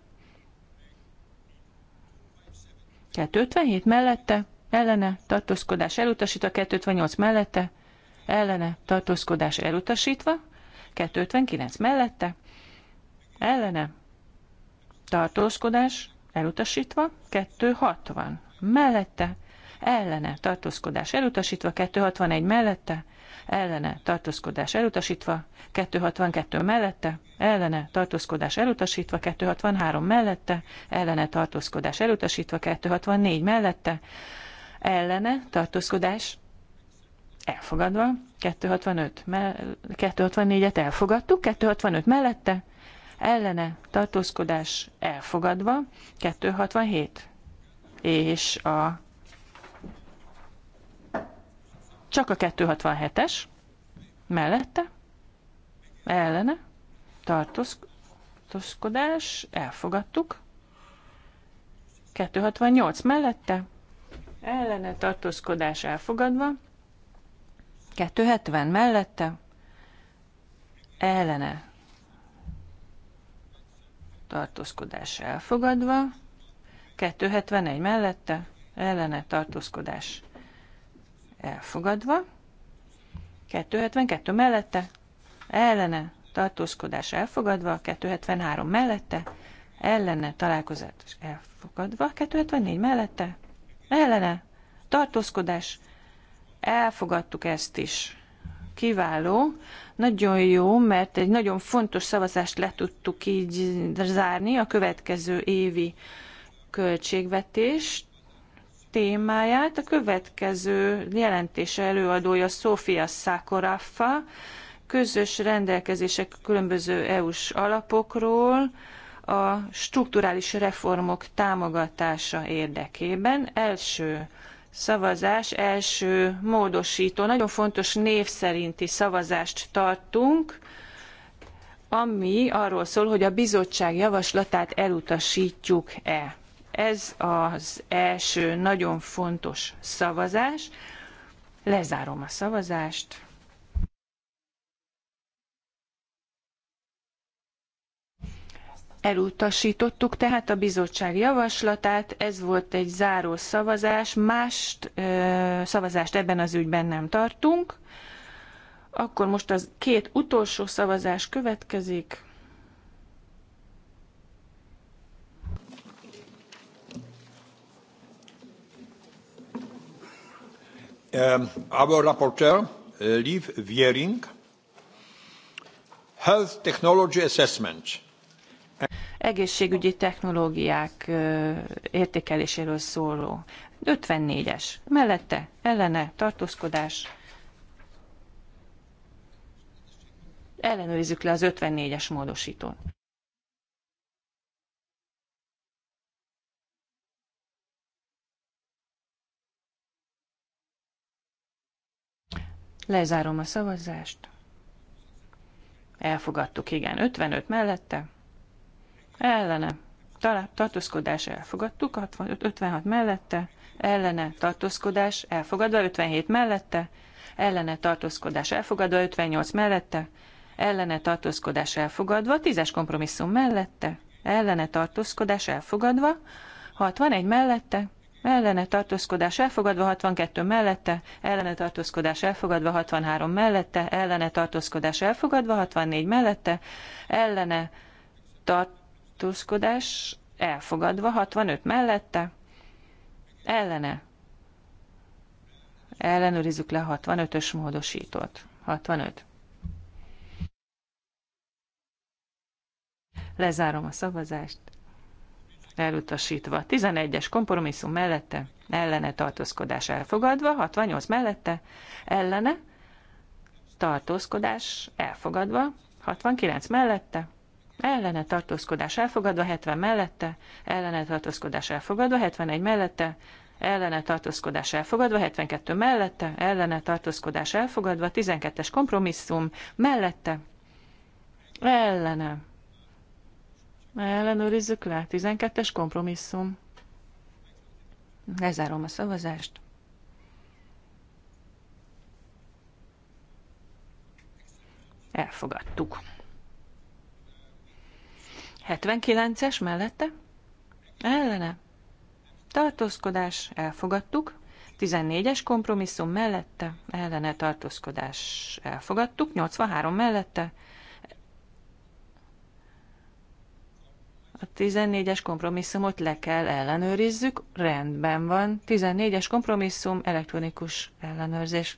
257 mellette, ellene, tartózkodás elutasítva, 258 mellette, ellene, tartózkodás elutasítva, 259 mellette, ellene, tartózkodás elutasítva, 260 mellette, ellene, tartózkodás elutasítva, 261 mellette, ellene tartózkodás elutasítva, 262 mellette, ellene tartózkodás elutasítva, 263 mellette, ellene tartózkodás elutasítva, 264 mellette, ellene tartózkodás elfogadva, 265 mell- 264-et elfogadtuk, 265 mellette, ellene tartózkodás elfogadva, 267 és a csak a 267-es mellette, ellene, tartózkodás, elfogadtuk. 268 mellette, ellene, tartózkodás elfogadva. 270 mellette, ellene, tartózkodás elfogadva. 271 mellette, ellene, tartózkodás elfogadva. 272 mellette, ellene, tartózkodás elfogadva, 273 mellette, ellene, találkozás elfogadva, 274 mellette, ellene, tartózkodás, elfogadtuk ezt is. Kiváló, nagyon jó, mert egy nagyon fontos szavazást le tudtuk így zárni a következő évi költségvetést témáját. A következő jelentése előadója Sofia Szákoraffa, közös rendelkezések különböző EU-s alapokról, a strukturális reformok támogatása érdekében. Első szavazás, első módosító, nagyon fontos név szerinti szavazást tartunk, ami arról szól, hogy a bizottság javaslatát elutasítjuk-e. Ez az első nagyon fontos szavazás. Lezárom a szavazást. Elutasítottuk tehát a bizottság javaslatát, ez volt egy záró szavazás, más szavazást ebben az ügyben nem tartunk. Akkor most az két utolsó szavazás következik. Um, our rapporteur, uh, Liv Viering, Health Technology Assessment. Egészségügyi technológiák uh, értékeléséről szóló. 54-es. Mellette, ellene, tartózkodás. Ellenőrizzük le az 54-es módosítót. Lezárom a szavazást. Elfogadtuk, igen, 55 mellette. Ellene. tartózkodás elfogadtuk, 56 mellette. Ellene tartózkodás elfogadva, 57 mellette. Ellene tartózkodás elfogadva, 58 mellette. Ellene tartózkodás elfogadva, 10-es kompromisszum mellette. Ellene tartózkodás elfogadva, 61 mellette ellene tartózkodás elfogadva 62 mellette, ellene tartózkodás elfogadva 63 mellette, ellene tartózkodás elfogadva 64 mellette, ellene tartózkodás elfogadva 65 mellette, ellene ellenőrizzük le 65-ös módosítót. 65. Lezárom a szavazást elutasítva. 11-es kompromisszum mellette, ellene tartózkodás elfogadva, 68 mellette, ellene tartózkodás elfogadva, 69 mellette, ellene tartózkodás elfogadva, 70 mellette, ellene tartózkodás elfogadva, 71 mellette, ellene tartózkodás elfogadva, 72 mellette, ellene tartózkodás elfogadva, 12-es kompromisszum mellette, ellene Ellenőrizzük le. 12-es kompromisszum. Lezárom a szavazást. Elfogadtuk. 79-es mellette? Ellene. Tartózkodás. Elfogadtuk. 14-es kompromisszum mellette, ellene tartózkodás elfogadtuk, 83 mellette, A 14-es kompromisszumot le kell ellenőrizzük, rendben van. 14-es kompromisszum, elektronikus ellenőrzés.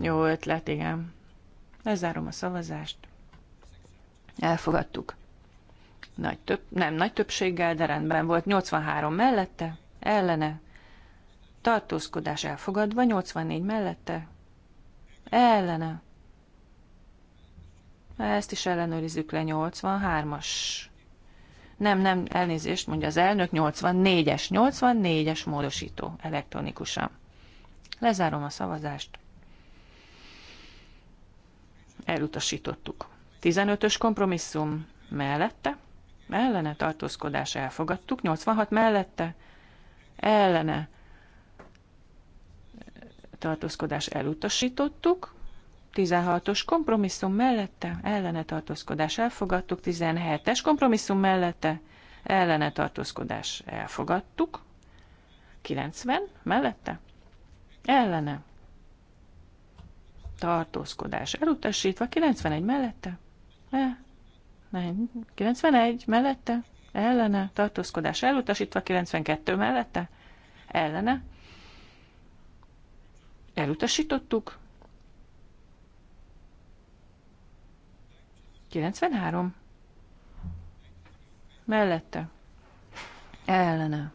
Jó ötlet, igen. Lezárom a szavazást. Elfogadtuk. Nagy több, nem nagy többséggel, de rendben volt. 83 mellette, ellene. Tartózkodás elfogadva, 84 mellette, ellene. Ezt is ellenőrizzük le 83-as nem, nem, elnézést, mondja az elnök, 84-es, 84-es módosító elektronikusan. Lezárom a szavazást. Elutasítottuk. 15-ös kompromisszum mellette, ellene tartózkodás elfogadtuk, 86 mellette, ellene tartózkodás elutasítottuk, 16-os kompromisszum mellette ellene tartózkodás elfogadtuk, 17-es kompromisszum mellette ellene tartózkodás elfogadtuk, 90 mellette ellene tartózkodás elutasítva, 91 mellette, e, nem, 91 mellette, ellene, tartózkodás elutasítva, 92 mellette, ellene, elutasítottuk, 93. Mellette. Ellene.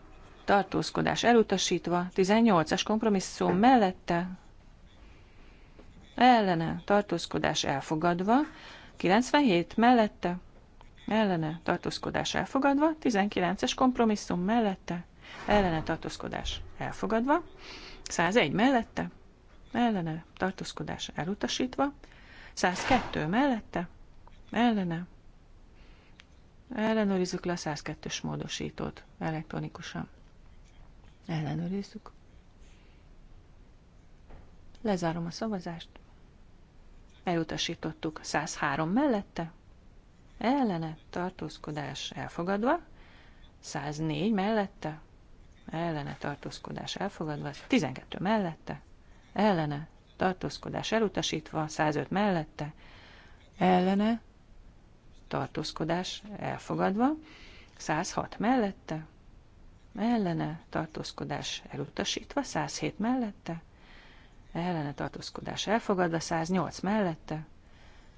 Tartózkodás elutasítva. 18-as kompromisszum mellette. Ellene. Tartózkodás elfogadva. 97 mellette. Ellene. Tartózkodás elfogadva. 19-es kompromisszum mellette. Ellene. Tartózkodás elfogadva. 101 mellette. Ellene. Tartózkodás elutasítva. 102 mellette Ellene. Ellenőrizzük le a 102-ös módosítót elektronikusan. Ellenőrizzük. Lezárom a szavazást. Elutasítottuk 103 mellette. Ellene tartózkodás elfogadva. 104 mellette. Ellene tartózkodás elfogadva. 12 mellette. Ellene tartózkodás elutasítva. 105 mellette. Ellene tartózkodás elfogadva, 106 mellette, ellene tartózkodás elutasítva, 107 mellette, ellene tartózkodás elfogadva, 108 mellette,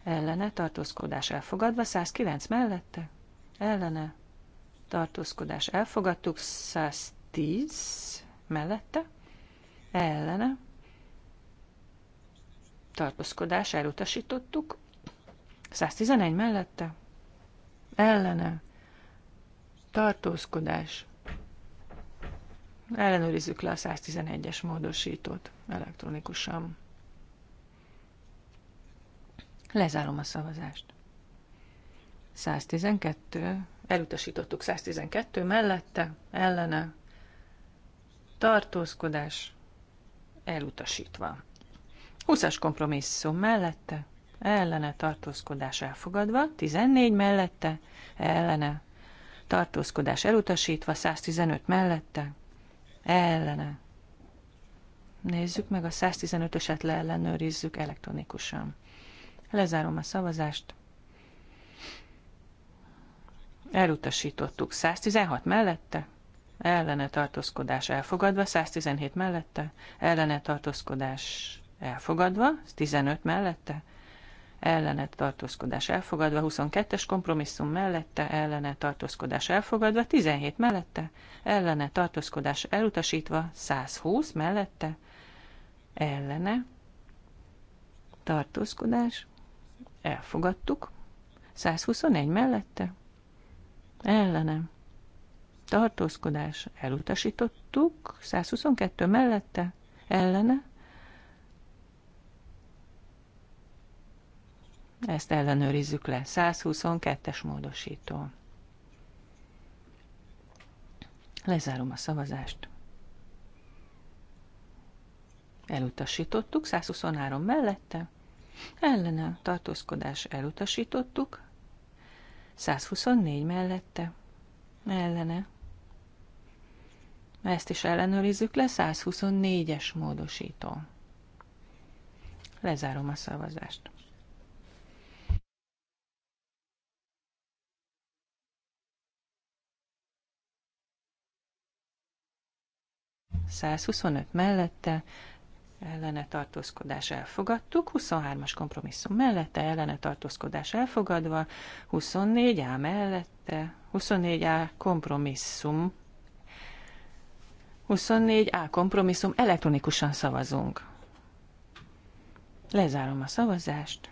ellene tartózkodás elfogadva, 109 mellette, ellene tartózkodás elfogadtuk, 110 mellette, ellene tartózkodás elutasítottuk, 111 mellette, ellene, tartózkodás, ellenőrizzük le a 111-es módosítót elektronikusan. Lezárom a szavazást. 112, elutasítottuk 112 mellette, ellene, tartózkodás, elutasítva. 20-as kompromisszum mellette, ellene tartózkodás elfogadva, 14 mellette, ellene tartózkodás elutasítva, 115 mellette, ellene. Nézzük meg a 115-öset leellenőrizzük elektronikusan. Lezárom a szavazást. Elutasítottuk 116 mellette, ellene tartózkodás elfogadva, 117 mellette, ellene tartózkodás elfogadva, 15 mellette, ellenet tartózkodás elfogadva, 22-es kompromisszum mellette ellene tartózkodás elfogadva, 17 mellette ellene tartózkodás elutasítva, 120 mellette ellene tartózkodás elfogadtuk, 121 mellette ellene tartózkodás elutasítottuk, 122 mellette ellene Ezt ellenőrizzük le. 122-es módosító. Lezárom a szavazást. Elutasítottuk, 123 mellette. Ellene tartózkodás elutasítottuk, 124 mellette. Ellene. Ezt is ellenőrizzük le, 124-es módosító. Lezárom a szavazást. 125 mellette, ellene tartózkodás elfogadtuk, 23-as kompromisszum mellette, ellene tartózkodás elfogadva, 24A mellette, 24A kompromisszum, 24A kompromisszum, elektronikusan szavazunk. Lezárom a szavazást.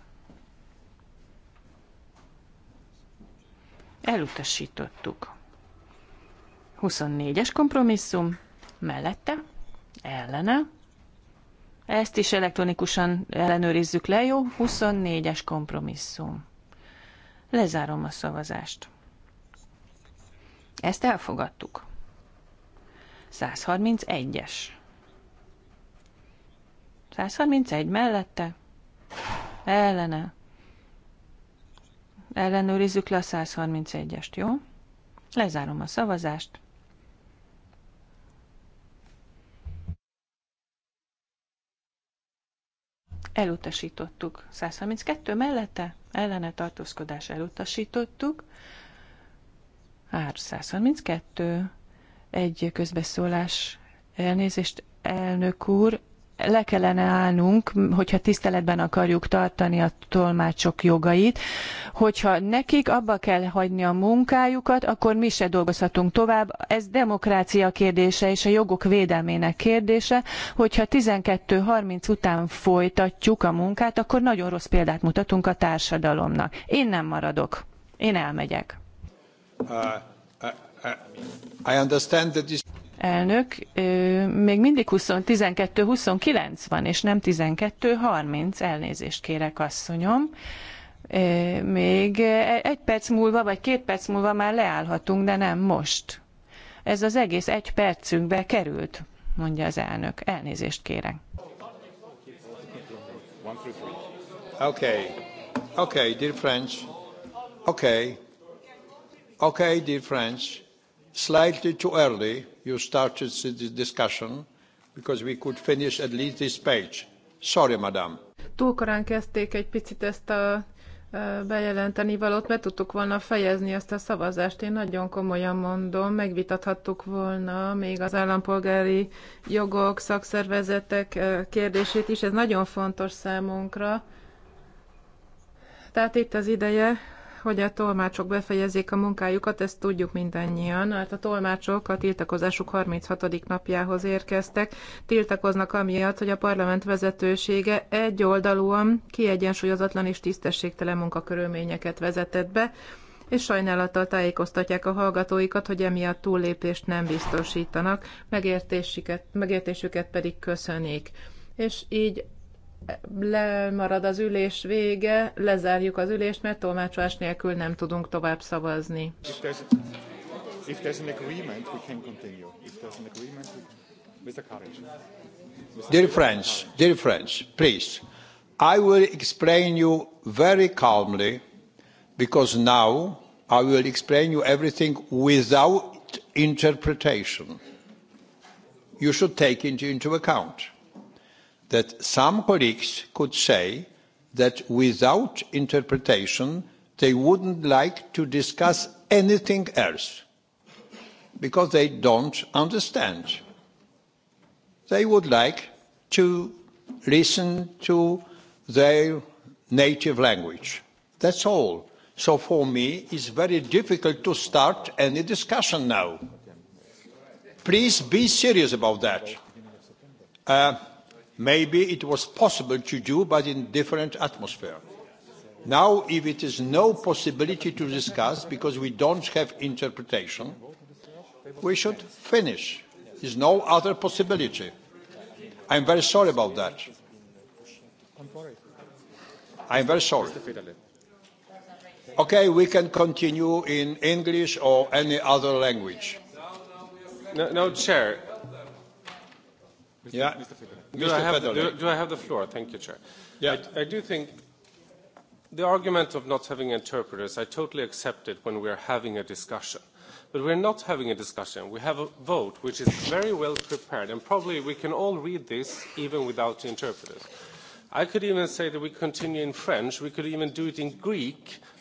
Elutasítottuk. 24-es kompromisszum, mellette, ellene. Ezt is elektronikusan ellenőrizzük le, jó? 24-es kompromisszum. Lezárom a szavazást. Ezt elfogadtuk. 131-es. 131 mellette, ellene. Ellenőrizzük le a 131-est, jó? Lezárom a szavazást. elutasítottuk. 132 mellette ellene tartózkodás elutasítottuk. 132 egy közbeszólás elnézést, elnök úr, le kellene állnunk, hogyha tiszteletben akarjuk tartani a tolmácsok jogait, hogyha nekik abba kell hagyni a munkájukat, akkor mi se dolgozhatunk tovább. Ez demokrácia kérdése és a jogok védelmének kérdése, hogyha 12.30 után folytatjuk a munkát, akkor nagyon rossz példát mutatunk a társadalomnak. Én nem maradok. Én elmegyek. Uh, uh, uh, I understand that elnök, még mindig 12-29 van, és nem 12-30, elnézést kérek, asszonyom. Még egy perc múlva, vagy két perc múlva már leállhatunk, de nem most. Ez az egész egy percünkbe került, mondja az elnök. Elnézést kérek. Okay. Okay, dear French. Okay. Okay, dear French. Slightly too early you started this discussion, because we could finish at least this page. Sorry, madam. Túl korán kezdték egy picit ezt a bejelenteni valót, mert tudtuk volna fejezni ezt a szavazást. Én nagyon komolyan mondom, megvitathattuk volna még az állampolgári jogok, szakszervezetek kérdését is. Ez nagyon fontos számunkra. Tehát itt az ideje, hogy a tolmácsok befejezzék a munkájukat, ezt tudjuk mindannyian. Hát a tolmácsok a tiltakozásuk 36. napjához érkeztek. Tiltakoznak amiatt, hogy a parlament vezetősége egyoldalúan kiegyensúlyozatlan és tisztességtelen munkakörülményeket vezetett be, és sajnálattal tájékoztatják a hallgatóikat, hogy emiatt túllépést nem biztosítanak, megértésüket, megértésüket pedig köszönik. És így lemarad az ülés vége, lezárjuk az ülést, mert tolmácsolás nélkül nem tudunk tovább szavazni. If there's, an agreement, we can continue. If there's an agreement, we... Mr. Karish. Dear friends, dear friends, please, I will explain you very calmly, because now I will explain you everything without interpretation. You should take it into account that some colleagues could say that without interpretation they wouldn't like to discuss anything else because they don't understand. They would like to listen to their native language. That's all. So for me, it's very difficult to start any discussion now. Please be serious about that. Uh, Maybe it was possible to do, but in different atmosphere. Now, if it is no possibility to discuss because we don't have interpretation, we should finish. There's no other possibility. I'm very sorry about that. I'm very sorry. Okay, we can continue in English or any other language. No, no chair. Yeah do, I have, do, do I have the floor? Thank you, Chair. Yeah. I, I do think the argument of not having interpreters, I totally accept it when we're having a discussion. But we're not having a discussion. We have a vote which is very well prepared, and probably we can all read this even without interpreters. I could even say that we continue in French. We could even do it in Greek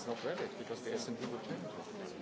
it's not valid because the S&P would change